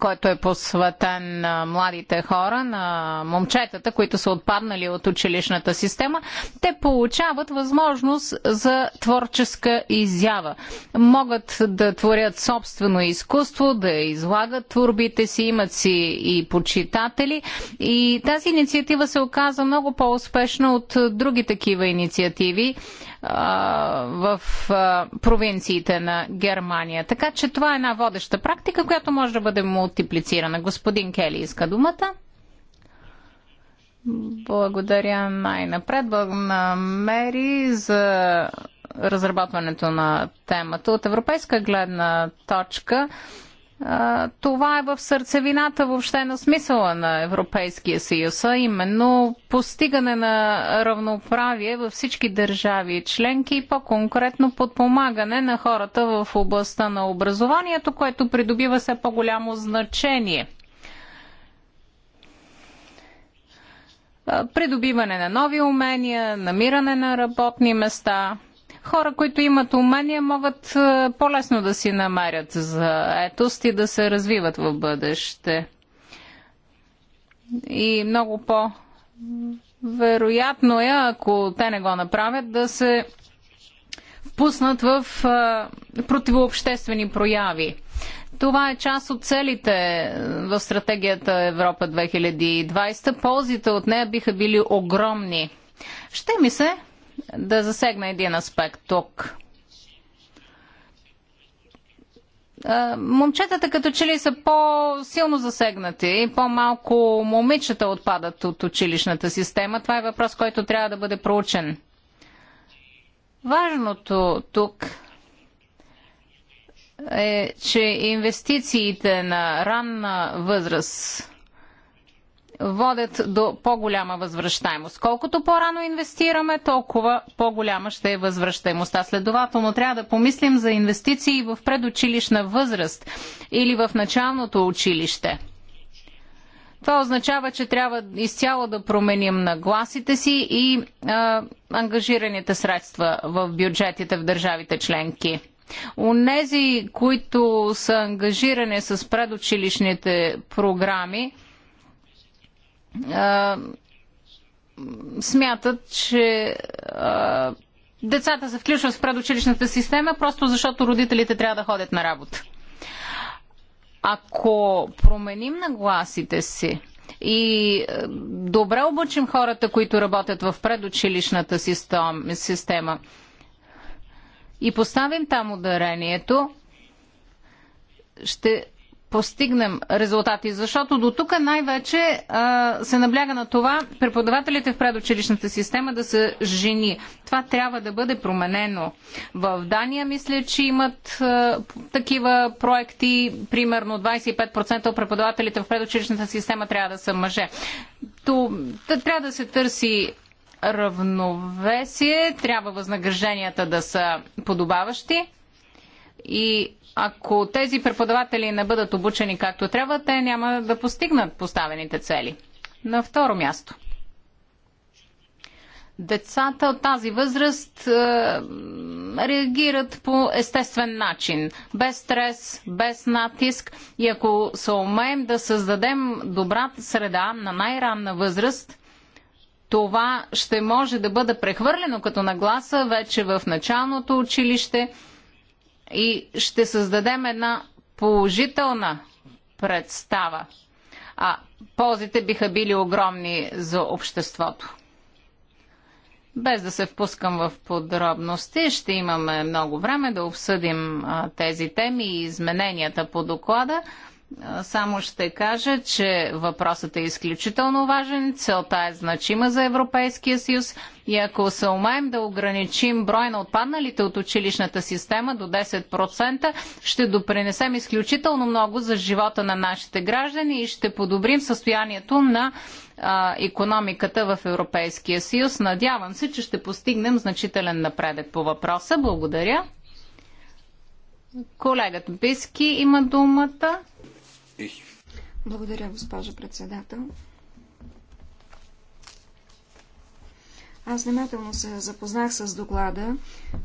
който е посветен на младите хора, на момчетата, които са отпаднали от училищната система, те получават възможност за творческа изява. Могат да творят собствено изкуство, да излагат творбите си, имат си и почитатели. И тази инициатива се оказа много по-успешна от други такива инициативи в провинциите на Германия. Така че това е една водеща практика, която може да бъде му мултиплицирана. Господин Кели иска думата. Благодаря най-напред. на Мери за разработването на темата. От европейска гледна точка това е в сърцевината въобще на смисъла на Европейския съюз, а именно постигане на равноправие във всички държави и членки и по-конкретно подпомагане на хората в областта на образованието, което придобива все по-голямо значение. Придобиване на нови умения, намиране на работни места – Хора, които имат умения, могат е, по-лесно да си намерят за етост и да се развиват в бъдеще. И много по- вероятно е, ако те не го направят, да се впуснат в е, противообществени прояви. Това е част от целите е, в стратегията Европа 2020. Ползите от нея биха били огромни. Ще ми се да засегна един аспект тук. Момчетата като че ли са по-силно засегнати и по-малко момичета отпадат от училищната система. Това е въпрос, който трябва да бъде проучен. Важното тук е, че инвестициите на ранна възраст водят до по-голяма възвръщаемост. Колкото по-рано инвестираме, толкова по-голяма ще е възвръщаемостта. Следователно трябва да помислим за инвестиции в предучилищна възраст или в началното училище. Това означава, че трябва изцяло да променим нагласите си и а, ангажираните средства в бюджетите в държавите членки. Унези, които са ангажирани с предучилищните програми, смятат, че а, децата се включват в предучилищната система, просто защото родителите трябва да ходят на работа. Ако променим нагласите си и добре обучим хората, които работят в предучилищната система и поставим там ударението, ще постигнем резултати, защото до тук най-вече се набляга на това преподавателите в предучилищната система да са жени. Това трябва да бъде променено. В Дания мисля, че имат а, такива проекти, примерно 25% от преподавателите в предучилищната система трябва да са мъже. То, трябва да се търси равновесие, трябва възнагражденията да са подобаващи и ако тези преподаватели не бъдат обучени както трябва, те няма да постигнат поставените цели. На второ място. Децата от тази възраст е, реагират по естествен начин, без стрес, без натиск и ако се умеем да създадем добра среда на най-ранна възраст, това ще може да бъде прехвърлено като нагласа вече в началното училище – и ще създадем една положителна представа. А ползите биха били огромни за обществото. Без да се впускам в подробности, ще имаме много време да обсъдим а, тези теми и измененията по доклада. Само ще кажа, че въпросът е изключително важен, целта е значима за Европейския съюз и ако се умеем да ограничим брой на отпадналите от училищната система до 10%, ще допринесем изключително много за живота на нашите граждани и ще подобрим състоянието на а, економиката в Европейския съюз. Надявам се, че ще постигнем значителен напредък по въпроса. Благодаря. Колегата Биски има думата. Благодаря, госпожо председател. Аз внимателно се запознах с доклада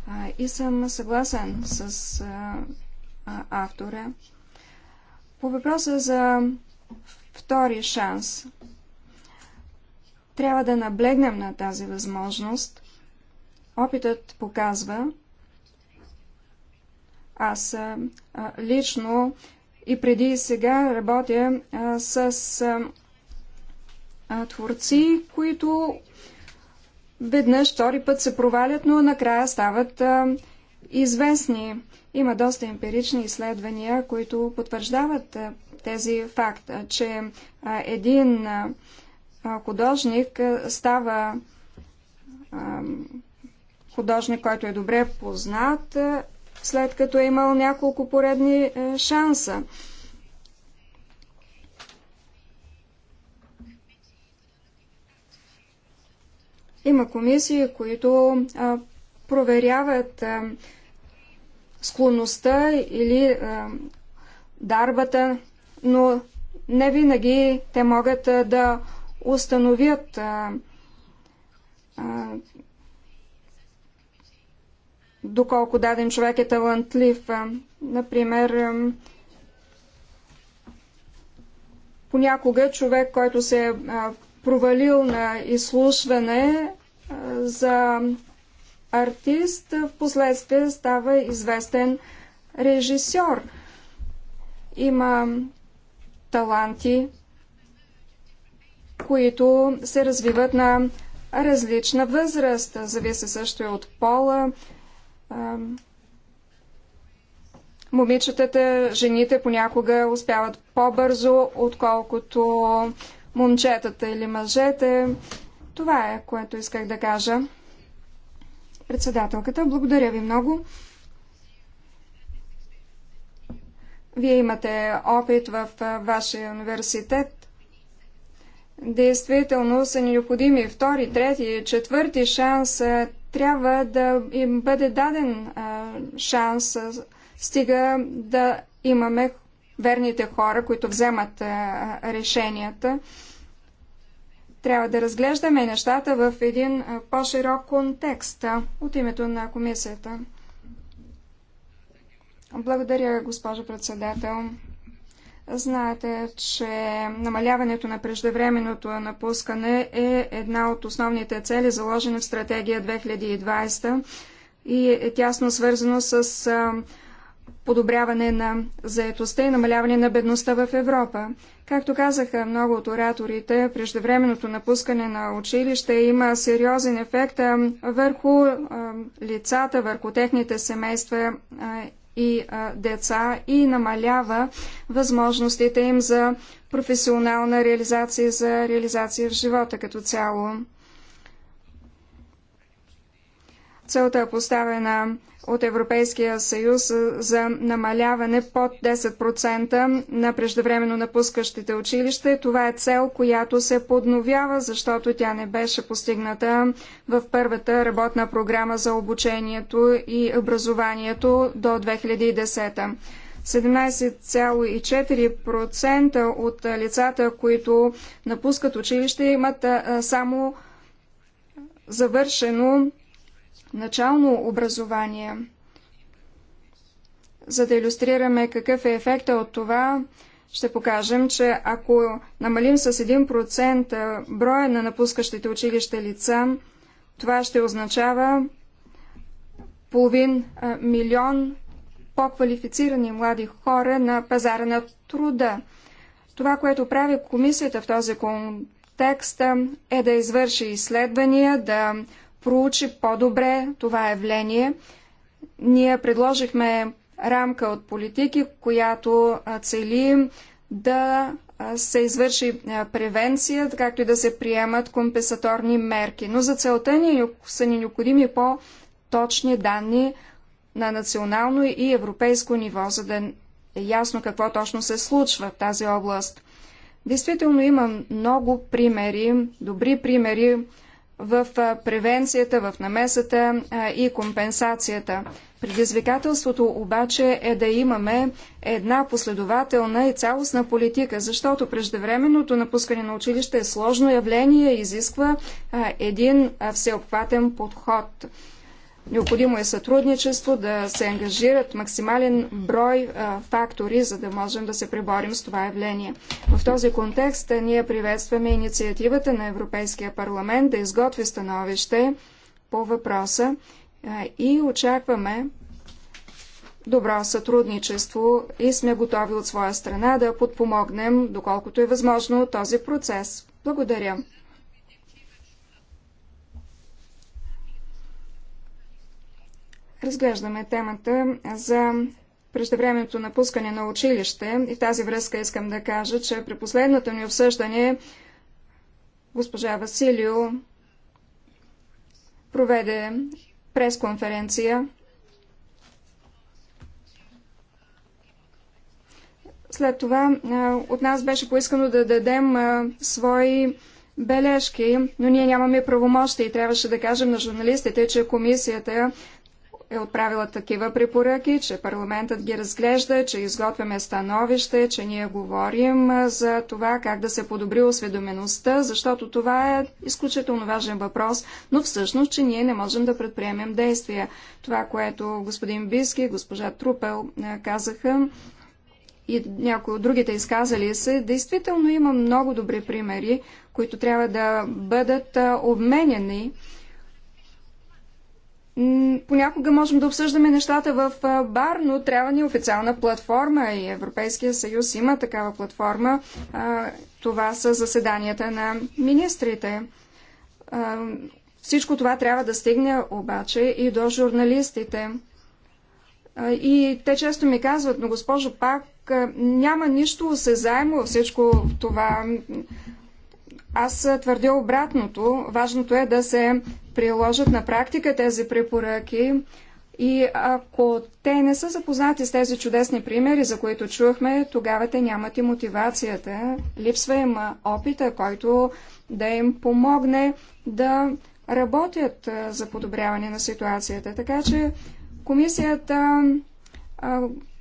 а, и съм съгласен с а, а, автора. По въпроса за втори шанс, трябва да наблегнем на тази възможност. Опитът показва, аз а, лично и преди и сега работя а, с а, творци, които веднъж, втори път се провалят, но накрая стават а, известни. Има доста емпирични изследвания, които потвърждават а, тези а, че а, един а, художник а, става а, художник, който е добре познат, след като е имал няколко поредни е, шанса. Има комисии, които а, проверяват а, склонността или а, дарбата, но не винаги те могат а, да установят а, а, доколко даден човек е талантлив. Например, понякога човек, който се е провалил на изслушване за артист, в последствие става известен режисьор. Има таланти, които се развиват на различна възраст. Зависи също и от пола, момичетата, жените понякога успяват по-бързо, отколкото момчетата или мъжете. Това е, което исках да кажа. Председателката, благодаря ви много. Вие имате опит в вашия университет. Действително са необходими втори, трети, четвърти шанс трябва да им бъде даден а, шанс, а, стига да имаме верните хора, които вземат а, решенията. Трябва да разглеждаме нещата в един по-широк контекст от името на комисията. Благодаря, госпожо председател. Знаете, че намаляването на преждевременното напускане е една от основните цели, заложени в стратегия 2020 и е тясно свързано с подобряване на заетостта и намаляване на бедността в Европа. Както казаха много от ораторите, преждевременното напускане на училище има сериозен ефект върху лицата, върху техните семейства и деца и намалява възможностите им за професионална реализация, за реализация в живота като цяло. Целта е поставена от Европейския съюз за намаляване под 10% на преждевременно напускащите училище. Това е цел, която се подновява, защото тя не беше постигната в първата работна програма за обучението и образованието до 2010. 17,4% от лицата, които напускат училище, имат само завършено начално образование. За да иллюстрираме какъв е ефекта от това, ще покажем, че ако намалим с 1% броя на напускащите училище лица, това ще означава половин милион по-квалифицирани млади хора на пазара на труда. Това, което прави комисията в този контекст е да извърши изследвания, да проучи по-добре това е явление. Ние предложихме рамка от политики, която цели да се извърши превенция, както и да се приемат компенсаторни мерки. Но за целта ни е са ни необходими по-точни данни на национално и европейско ниво, за да е ясно какво точно се случва в тази област. Действително има много примери, добри примери в превенцията, в намесата и компенсацията. Предизвикателството обаче е да имаме една последователна и цялостна политика, защото преждевременното напускане на училище е сложно явление и изисква един всеобхватен подход. Необходимо е сътрудничество, да се ангажират максимален брой а, фактори, за да можем да се преборим с това явление. В този контекст а, ние приветстваме инициативата на Европейския парламент да изготви становище по въпроса а, и очакваме добро сътрудничество и сме готови от своя страна да подпомогнем, доколкото е възможно, този процес. Благодаря. разглеждаме темата за преждевременното напускане на училище и в тази връзка искам да кажа, че при последното ни обсъждане госпожа Василио проведе пресконференция След това от нас беше поискано да дадем свои бележки, но ние нямаме правомощи и трябваше да кажем на журналистите, че комисията е отправила такива препоръки, че парламентът ги разглежда, че изготвяме становище, че ние говорим за това как да се подобри осведомеността, защото това е изключително важен въпрос, но всъщност, че ние не можем да предприемем действия. Това, което господин Биски, госпожа Трупел казаха и някои от другите изказали се, действително има много добри примери, които трябва да бъдат обменени понякога можем да обсъждаме нещата в бар, но трябва ни официална платформа и Европейския съюз има такава платформа. Това са заседанията на министрите. Всичко това трябва да стигне обаче и до журналистите. И те често ми казват, но госпожо Пак, няма нищо осезаемо всичко това. Аз твърдя обратното. Важното е да се приложат на практика тези препоръки. И ако те не са запознати с тези чудесни примери, за които чухме, тогава те нямат и мотивацията. Липсва им опита, който да им помогне да работят за подобряване на ситуацията. Така че комисията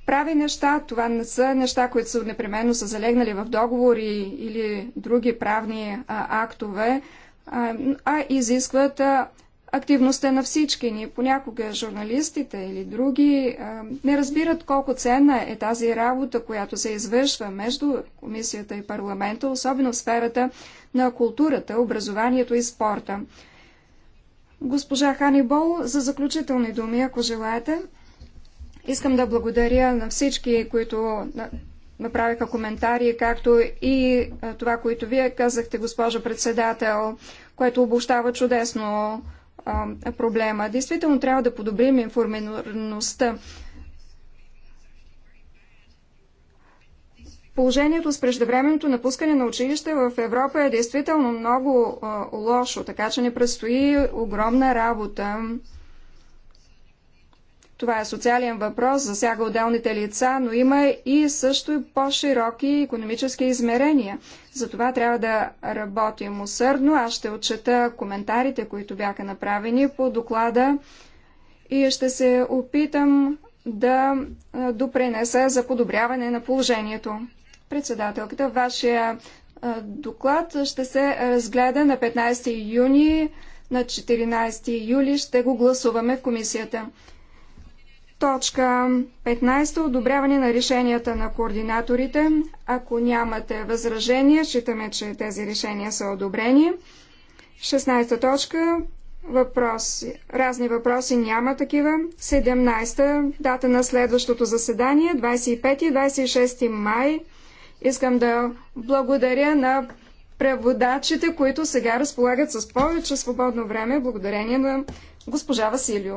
прави неща. Това не са неща, които са непременно са залегнали в договори или други правни а, актове, а, а изискват а, активността на всички ни. Понякога журналистите или други а, не разбират колко ценна е тази работа, която се извършва между комисията и парламента, особено в сферата на културата, образованието и спорта. Госпожа Ханибол, за заключителни думи, ако желаете. Искам да благодаря на всички, които направиха коментари, както и това, което вие казахте, госпожа председател, което обобщава чудесно проблема. Действително трябва да подобрим информираността. Положението с преждевременното напускане на училище в Европа е действително много лошо, така че не предстои огромна работа. Това е социален въпрос, засяга отделните лица, но има и също и по-широки економически измерения. Затова трябва да работим усърдно. Аз ще отчета коментарите, които бяха направени по доклада и ще се опитам да допренеса за подобряване на положението. Председателката, вашия доклад ще се разгледа на 15 юни, на 14 юли ще го гласуваме в комисията. Точка 15. Одобряване на решенията на координаторите. Ако нямате възражения, считаме, че тези решения са одобрени. 16 точка. Въпроси. Разни въпроси няма такива. 17. Дата на следващото заседание. 25 и 26 май. Искам да благодаря на преводачите, които сега разполагат с повече свободно време благодарение на госпожа Василио.